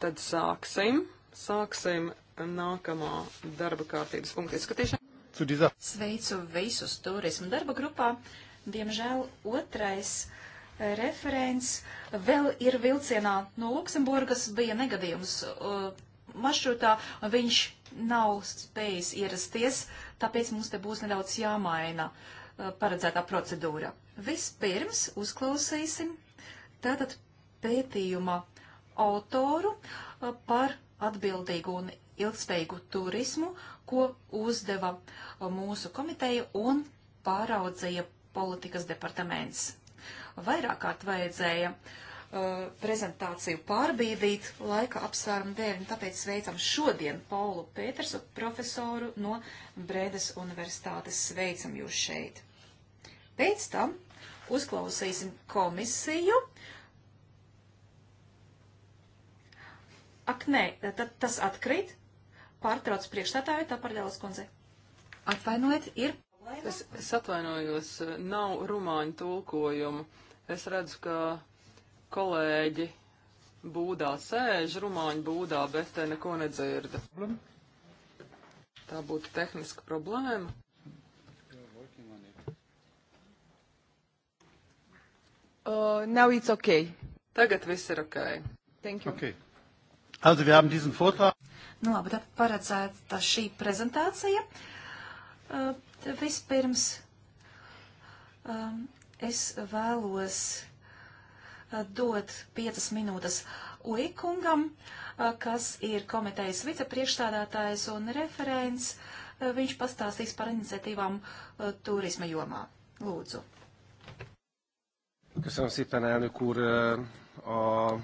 D: Tad sāksim. Sāksim nākamā
C: darba kārtības punkta izskatīšanu. Sveicu visus turismu darba grupā. Diemžēl otrais eh, referents vēl ir vilcienā no Luksemburgas, bija negadījums uh, maršrutā, un viņš nav spējis ierasties, tāpēc mums te būs nedaudz jāmaina uh, paredzētā procedūra. Vispirms uzklausīsim tātad pētījuma autoru uh, par atbildīgu un ilgspējīgu turismu, ko uzdeva uh, mūsu komiteja un pāraudzīja politikas departaments. Vairāk kārt vajadzēja uh, prezentāciju pārbīdīt laika apsvērumu dēļ, un tāpēc sveicam šodien Paulu Pētersu, profesoru no Brēdes universitātes. Sveicam jūs šeit! Pēc tam uzklausīsim komisiju, Ak, nē, tad tas atkrīt. Pārtrauc priekšstādāju, tā par Dēlas kundze. Atvainojiet, ir. Es, es atvainojos, nav
D: rumāņu tulkojumu. Es redzu, ka kolēģi būdā sēž, rumāņu būdā, bet te neko nedzirda. Tā būtu tehniska problēma. Uh, now it's okay. Tagad viss ir ok.
C: Thank you.
A: Okay. Also, wir haben diesen Vortrag.
C: Nu, labi, tad paredzēta šī prezentācija. Uh, vispirms um, es vēlos uh, dot piecas minūtes Uikungam, uh, kas ir komitejas vicepriekšstādātājs un referents. Uh, viņš pastāstīs par iniciatīvām uh, turisma jomā. Lūdzu.
A: Köszönöm szépen, elnök úr! Uh, a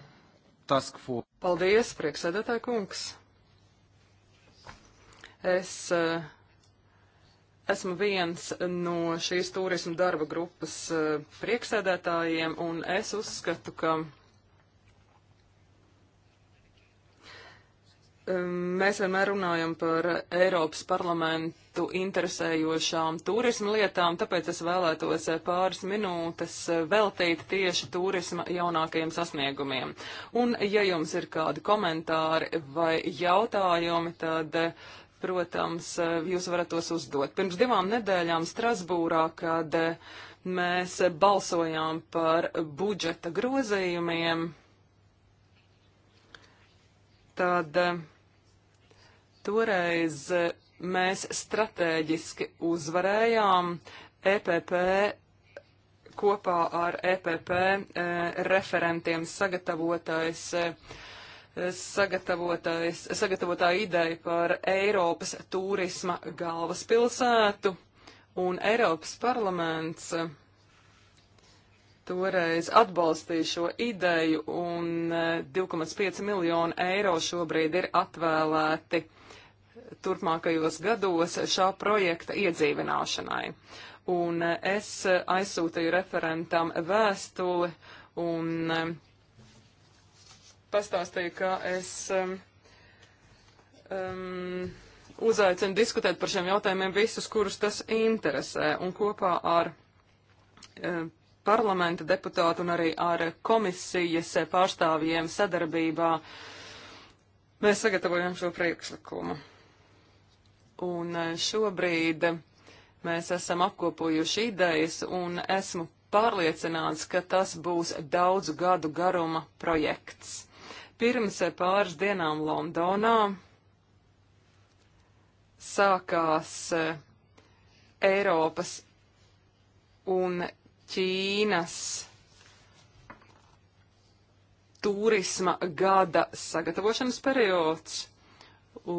A: Task Force.
D: Paldies, prieksēdētāji kungs. Es eh, esmu viens no šīs turismu darba grupas eh, prieksēdētājiem, un es uzskatu, ka Mēs vienmēr runājam par Eiropas parlamentu interesējošām turisma lietām, tāpēc es vēlētos eh, pāris minūtes eh, veltīt tieši turisma jaunākajiem sasniegumiem. Un, ja jums ir kādi komentāri vai jautājumi, tad, eh, protams, jūs varat tos uzdot. Pirms divām nedēļām Strasbūrā, kad mēs balsojām par budžeta grozījumiem, tad Toreiz eh, mēs strateģiski uzvarējām EPP kopā ar EPP eh, referentiem eh, sagatavotais sagatavotā ideja par Eiropas turisma galvaspilsētu, un Eiropas parlaments toreiz atbalstīja šo ideju, un 2,5 miljonu eiro šobrīd ir atvēlēti turpmākajos gados šā projekta iedzīvināšanai. Un eh, es aizsūtīju referentam vēstuli un eh, pastāstīju, ka es um, uzaicinu diskutēt par šiem jautājumiem visus, kurus tas interesē. Un kopā ar um, parlamenta deputātu un arī ar komisijas pārstāvjiem sadarbībā mēs sagatavojam šo priekšlikumu. Un eh, šobrīd mēs esam apkopojuši idejas un esmu pārliecināts, ka tas būs daudzu gadu garuma projekts. Pirms pāris dienām Londonā sākās eh, Eiropas un Ķīnas turisma gada sagatavošanas periods,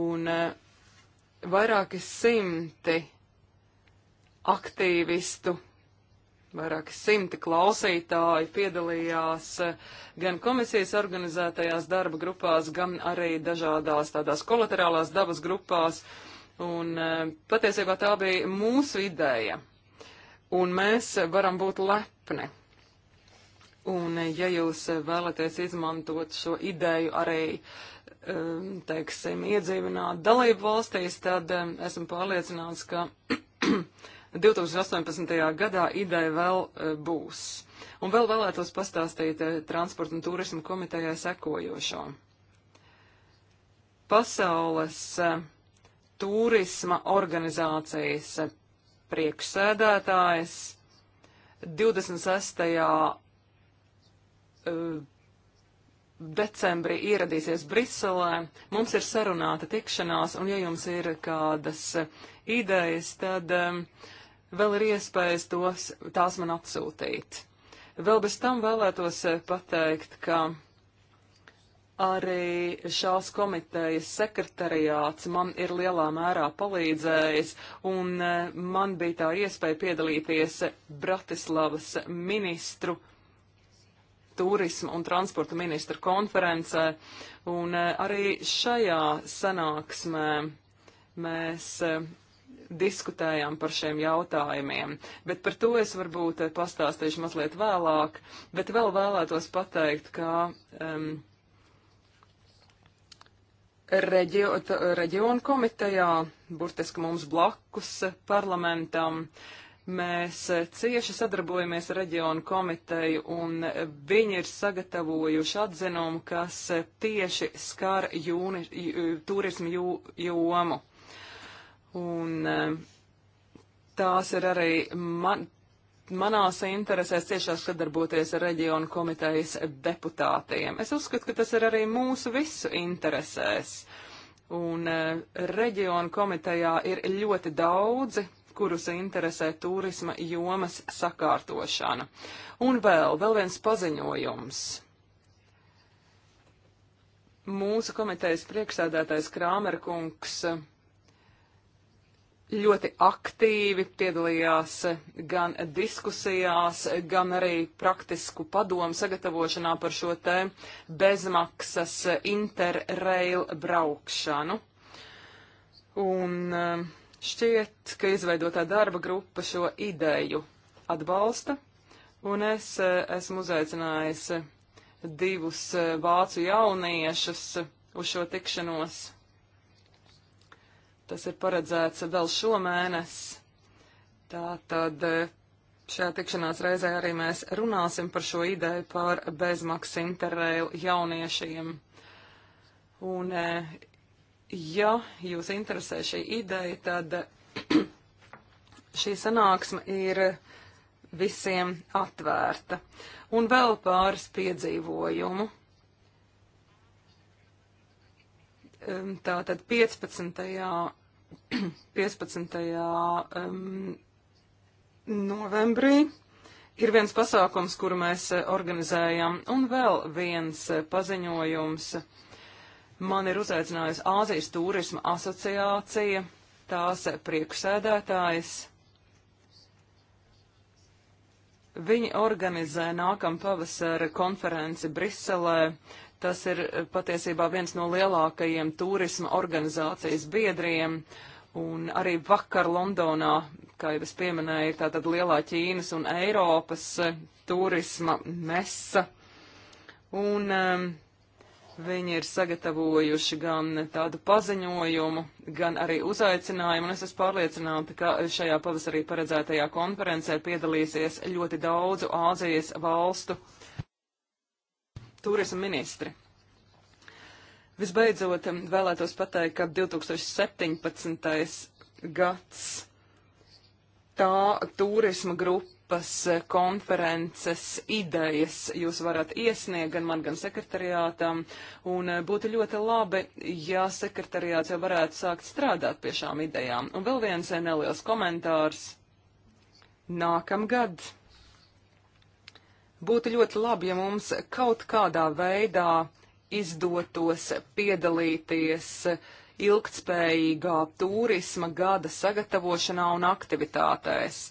D: un eh, vairāki simti aktīvistu, vairāki simti klausītāji piedalījās gan komisijas organizētajās darba grupās, gan arī dažādās tādās kolaterālās dabas grupās. Un e, patiesībā tā bija mūsu ideja. Un mēs varam būt lepni Un, eh, ja jūs eh, vēlaties izmantot šo ideju arī, eh, teiksim, iedzīvināt dalību valstīs, tad esmu pārliecināts, ka 2018. (clears throat) gadā ideja vēl būs. Un vēl vēlētos pastāstīt transporta un turismu komitejai sekojošo. Pasaules turisma organizācijas priekšsēdētājs 26 Eh, decembrī ieradīsies Briselē. Mums ir sarunāta tikšanās, un ja jums ir kādas idejas, tad um, vēl ir iespējas tos, tās man atsūtīt. Vēl bez tam vēlētos eh, pateikt, ka arī šās komitejas sekretariāts man ir lielā mērā palīdzējis, un man bija tā iespēja piedalīties Bratislavas ministru turismu un transporta ministra konferencē. Un eh, arī šajā sanāksmē mēs eh, diskutējām par šiem jautājumiem, bet par to es varbūt eh, pastāstīšu mazliet vēlāk, bet vēl vēlētos pateikt, ka um, reģio, reģionu komitejā, burtiski mums blakus parlamentam, uh, Mēs eh, cieši sadarbojamies ar reģionu komiteju, un eh, viņi ir sagatavojuši atzinumu, kas eh, tieši skar jūni, jū, turismu jū, jomu. Un tās ir arī man, manās interesēs ciešāk sadarboties ar reģionu komitejas deputātiem. Es uzskatu, ka tas ir arī mūsu visu interesēs. Un reģionu komitejā ir ļoti daudzi kurus interesē turisma jomas sakārtošana. Un vēl, vēl viens paziņojums. Mūsu komitejas priekšsēdētājs Krāmerkungs ļoti aktīvi piedalījās gan diskusijās, gan arī praktisku padomu sagatavošanā par šo te bezmaksas interrail braukšanu. Un Šķiet, ka izveidotā darba grupa šo ideju atbalsta, un es eh, esmu uzaicinājis eh, divus eh, vācu jauniešus uz šo tikšanos. Tas ir paredzēts vēl šomēnes. Tā tad šajā tikšanās reizē arī mēs runāsim par šo ideju par bezmaksas interrailu jauniešiem. Un e, ja jūs interesē šī ideja, tad (clears throat) šī sanāksme ir visiem atvērta. Un vēl pāris piedzīvojumu. Tātad 15. 15. Um, novembrī ir viens pasākums, kuru mēs eh, organizējam, un vēl viens eh, paziņojums. Uh, Man ir uzaicinājusi Āzijas turisma asociācija, tās priekšsēdētājs. Viņi organizē nākam pavasara konferenci Briselē. Tas ir eh, patiesībā viens no lielākajiem turisma organizācijas biedriem. Un arī vakar Londonā, kā jau es pieminēju, ir tātad lielā Ķīnas un Eiropas eh, turisma mesa. Un um, Viņi ir sagatavojuši gan tādu paziņojumu, gan arī uzaicinājumu, un es esmu pārliecināta, ka šajā pavasarī paredzētajā konferencē piedalīsies ļoti daudzu Āzijas valstu turismu ministri. Visbeidzot, vēlētos pateikt, ka 2017. gads tā turisma grupa grupas eh, konferences idejas jūs varat iesniegt gan man, gan sekretariātam. Un eh, būtu ļoti labi, ja sekretariāts jau varētu sākt strādāt pie šām idejām. Un vēl viens eh, neliels komentārs. Nākamgad būtu ļoti labi, ja mums kaut kādā veidā izdotos piedalīties ilgtspējīgā turisma gada sagatavošanā un aktivitātēs.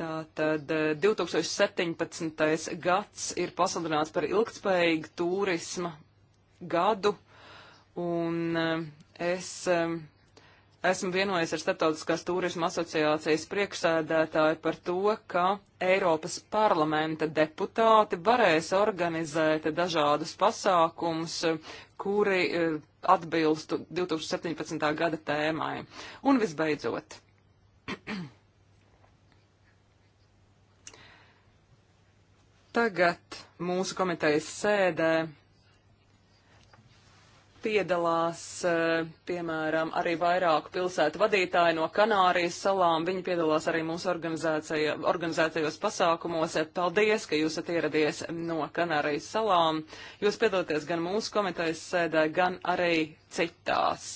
D: Tātad 2017. Eh, gads ir pasludināts par ilgtspējīgu turisma gadu, un eh, es eh, esmu vienojies ar Startautiskās turisma asociācijas priekšsēdētāju par to, ka Eiropas parlamenta deputāti varēs organizēt dažādus pasākumus, kuri atbilstu 2017. gada tēmai. Un visbeidzot. (clears throat) Tagad mūsu komitejas sēdē piedalās, eh, piemēram, arī vairāku pilsētu vadītāji no Kanārijas salām. Viņi piedalās arī mūsu organizētajos pasākumos. Paldies, ka jūs esat ieradies no Kanārijas salām. Jūs piedalāties gan mūsu komitejas sēdē, gan arī citās.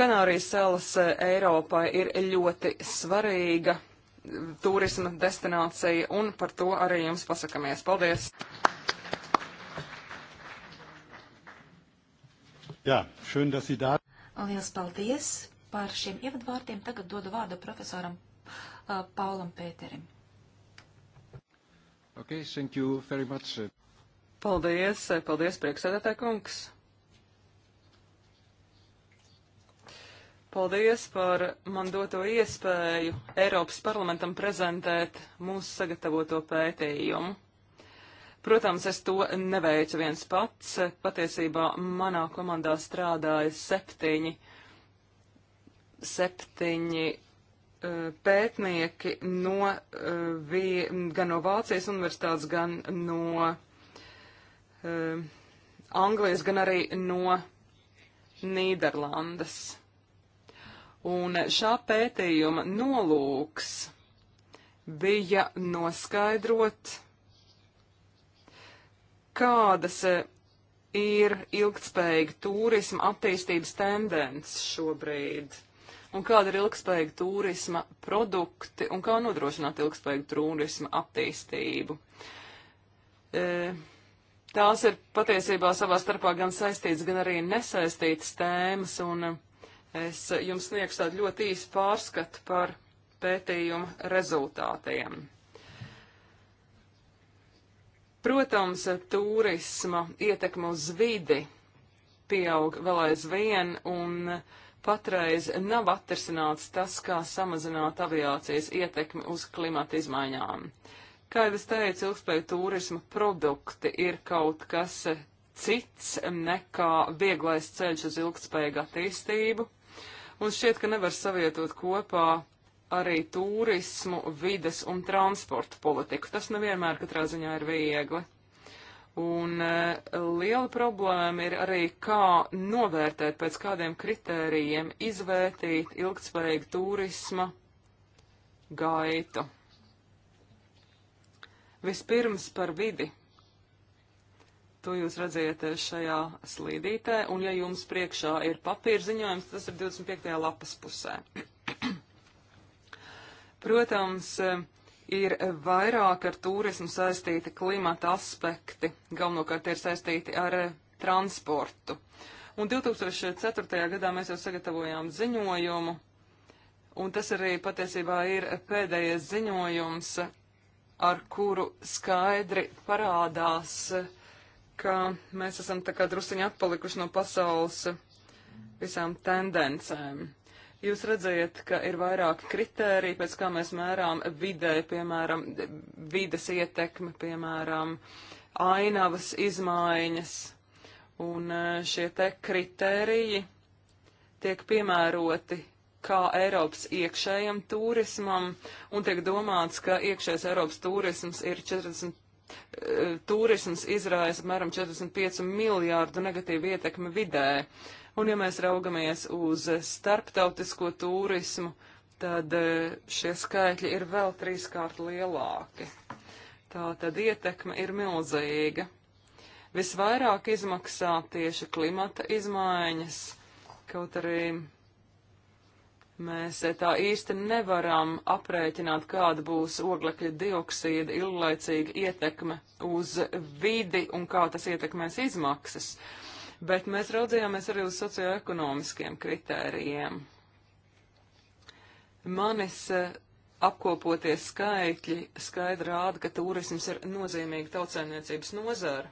D: Kanārijas salas eh, Eiropai ir ļoti svarīga turisma destinācija, un par to arī jums pasakamies. Paldies!
A: Jā, šön, dass Sie da.
C: Liels paldies par šiem ievadvārdiem. Tagad dodu vārdu profesoram uh, Paulam Pēterim.
D: Okay, thank you very much. Paldies, paldies, priekšsēdētāj kungs. Paldies par man doto iespēju Eiropas parlamentam prezentēt mūsu sagatavoto pētījumu. Protams, es to neveicu viens pats. Patiesībā manā komandā strādāja septiņi, septiņi eh, pētnieki no, eh, gan no Vācijas universitātes, gan no uh, Anglijas, gan arī no Nīderlandes. Un šā pētījuma nolūks bija noskaidrot, kādas ir ilgtspējīga turisma attīstības tendences šobrīd, un kāda ir ilgtspējīga turisma produkti, un kā nodrošināt ilgtspējīgu turisma attīstību. E, tās ir patiesībā savā starpā gan saistītas, gan arī nesaistītas tēmas, un Es jums sniegšu tādu ļoti īsu pārskatu par pētījuma rezultātiem. Protams, turisma ietekme uz vidi pieaug vēl aizvien, un patreiz nav atrisināts tas, kā samazināt aviācijas ietekmi uz klimata izmaiņām. Kā jau es teicu, ilgspēja turisma produkti ir kaut kas cits nekā vieglais ceļš uz ilgspējīgu attīstību, un šķiet, ka nevar savietot kopā arī turismu, vides un transportu politiku. Tas nevienmēr katrā ziņā ir viegli. Un e, liela problēma ir arī, kā novērtēt, pēc kādiem kritērijiem izvērtīt ilgtspējīgu turisma gaitu. Vispirms par vidi. To jūs redzējat eh, šajā slīdītē, un ja jums priekšā ir papīra ziņojums, tas ir 25. lapas pusē. (clears throat) Protams, eh, ir vairāk ar turismu saistīti klimata aspekti, galvenokārt ir saistīti ar eh, transportu. Un 2004. gadā mēs jau sagatavojām ziņojumu, un tas arī patiesībā ir pēdējais ziņojums, ar kuru skaidri parādās uh, ka mēs esam tā kā drusiņi atpalikuši no pasaules visām tendencēm. Jūs redzējat, ka ir vairāki kritēriji, pēc kā mēs mērām vidē, piemēram, vides ietekme, piemēram, ainavas izmaiņas. Un e, šie te kritēriji tiek piemēroti kā Eiropas iekšējam turismam, un tiek domāts, ka iekšējais Eiropas turisms ir 40 turisms izraisa apmēram 45 miljārdu negatīvu ietekmi vidē. Un ja mēs raugamies uz starptautisko turismu, tad e, šie skaitļi ir vēl trīskārt lielāki. Tā tad ietekme ir milzīga. Visvairāk izmaksā tieši klimata izmaiņas, kaut arī Mēs tā īsti nevaram aprēķināt, kāda būs oglekļa dioksīda ilglaicīga ietekme uz vidi un kā tas ietekmēs izmaksas, bet mēs raudzījāmies arī uz socioekonomiskiem kritērijiem. Manis eh, apkopotie skaitļi skaidri rāda, ka turisms ir nozīmīga tautsēmniecības nozara.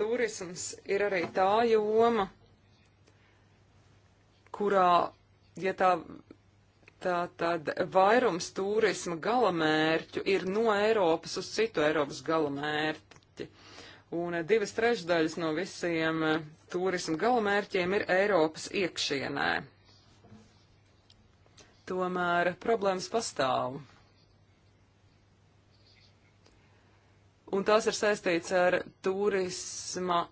D: Turisms ir arī tā joma, kurā, ja tā, tā tad vairums turisma galamērķu ir no Eiropas uz citu Eiropas galamērķi. Un divas trešdaļas no visiem eh, turisma galamērķiem ir Eiropas iekšienē. Tomēr problēmas pastāv. Un tās ir saistīts ar turisma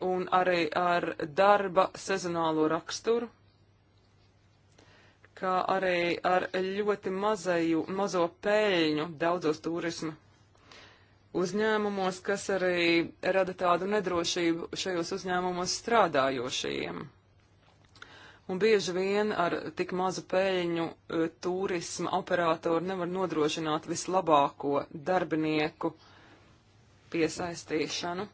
D: un arī ar darba sezonālo raksturu, kā arī ar ļoti mazaju, mazo peļņu daudzos turisma uzņēmumos, kas arī rada tādu nedrošību šajos uzņēmumos strādājošajiem. Un bieži vien ar tik mazu peļņu e, turisma operatori nevar nodrošināt vislabāko darbinieku piesaistīšanu.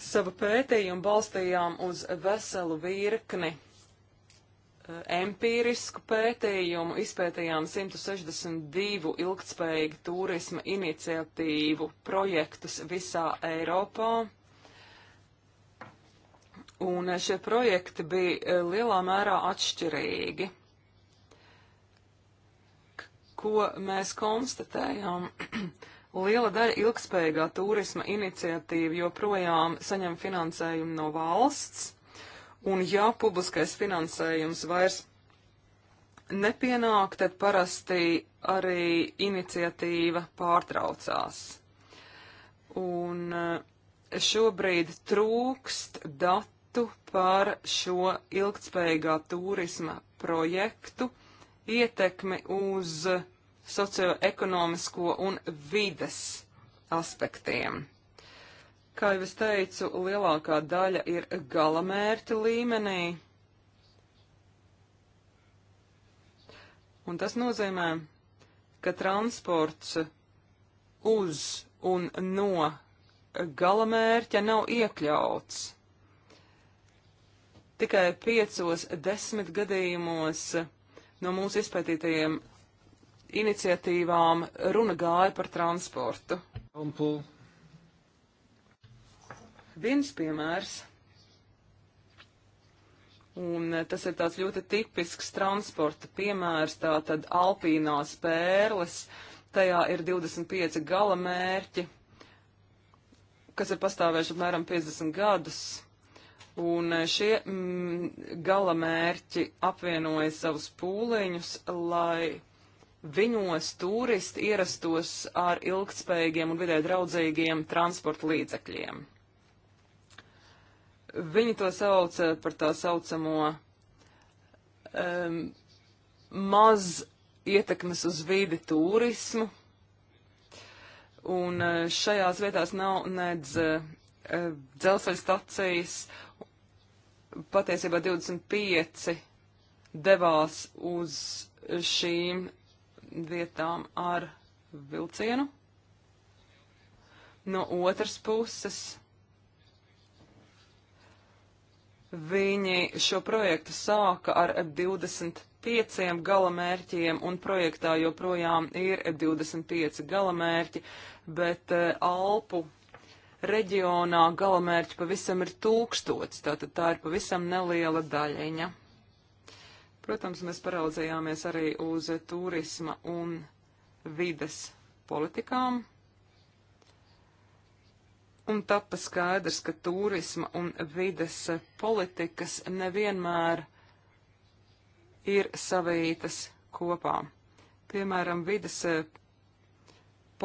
D: Savu pētījumu balstījām uz veselu virkni e, empīrisku pētījumu, izpētījām 162 ilgtspējīgu turisma iniciatīvu projektus visā Eiropā. Un šie projekti bija e, lielā mērā atšķirīgi. Ko mēs konstatējām? (clears throat) Liela daļa ilgspējīgā turisma iniciatīva joprojām saņem finansējumu no valsts, un ja publiskais finansējums vairs nepienāk, tad parasti arī iniciatīva pārtraucās. Un eh, šobrīd trūkst datu par šo ilgtspējīgā turisma projektu ietekmi uz uh, socioekonomisko un vides aspektiem. Kā jau es teicu, lielākā daļa ir galamērķa līmenī. Un tas nozīmē, ka transports uz un no galamērķa nav iekļauts. Tikai piecos desmit gadījumos no mūsu izpētītajiem iniciatīvām runa gāja par transportu. Ampul. Viens piemērs. Un eh, tas ir tāds ļoti tipisks transporta piemērs, tā tad alpīnās pērles, tajā ir 25 gala mērķi, kas ir pastāvējuši apmēram 50 gadus. Un eh, šie mm, gala mērķi apvienoja savus pūliņus, lai viņos turisti ierastos ar ilgtspējīgiem un vidē draudzīgiem transporta līdzekļiem. Viņi to sauc eh, par tā saucamo um, maz ietekmes uz vidi turismu, un eh, šajās vietās nav nedz uh, dzelzceļa stacijas. Patiesībā 25 devās uz šīm vietām ar vilcienu. No otras puses, viņi šo projektu sāka ar 25 galamērķiem, un projektā joprojām ir 25 galamērķi, bet eh, Alpu reģionā galamērķi pavisam ir tūkstots, tātad tā ir pavisam neliela daļiņa. Protams, mēs paraudzījāmies arī uz turisma un vides politikām. Un tapa skaidrs, ka turisma un vides politikas nevienmēr ir savītas kopā. Piemēram, vides eh,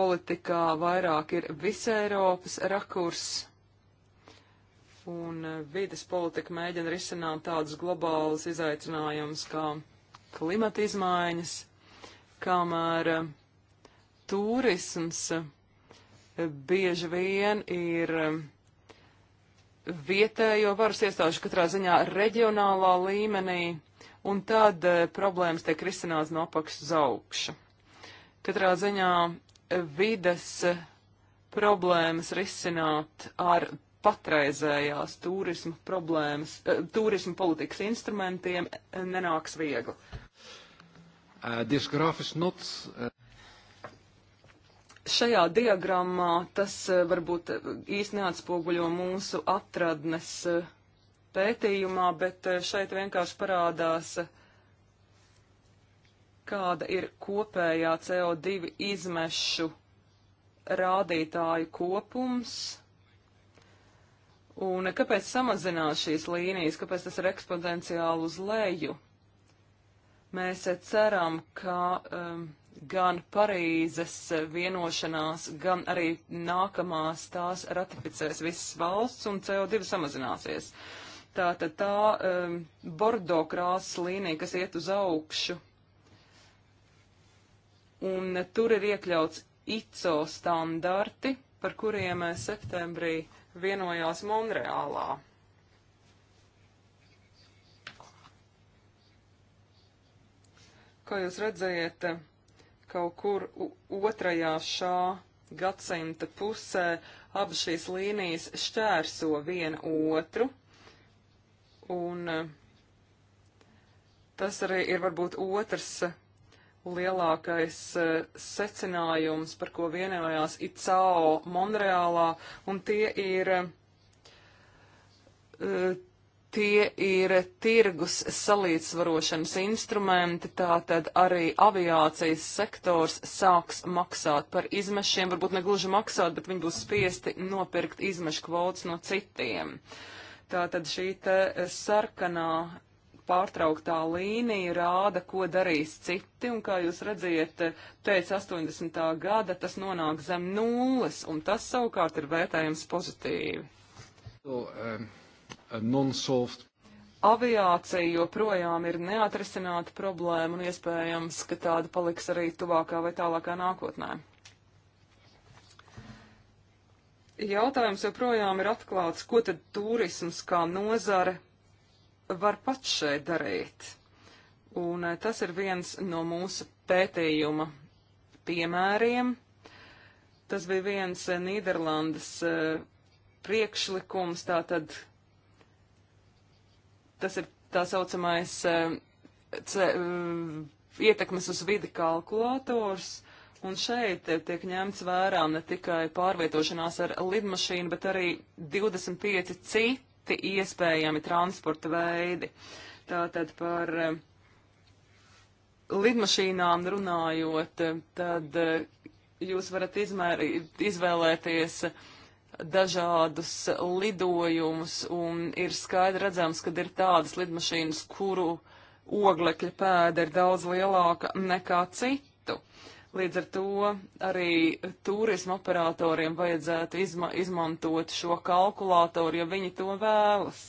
D: politikā vairāk ir visai Eiropas rakurs, un eh, vides politika mēģina risināt tādus globālus izaicinājumus kā klimata izmaiņas, kamēr eh, turisms eh, bieži vien ir vietējo varas iestāžu katrā ziņā reģionālā līmenī, un tad problēmas tiek risināts no apakšas uz augšu. Katrā ziņā vides problēmas risināt ar patreizējās turisma problēmas, eh, turisma politikas instrumentiem eh, nenāks viegli.
A: Uh, uh,
D: šajā diagrammā tas eh, varbūt īsti neatspoguļo mūsu atradnes pētījumā, bet šeit vienkārši parādās, kāda ir kopējā CO2 izmešu rādītāju kopums Un kāpēc samazināt šīs līnijas, kāpēc tas ir eksponenciāli uz leju? Mēs ceram, ka um, gan Parīzes vienošanās, gan arī nākamās tās ratificēs visas valsts un CO2 samazināsies. Tātad tā, tā um, bordo krāsas līnija, kas iet uz augšu, un tur ir iekļauts ICO standarti, par kuriem eh, septembrī vienojās Monreālā. Kā jūs redzējat, kaut kur otrajā šā gadsimta pusē abas šīs līnijas šķērso vienu otru, un tas arī ir varbūt otrs lielākais eh, secinājums, par ko vienojās ICAO Monreālā, un tie ir, eh, tie ir tirgus salīdzvarošanas instrumenti, tātad arī aviācijas sektors sāks maksāt par izmešiem, varbūt ne gluži maksāt, bet viņi būs spiesti nopirkt izmešu kvotas no citiem. Tātad šī te sarkanā pārtrauktā līnija rāda, ko darīs citi, un kā jūs redziet, pēc 80. gada tas nonāk zem nulles, un tas savukārt ir vērtējams pozitīvi.
A: So, um,
D: Aviācija joprojām ir neatrisināta problēma, un iespējams, ka tāda paliks arī tuvākā vai tālākā nākotnē. Jautājums joprojām ir atklāts, ko tad turisms kā nozare var pats šeit darīt. Un eh, tas ir viens no mūsu pētījuma piemēriem. Tas bija viens eh, Nīderlandes eh, priekšlikums, tātad tas ir tā saucamais ce, ietekmes uz vidi kalkulators. Un šeit tiek ņemts vērā ne tikai pārvietošanās ar lidmašīnu, bet arī 25 citi citi iespējami transporta veidi. Tātad par eh, lidmašīnām runājot, tad eh, jūs varat izmēr, izvēlēties dažādus lidojumus, un ir skaidri redzams, ka ir tādas lidmašīnas, kuru oglekļa pēda ir daudz lielāka nekā citu. Uh, Līdz ar to arī turisma operatoriem vajadzētu izma izmantot šo kalkulātoru, ja viņi to vēlas.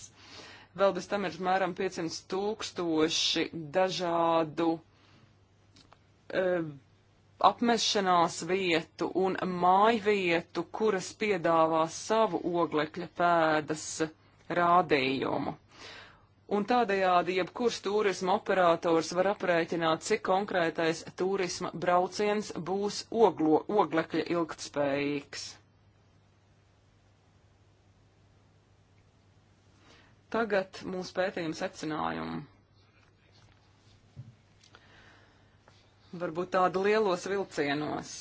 D: Vēl bez tam ir apmēram 500 tūkstoši dažādu e, apmešanās vietu un māju vietu, kuras piedāvā savu oglekļa pēdas rādījumu. Un tādējādi jebkurš turisma operators var aprēķināt, cik konkrētais turisma brauciens būs oglo, oglekļa ilgtspējīgs. Tagad mūsu pētījuma secinājumu. Varbūt tāda lielos vilcienos.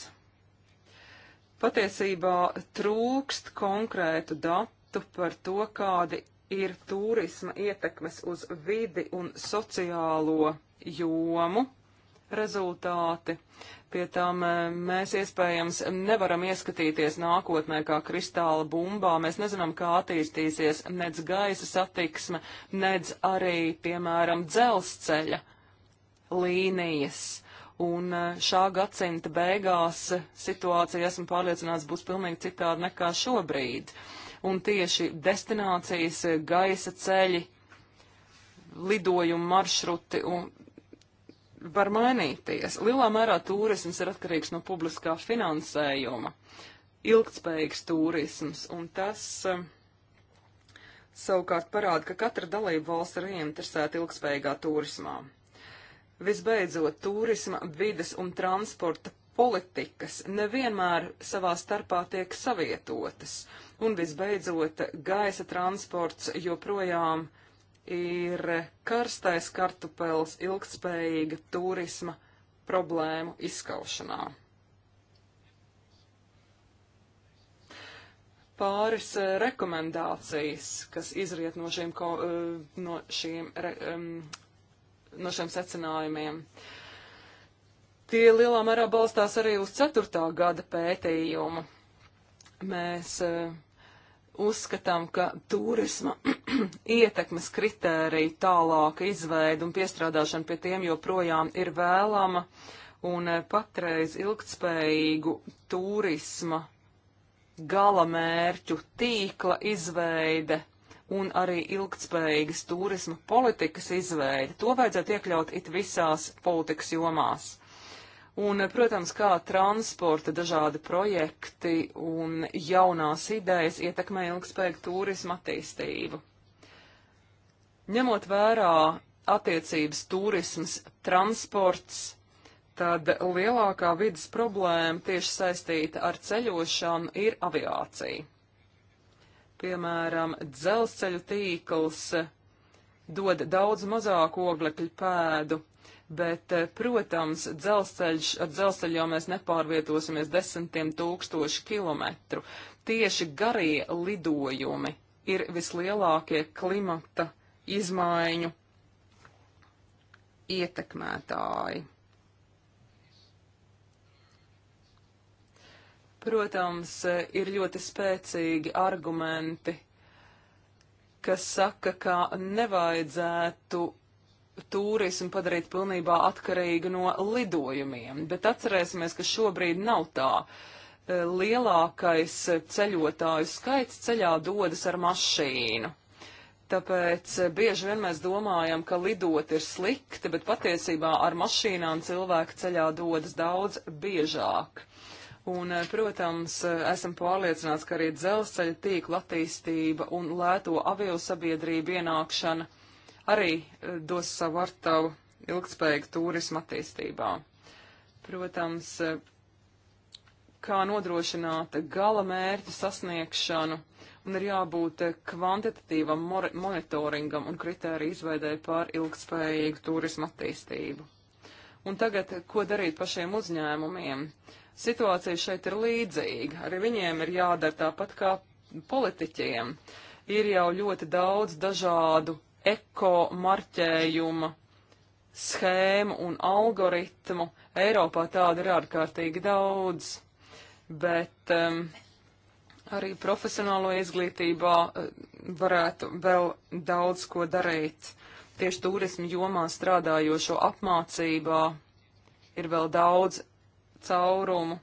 D: Patiesībā trūkst konkrētu datu par to, kādi ir turisma ietekmes uz vidi un sociālo jomu rezultāti. Pie tam eh, mēs iespējams nevaram ieskatīties nākotnē kā kristāla bumbā. Mēs nezinām, kā attīstīsies nedz gaisa satiksme, nedz arī, piemēram, dzelzceļa līnijas. Un eh, šā gadsimta beigās situācija, esmu pārliecināts, būs pilnīgi citāda nekā šobrīd. Uh, un tieši destinācijas gaisa ceļi, lidojumu maršruti un var mainīties. Lielā mērā turisms ir atkarīgs no publiskā finansējuma, ilgtspējīgs turisms, un tas eh, savukārt parāda, ka katra dalība valsts ir ieinteresēta ilgtspējīgā turismā. Visbeidzot, turisma, vides un transporta politikas nevienmēr savā starpā tiek savietotas, Un visbeidzot, gaisa transports joprojām ir karstais kartupels ilgtspējīga turisma problēmu izskaušanā. pāris eh, rekomendācijas, kas izriet no šiem, eh, no šiem, no šiem secinājumiem. Tie lielā mērā balstās arī uz ceturtā gada pētījumu. Mēs eh, uzskatām, ka turisma (clears throat) ietekmes kritērija tālāka izveida un piestrādāšana pie tiem joprojām ir vēlama, un eh, patreiz ilgtspējīgu turisma galamērķu tīkla izveide un arī ilgtspējīgas turisma politikas izveide. To vajadzētu iekļaut it visās politikas jomās. Un, protams, kā transporta dažādi projekti un jaunās idejas ietekmē ilgspējīgu turismu attīstību. Ņemot vērā attiecības turisms, transports, tad lielākā vidas problēma tieši saistīta ar ceļošanu ir aviācija. Piemēram, dzelzceļu tīkls dod daudz mazāku oglekļu pēdu bet, eh, protams, dzelzceļš, ar dzelzceļu jau mēs nepārvietosimies desmitiem tūkstošu kilometru. Tieši garie lidojumi ir vislielākie klimata izmaiņu ietekmētāji. Protams, eh, ir ļoti spēcīgi argumenti, kas saka, ka nevajadzētu turismu padarīt pilnībā atkarīgu no lidojumiem, bet atcerēsimies, ka šobrīd nav tā. E, lielākais ceļotāju skaits ceļā dodas ar mašīnu. Tāpēc e, bieži vien mēs domājam, ka lidot ir slikti, bet patiesībā ar mašīnām cilvēki ceļā dodas daudz biežāk. Un, e, protams, esam pārliecināts, ka arī dzelzceļa tīkla attīstība un lēto aviosabiedrību ienākšana arī eh, dos savu artavu ilgspējīgu turismu attīstībā. Protams, eh, kā nodrošināt gala mērķu sasniegšanu, un ir jābūt eh, kvantitatīvam monitoringam un kritēriju izveidē pār ilgspējīgu turismu attīstību. Un tagad, ko darīt pašiem uzņēmumiem? Situācija šeit ir līdzīga. Arī viņiem ir jādara tāpat kā politiķiem. Ir jau ļoti daudz dažādu eko marķējuma schēmu un algoritmu. Eiropā tāda ir ārkārtīgi daudz, bet um, arī profesionālo izglītībā uh, varētu vēl daudz ko darīt. Tieši turismu jomā strādājošo apmācībā ir vēl daudz caurumu.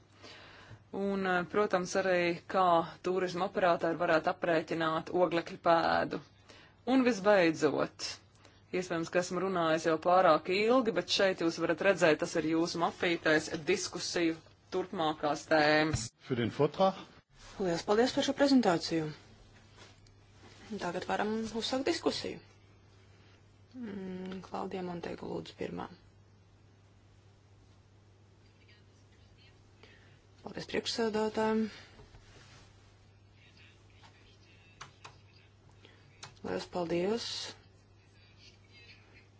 D: Un, uh, protams, arī kā turisma operātori varētu aprēķināt oglekļu pēdu. Un visbeidzot, iespējams, ka esmu runājis jau pārāk ilgi, bet šeit jūs varat redzēt, tas ir jūsu mapītais diskusiju turpmākās tēmas.
B: Lielas paldies par šo prezentāciju. Tagad varam uzsākt diskusiju.
A: Mm,
B: Klaudija Monteigu lūdzu pirmā. Paldies priekšsēdētājiem. Lielas paldies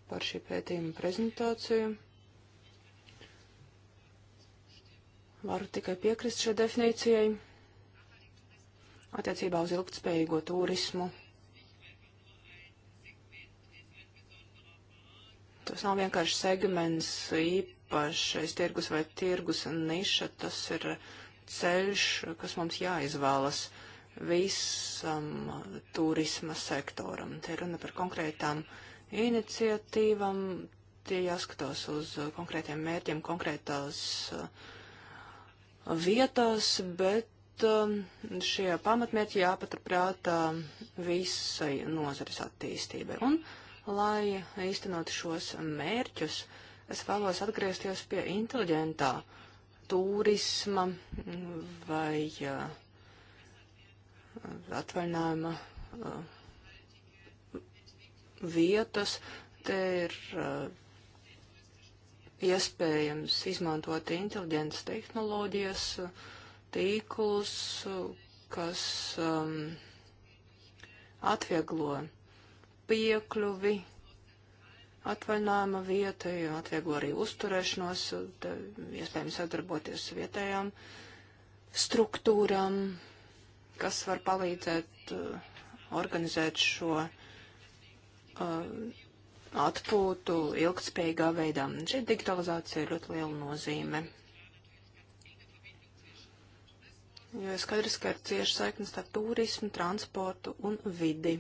B: par šī pētījuma prezentāciju. Varu tikai piekrist šai definīcijai attiecībā uz ilgtspējīgo turismu. Tas nav vienkārši segments, īpašais tirgus vai tirgus niša, tas ir ceļš, kas mums jāizvēlas visam turisma sektoram. Te runa par konkrētām iniciatīvām, tie jāskatās uz konkrētiem mērķiem, konkrētās uh, vietās, bet um, šie pamatmērķi jāpaturprātā visai nozares attīstībai. Un, lai īstenot šos mērķus, es vēlos atgriezties pie inteliģentā turisma vai uh, atvaļinājuma vietas. Te ir iespējams izmantot inteliģentas tehnoloģijas, tīklus, kas um, atvieglo piekļuvi atvaļinājuma vietai, atvieglo arī uzturēšanos, iespējams sadarboties vietējām struktūrām, kas var palīdzēt uh, organizēt šo uh, atpūtu ilgtspējīgā veidā. Šī digitalizācija ir ļoti liela nozīme. Jo skaidrs, ka ir cieši saiknes starp turismu, transportu un vidi.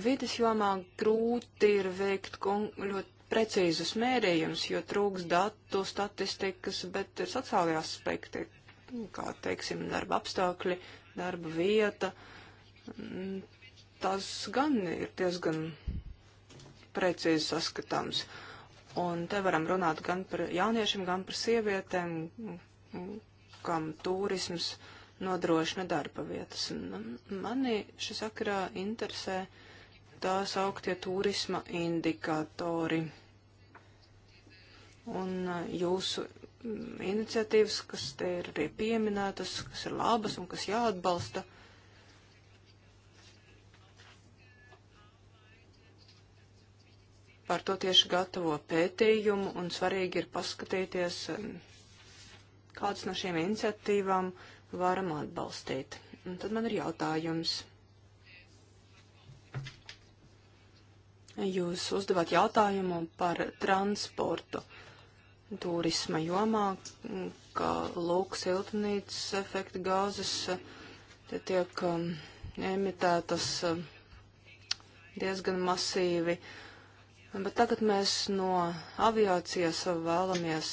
B: vidas jomā grūti ir veikt kon ļoti precīzus mērījumus, jo trūks datu statistikas, bet ir sociālajie aspekti, kā, teiksim, darba apstākļi, darba vieta. Mm, tas gan ir diezgan precīzi saskatāms. Un te varam runāt gan par jauniešiem, gan par sievietēm, kam turisms nodrošina darba vietas. Un mani šis sakarā interesē tās augtie turisma indikatori. Un uh, jūsu mm, iniciatīvas, kas te ir arī pieminētas, kas ir labas un kas jāatbalsta. Par to tieši gatavo pētījumu un svarīgi ir paskatīties, um, kādas no šīm iniciatīvām varam atbalstīt. Un tad man ir jautājums. Jūs uzdevāt jautājumu par transportu. Uh, turisma jomā, kā lūk siltumnīcas efekta gāzes, e, te tiek um, emitētas um, diezgan masīvi. Bet tagad mēs no aviācijas vēlamies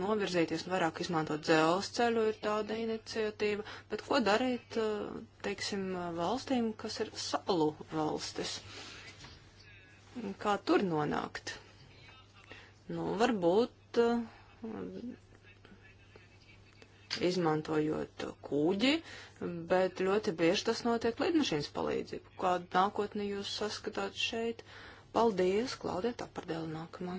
B: novirzīties un vairāk izmantot dzelzceļu, ir tāda iniciatīva. Bet ko darīt, e, teiksim, valstīm, kas ir salu valstis? Kā tur nonākt? Nu, varbūt Eh, izmantojot kūģi, bet ļoti bieži tas notiek lidmašīnas palīdzību. Kādu nākotni jūs saskatāt šeit? Paldies, Klaudija, tā pardēla nākamā.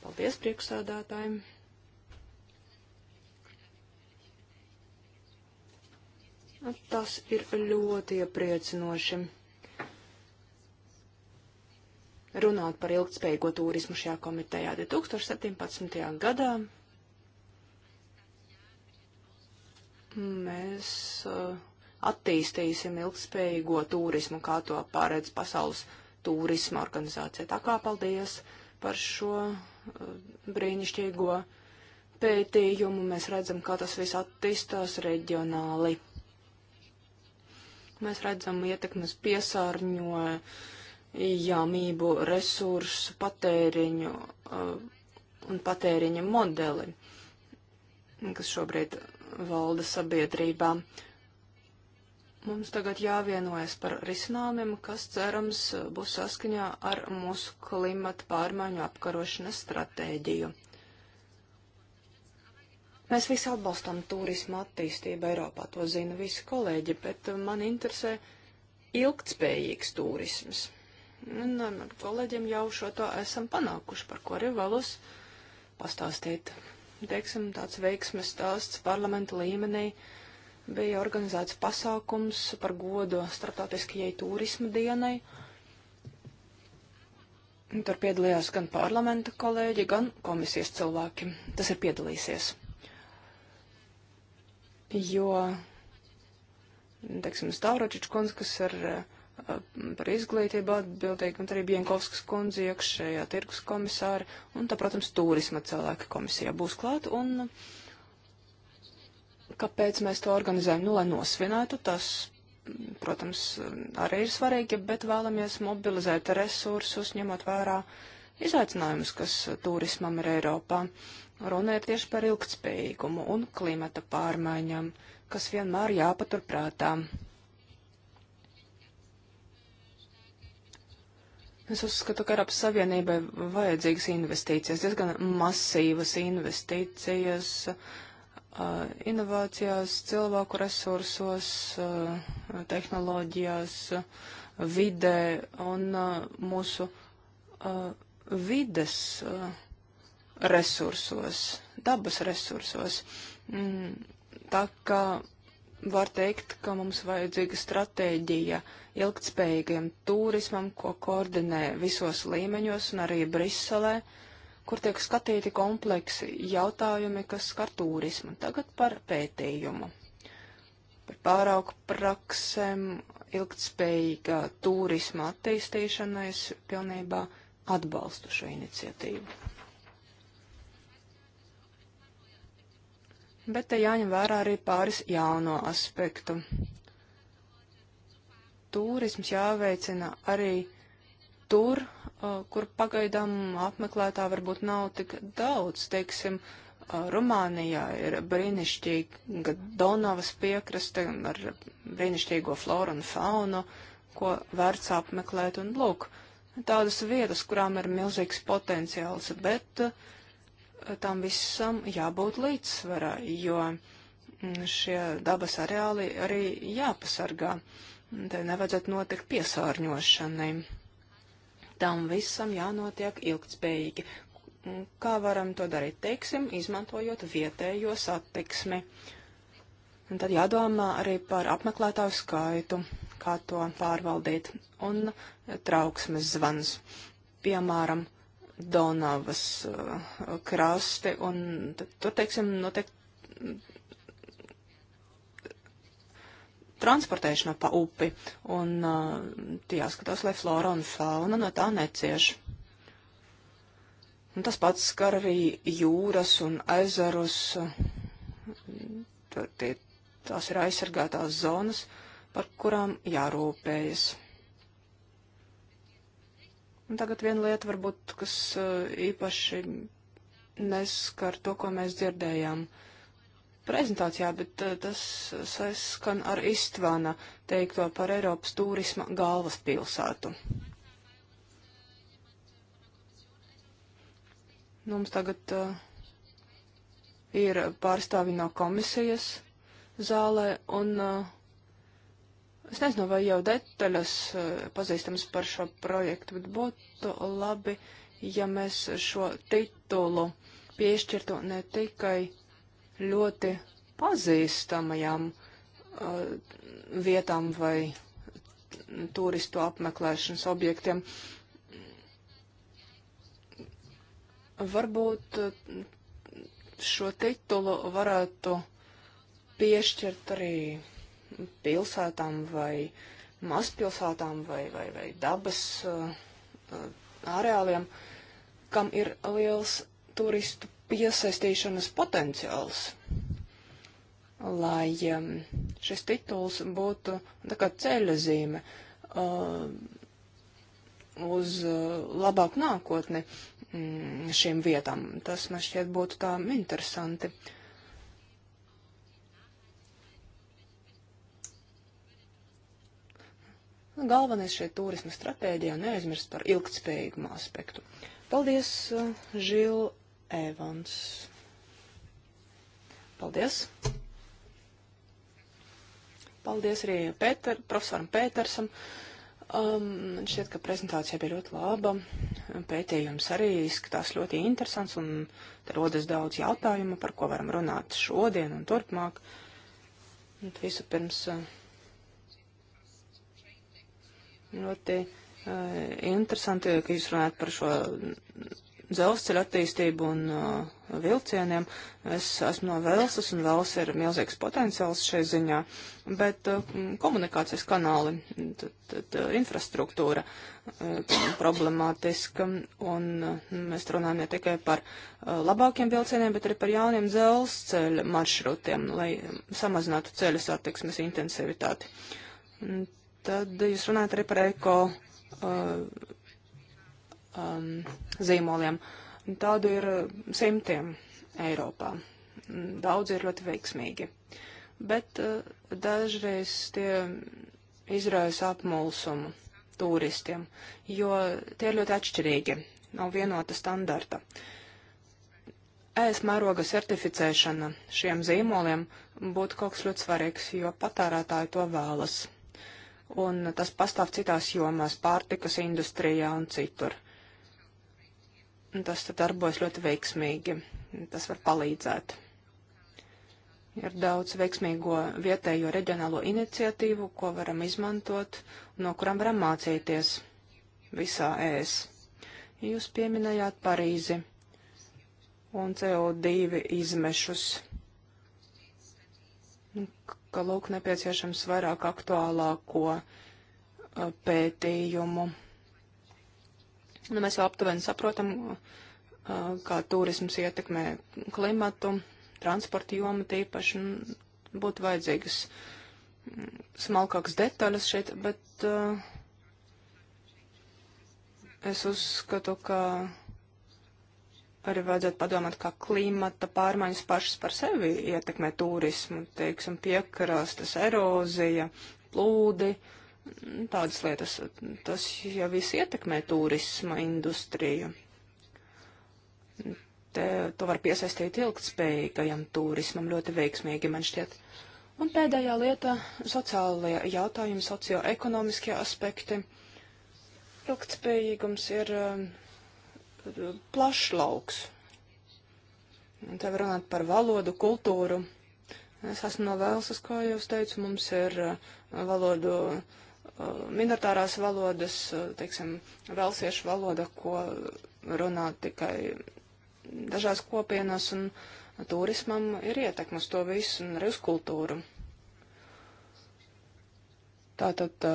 B: Paldies priekšsādātājiem. Tas ir ļoti iepriecinoši runāt par ilgtspējīgo turismu šajā komitejā 2017. gadā. Mēs uh, attīstīsim ilgtspējīgo turismu, kā to pārēdz Pasaules turisma organizācija. Tā kā paldies par šo uh, brīnišķīgo pētījumu. Mēs redzam, kā tas viss attīstās reģionāli. Mēs redzam ietekmes piesārņojumu pieejamību, resursu patēriņu uh, un patēriņa modeli, kas šobrīd valda sabiedrībā. Mums tagad jāvienojas par risinājumiem, kas cerams būs saskaņā ar mūsu klimata pārmaiņu apkarošanas stratēģiju. Mēs visi atbalstam turismu attīstību Eiropā, to zina visi kolēģi, bet man interesē ilgtspējīgs turisms. Un nu, nu, ar kolēģiem jau šo to esam panākuši, par ko arī vēlos pastāstīt. Teiksim, tāds veiksmes stāsts parlamenta līmenī bija organizēts pasākums par godu starptautiskajai turisma dienai. Tur piedalījās gan parlamenta kolēģi, gan komisijas cilvēki. Tas ir piedalīsies. Jo, teiksim, Stavročičs kundze, kas ir uh, par izglītību atbildīgi, un arī Bienkovskas kundze iekšējā tirgus komisāri, un tā, protams, turisma cilvēki komisijā būs klāt, un kāpēc mēs to organizējam? Nu, lai nosvinētu, tas, protams, arī ir svarīgi, bet vēlamies mobilizēt resursus, ņemot vērā izaicinājumus, kas turismam ir Eiropā. Runa ir tieši par ilgtspējīgumu un klimata pārmaiņām, kas vienmēr jāpaturprātām. prātā Es uzskatu, ka Eiropas Savienībai vajadzīgas investīcijas, diezgan masīvas investīcijas uh, inovācijās, cilvēku resursos, uh, tehnoloģijās, vidē un uh, mūsu vides resursos, dabas resursos. Mm, tā kā var teikt, ka mums vajadzīga stratēģija ilgtspējīgiem turismam, ko koordinē visos līmeņos un arī Briselē, kur tiek skatīti kompleksi jautājumi, kas skar turismu. Tagad par pētījumu. Par pārauku praksēm, ilgtspējīgā turisma attīstīšanai es pilnībā atbalstu šo iniciatīvu. bet te jāņem vērā arī pāris jauno aspektu. Tūrisms jāveicina arī tur, uh, kur pagaidām apmeklētā varbūt nav tik daudz, teiksim, uh, Rumānijā ir brīnišķīga Donavas piekraste ar brīnišķīgo floru un faunu, ko vērts apmeklēt un lūk. Tādas vietas, kurām ir milzīgs potenciāls, bet uh, tam visam jābūt līdzsvarā, jo mm, šie dabas areāli arī jāpasargā. Te nevajadzētu notikt piesārņošanai. Tam visam jānotiek ilgtspējīgi. Kā varam to darīt? Teiksim, izmantojot vietējo satiksmi. Un tad jādomā arī par apmeklētāju skaitu, kā to pārvaldīt, un trauksmes zvans. Piemēram, Donavas uh, krasti, un tur, teiksim, notiek transportēšana pa upi, un uh, tie jāskatās, lai flora un fauna no tā necieš. Un tas pats skar arī jūras un ezerus, tie, tās ir aizsargātās zonas, par kurām jārūpējas. Un tagad viena lieta varbūt, kas eh, īpaši neskar to, ko mēs dzirdējām prezentācijā, bet eh, tas saskan ar Istvana teikto par Eiropas turisma galvaspilsētu. Nu, mums tagad uh, ir pārstāvi no komisijas zālē, un uh, Es nezinu, vai jau detaļas eh, pazīstams par šo projektu, bet būtu labi, ja mēs šo titulu piešķirtu ne tikai ļoti pazīstamajām uh, vietām vai turistu apmeklēšanas objektiem. Varbūt eh, šo titulu varētu piešķirt arī pilsētām vai mazpilsētām vai, vai, vai dabas uh, uh, areāliem, kam ir liels turistu piesaistīšanas potenciāls, lai um, šis tituls būtu tā kā ceļazīme uh, uz uh, labāku nākotni mm, šīm vietām. Tas man šķiet būtu tā interesanti. Uh, Nu, galvenais šeit turisma stratēģijā neaizmirst par ilgtspējīgumu aspektu. Paldies, eh, Žil Evans. Paldies. Paldies arī Pēter, profesoram Pētersam. Um, šķiet, ka prezentācija bija ļoti laba. Pētījums arī izskatās ļoti interesants un te rodas daudz jautājumu, par ko varam runāt šodien un turpmāk. Un visu pirms. Uh, ļoti uh, interesanti, ka jūs runājat par šo dzelzceļa attīstību un uh, vilcieniem. Es esmu no Velsas, un Vels ir milzīgs potenciāls šai ziņā, bet uh, komunikācijas kanāli, tad, tad, infrastruktūra uh, problemātiska, un uh, mēs runājam ne tikai par uh, labākiem vilcieniem, bet arī par jauniem dzelzceļa maršrutiem, lai samazinātu ceļu satiksmes intensivitāti. Un Tad jūs runājat arī par eko uh, um, zīmoliem. Tādu ir simtiem Eiropā. Daudz ir ļoti veiksmīgi. Bet uh, dažreiz tie izraisa apmulsumu turistiem, jo tie ir ļoti atšķirīgi, nav vienota standarta. Ēst mēroga certificēšana šiem zīmoliem būtu kaut kas ļoti svarīgs, jo patērētāji to vēlas un tas pastāv citās jomās, pārtikas industrijā un citur. Un tas darbojas ļoti veiksmīgi, tas var palīdzēt. Ir daudz veiksmīgo vietējo reģionālo iniciatīvu, ko varam izmantot un no kurām varam mācīties visā ēs. Jūs pieminējāt Parīzi un CO2 izmešus ka lūk nepieciešams vairāk aktuālāko pētījumu. Nu, mēs jau aptuveni saprotam, kā turisms ietekmē klimatu, transporta jomu tīpaši, būtu vajadzīgas smalkākas detaļas šeit, bet uh, es uzskatu, ka arī vajadzētu padomāt, kā klimata pārmaiņas pašas par sevi ietekmē turismu, teiksim, piekrastes erozija, plūdi, tādas lietas. Tas jau viss ietekmē turisma industriju. Te, to var piesaistīt ilgtspējīgajam turismam ļoti veiksmīgi, man šķiet. Un pēdējā lieta - sociālie jautājumi, socioekonomiskie aspekti. Ilgtspējīgums ir. Uh, plašs lauks. Un te var runāt par valodu, kultūru. Es esmu no Velsas, kā jau es teicu, mums ir uh, valodu, uh, minoritārās valodas, uh, teiksim, velsiešu valoda, ko runā tikai dažās kopienās, un turismam ir ietekmas to visu, un arī uz kultūru. Tātad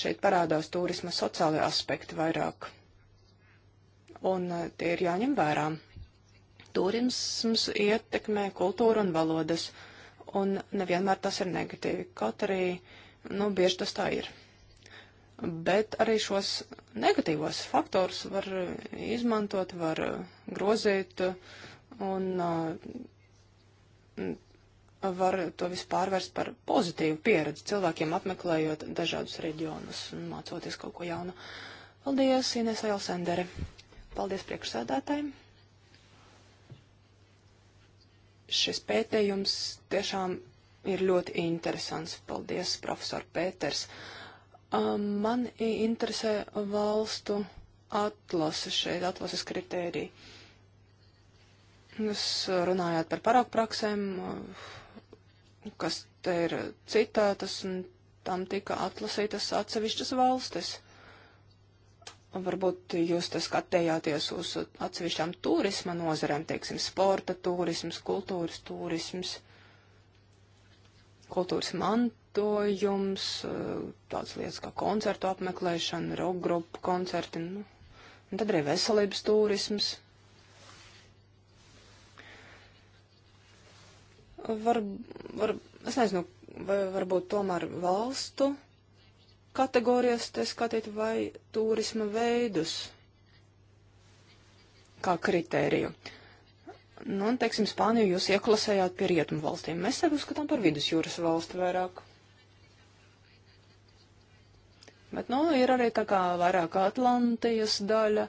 B: šeit parādās turisma sociālajā aspekti vairāk un uh, tie ir jāņem vērā. Turisms ietekmē kultūru un valodas, un nevienmēr tas ir negatīvi, kaut arī, nu, bieži tas tā ir. Bet arī šos negatīvos faktorus var izmantot, var uh, grozīt, uh, un var to visu pārvērst par pozitīvu pieredzi cilvēkiem apmeklējot dažādus reģionus un mācoties kaut ko jaunu. Paldies, Ines Ailsendere! Paldies priekšsēdētājiem. Šis pētījums tiešām ir ļoti interesants. Paldies, profesor Pēters. Um, man interesē valstu atlases šeit, atlases kritērija. Jūs runājāt par paraugu praksēm, uh, kas te ir citētas, un tam tika atlasītas atsevišķas valstis. Varbūt jūs tas skatījāties uz atsevišķām turisma nozarēm, teiksim, sporta turisms, kultūras turisms, kultūras mantojums, tāds lietas kā koncertu apmeklēšana, rock grupu koncerti, nu, un tad arī veselības turisms. Var, var, es nezinu, vai varbūt tomēr valstu kategorijas te skatīt vai turisma veidus kā kritēriju. Nu, un, teiksim, Spāniju jūs ieklasējāt pie rietumu valstīm. Mēs sevi uzskatām par vidusjūras valsti vairāk. Bet, nu, ir arī tā kā vairāk Atlantijas daļa,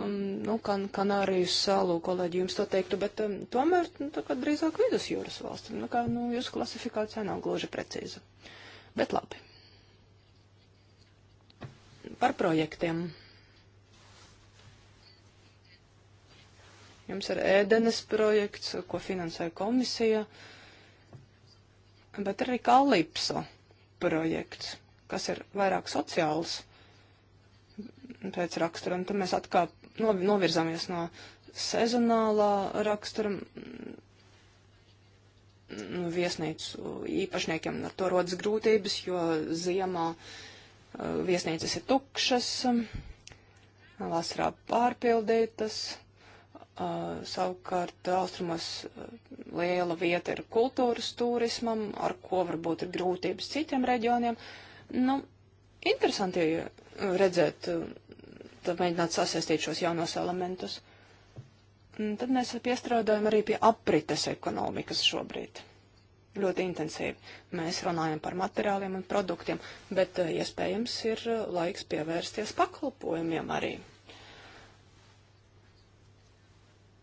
B: um, nu, kan Kanāriju salu, kolēģi jums to teiktu, bet um, tomēr, nu, tā kā drīzāk vidusjūras valsts. Nu, kā, nu, jūsu klasifikācija nav gluži precīza. Bet labi par projektiem. Jums ir ēdenes projekts, ko finansē komisija, bet arī kalipso projekts, kas ir vairāk sociāls pēc rakstura, un tad mēs atkā novirzāmies no sezonālā rakstura mm, viesnīcu īpašniekiem ar to rodas grūtības, jo ziemā uh, viesnīcas ir tukšas, vasarā pārpildītas, savukārt austrumos liela vieta ir kultūras turismam, ar ko varbūt ir grūtības citiem reģioniem. Nu, interesanti redzēt, tad mēģināt sasaistīt šos jaunos elementus. Un tad mēs piestrādājam arī pie aprites ekonomikas šobrīd ļoti intensīvi. Mēs runājam par materiāliem un produktiem, bet eh, iespējams ir eh, laiks pievērsties pakalpojumiem arī.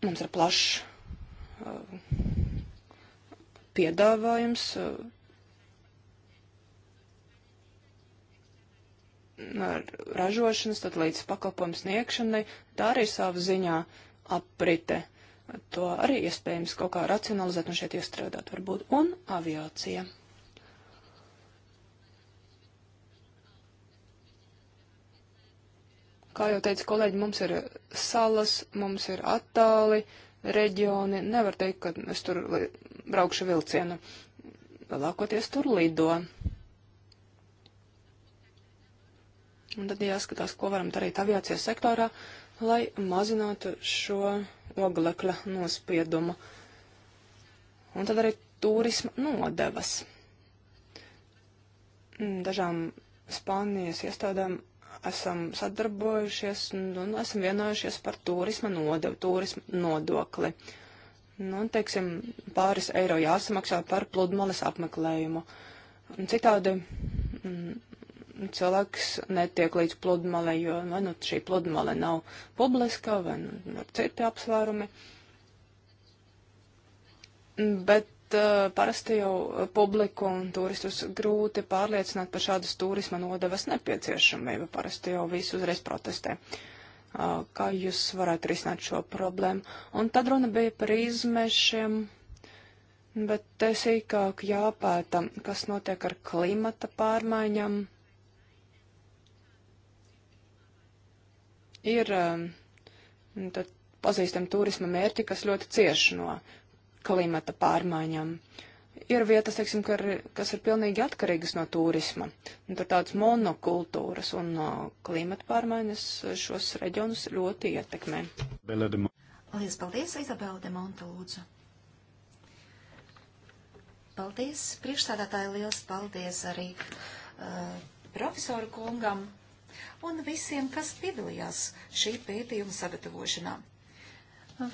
B: Mums ir plašs eh, piedāvājums. Ražošanas, tad līdz pakalpojumu sniegšanai, tā arī savā ziņā aprite to arī iespējams kaut kā racionalizēt un šeit iestrādāt varbūt. Un aviācija. Kā jau teica kolēģi, mums ir salas, mums ir attāli reģioni. Nevar teikt, ka es tur braukšu vilcienu. Lielākoties tur lido. Un tad jāskatās, ko varam darīt aviācijas sektorā, lai mazinātu šo oglekļa nospieduma. Un tad arī turisma nodevas. Mm, dažām Spānijas iestādēm esam sadarbojušies un, un esam vienojušies par turisma nodevu, turisma nodokli. Nu, teiksim, pāris eiro jāsamaksā par pludmales apmeklējumu. Un citādi mm, cilvēks netiek līdz pludmalei, jo vai nu šī pludmale nav publiska, vai nu ir nu, citi apsvērumi. Bet uh, parasti jau publiku un turistus grūti pārliecināt par šādas turisma nodevas nepieciešamību. Parasti jau visi uzreiz protestē. Uh, kā jūs varētu risināt šo problēmu? Un tad runa bija par izmešiem. Bet te sīkāk jāpēta, kas notiek ar klimata pārmaiņām ir um, tad, pazīstami turisma mērķi, kas ļoti cieši no klimata pārmaiņām. Ir vietas, teiksim, kar, kas ir pilnīgi atkarīgas no turisma. Un tur tādas monokultūras un no uh, klimata pārmaiņas šos reģionus ļoti ietekmē.
C: Lielas paldies, Izabela de Monta, lūdzu. Paldies, priekšstādātāji, liels paldies arī uh, profesoru kungam un visiem, kas piedalījās šī pētījuma sagatavošanā.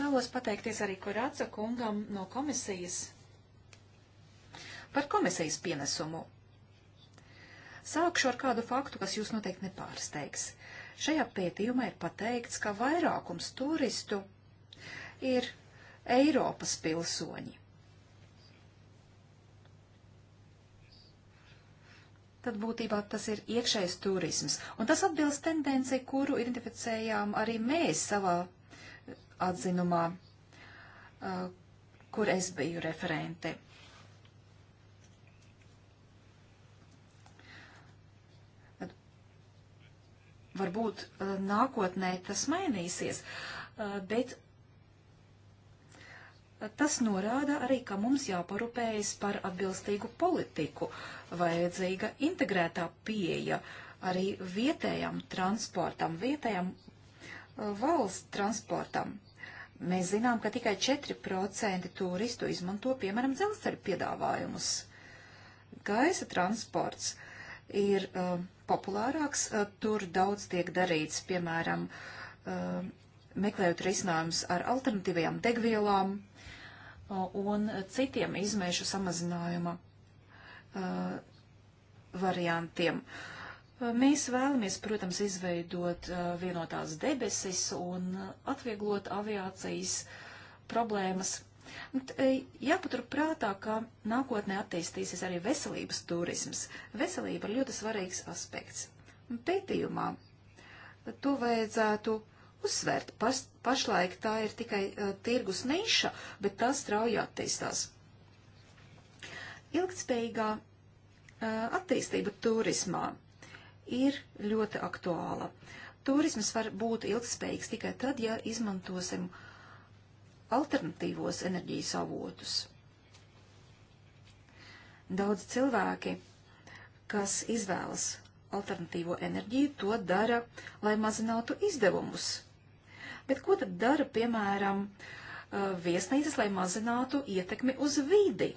C: Vēlos pateikties arī Korāca kungam no komisijas par komisijas pienesumu. Sākšu ar kādu faktu, kas jūs noteikti nepārsteigs. Šajā pētījumā ir pateikts, ka vairākums turistu ir Eiropas pilsoņi. tad būtībā tas ir iekšējs turisms. Un tas atbilst tendenci, kuru identificējām arī mēs savā eh, atzinumā, eh, kur es biju referente. Varbūt eh, nākotnē tas mainīsies, bet tas norāda arī, ka mums jāparūpējas par atbilstīgu politiku, vajadzīga integrētā pieeja arī vietējam transportam, vietējam uh, valsts transportam. Mēs zinām, ka tikai 4% turistu izmanto, piemēram, dzelzceļa piedāvājumus. Gaisa transports ir uh, populārāks, uh, tur daudz tiek darīts, piemēram, uh, meklējot risinājumus ar alternatīvajām degvielām, un citiem izmēšu samazinājuma uh, variantiem. Uh, mēs vēlamies, protams, izveidot uh, vienotās debesis un atvieglot aviācijas problēmas. Uh, jāpatur prātā, ka nākotnē attīstīsies arī veselības turisms. Veselība ir ļoti svarīgs aspekts. Pētījumā to vajadzētu uh, uzsvērt. Pas, pašlaik tā ir tikai uh, tirgus niša, bet tā strauji attīstās. Ilgtspējīgā uh, attīstība turismā ir ļoti aktuāla. Turisms var būt ilgspējīgs tikai tad, ja izmantosim alternatīvos enerģijas avotus. Daudz cilvēki, kas izvēlas alternatīvo enerģiju, to dara, lai mazinātu izdevumus Bet ko tad dara, piemēram, uh, viesnīcas, lai mazinātu ietekmi uz vidi?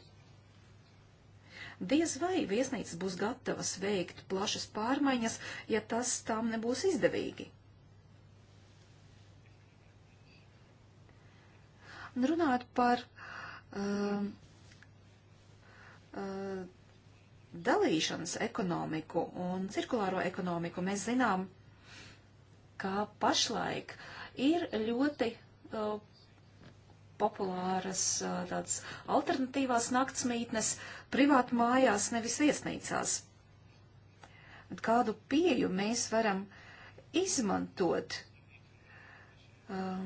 C: Diez vai viesnīcas būs gatavas veikt plašas pārmaiņas, ja tas tām nebūs izdevīgi. Runājot par uh, uh, dalīšanas ekonomiku un cirkulāro ekonomiku, mēs zinām, ka pašlaik uh, ir ļoti uh, populāras uh, tādas alternatīvās naktsmītnes privātu mājās, nevis viesnīcās. Kādu pieju mēs varam izmantot? Uh,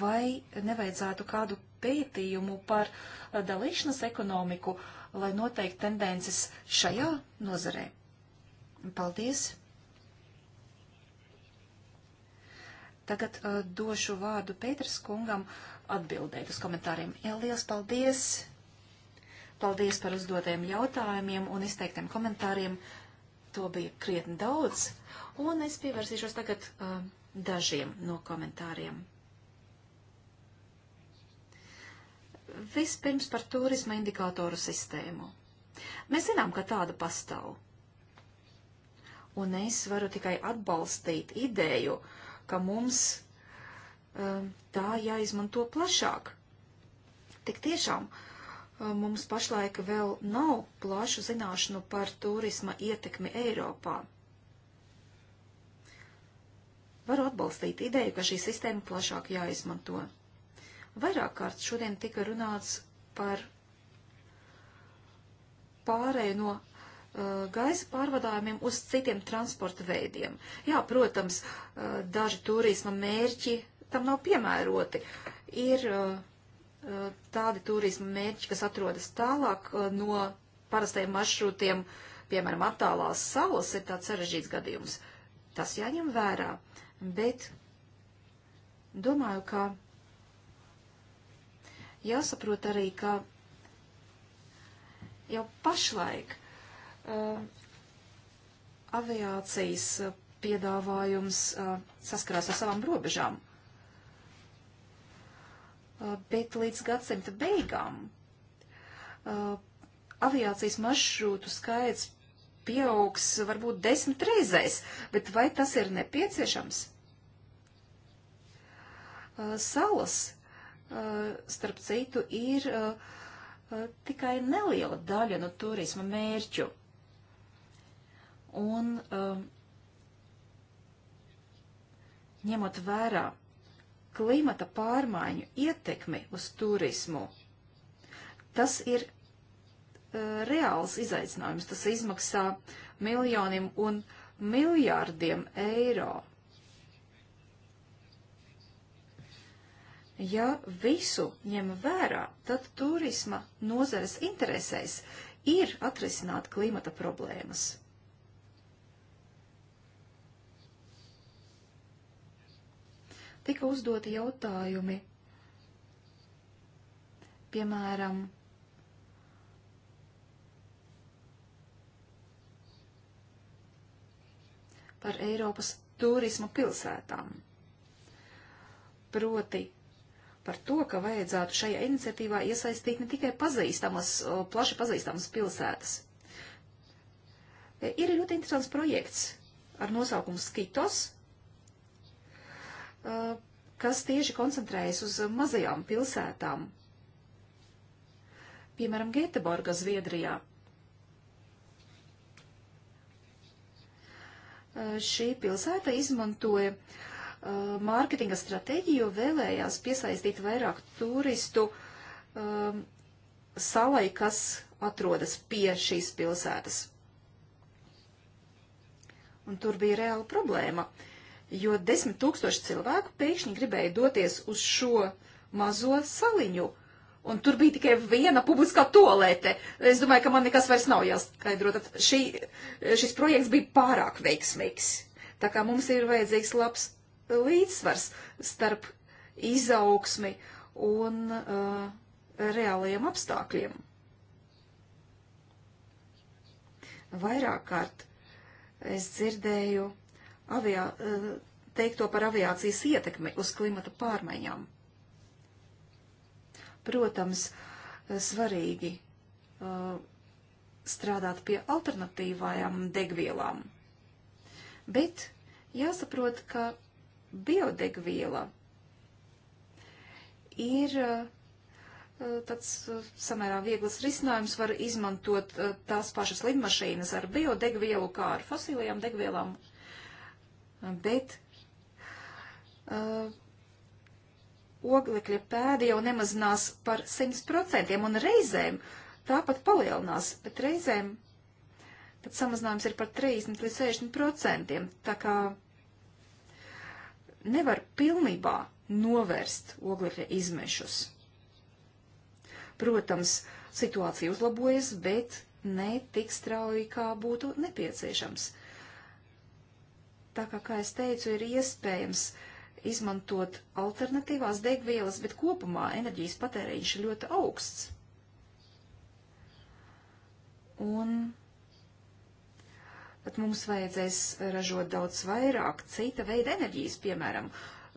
C: vai nevajadzētu kādu pētījumu par uh, dalīšanas ekonomiku, lai noteikti tendences šajā nozarē? Paldies! Tagad uh, došu vārdu Pēters kungam atbildēt uz komentāriem. Jā, liels paldies! Paldies par uzdotajiem jautājumiem un izteiktiem komentāriem. To bija krietni daudz, un es pievērsīšos tagad uh, dažiem no komentāriem. Vispirms par turisma indikātoru sistēmu. Mēs zinām, ka tāda pastāv. Un es varu tikai atbalstīt ideju, uh, ka mums um, tā jāizmanto plašāk. Tik tiešām um, mums pašlaik vēl nav plašu zināšanu par turisma ietekmi Eiropā. Varu atbalstīt ideju, ka šī sistēma plašāk jāizmanto. Vairāk kārt šodien tika runāts par pārēju no Uh, gaisa pārvadājumiem uz citiem transporta veidiem. Jā, protams, uh, daži turisma mērķi tam nav piemēroti. Ir uh, tādi turisma mērķi, kas atrodas tālāk no parastajiem maršrutiem, piemēram, attālās salas ir tāds sarežģīts gadījums. Tas jāņem vērā, bet domāju, ka jāsaprot arī, ka jau pašlaik uh, aviācijas uh, piedāvājums uh, saskarās ar savām robežām. Uh, bet līdz gadsimta beigām uh, aviācijas maršrūtu skaits pieaugs varbūt desmit reizēs, bet vai tas ir nepieciešams? Uh, salas, starp citu, ir tikai neliela daļa no turisma mērķu un um, ņemot vērā klimata pārmaiņu ietekmi uz turismu, tas ir uh, reāls izaicinājums. Tas izmaksā miljoniem un miljārdiem eiro. Ja visu ņem vērā, tad turisma nozares interesēs ir atrisināt klimata problēmas. tika uzdoti jautājumi, piemēram, par Eiropas turismu pilsētām. Proti par to, ka vajadzētu šajā iniciatīvā iesaistīt ne tikai pazīstamas, plaši pazīstamas pilsētas. E, ir ļoti interesants projekts ar nosaukumu Skitos, Uh, kas tieši koncentrējas uz mazajām pilsētām. Piemēram, Gēteborga Zviedrijā. Uh, šī pilsēta izmantoja uh, mārketinga stratēģiju, vēlējās piesaistīt vairāk turistu um, salai, kas atrodas pie šīs pilsētas. Un tur bija reāla problēma. Uh, jo desmit tūkstoši cilvēku pēkšņi gribēja doties uz šo mazo saliņu. Un tur bija tikai viena publiskā tolēte. Es domāju, ka man nekas vairs nav jāskaidro. Tad šī, šis projekts bija pārāk veiksmīgs. Tā kā mums ir vajadzīgs labs līdzsvars starp izaugsmi un uh, reālajiem apstākļiem. Vairāk kārt es dzirdēju avia, eh, teikto par aviācijas ietekmi uz klimata pārmaiņām. Protams, eh, svarīgi eh, strādāt pie alternatīvajām degvielām, bet jāsaprot, ka biodegviela ir tāds samērā vieglas risinājums, var izmantot tās pašas lidmašīnas ar biodegvielu kā ar fosilajām degvielām. Uh, bet uh, oglekļa pēdi jau nemazinās par 100% un reizēm tāpat palielinās, bet reizēm tad samazinājums ir par 30 līdz 60%. Tā kā nevar pilnībā novērst oglekļa izmešus. Protams, situācija uzlabojas, bet ne tik strauji, kā būtu nepieciešams. Uh, Tā kā, kā es teicu, ir iespējams izmantot alternatīvās degvielas, bet kopumā enerģijas patēriņš ir ļoti augsts. Un
A: tad mums vajadzēs ražot daudz vairāk cita veida enerģijas, piemēram, uh,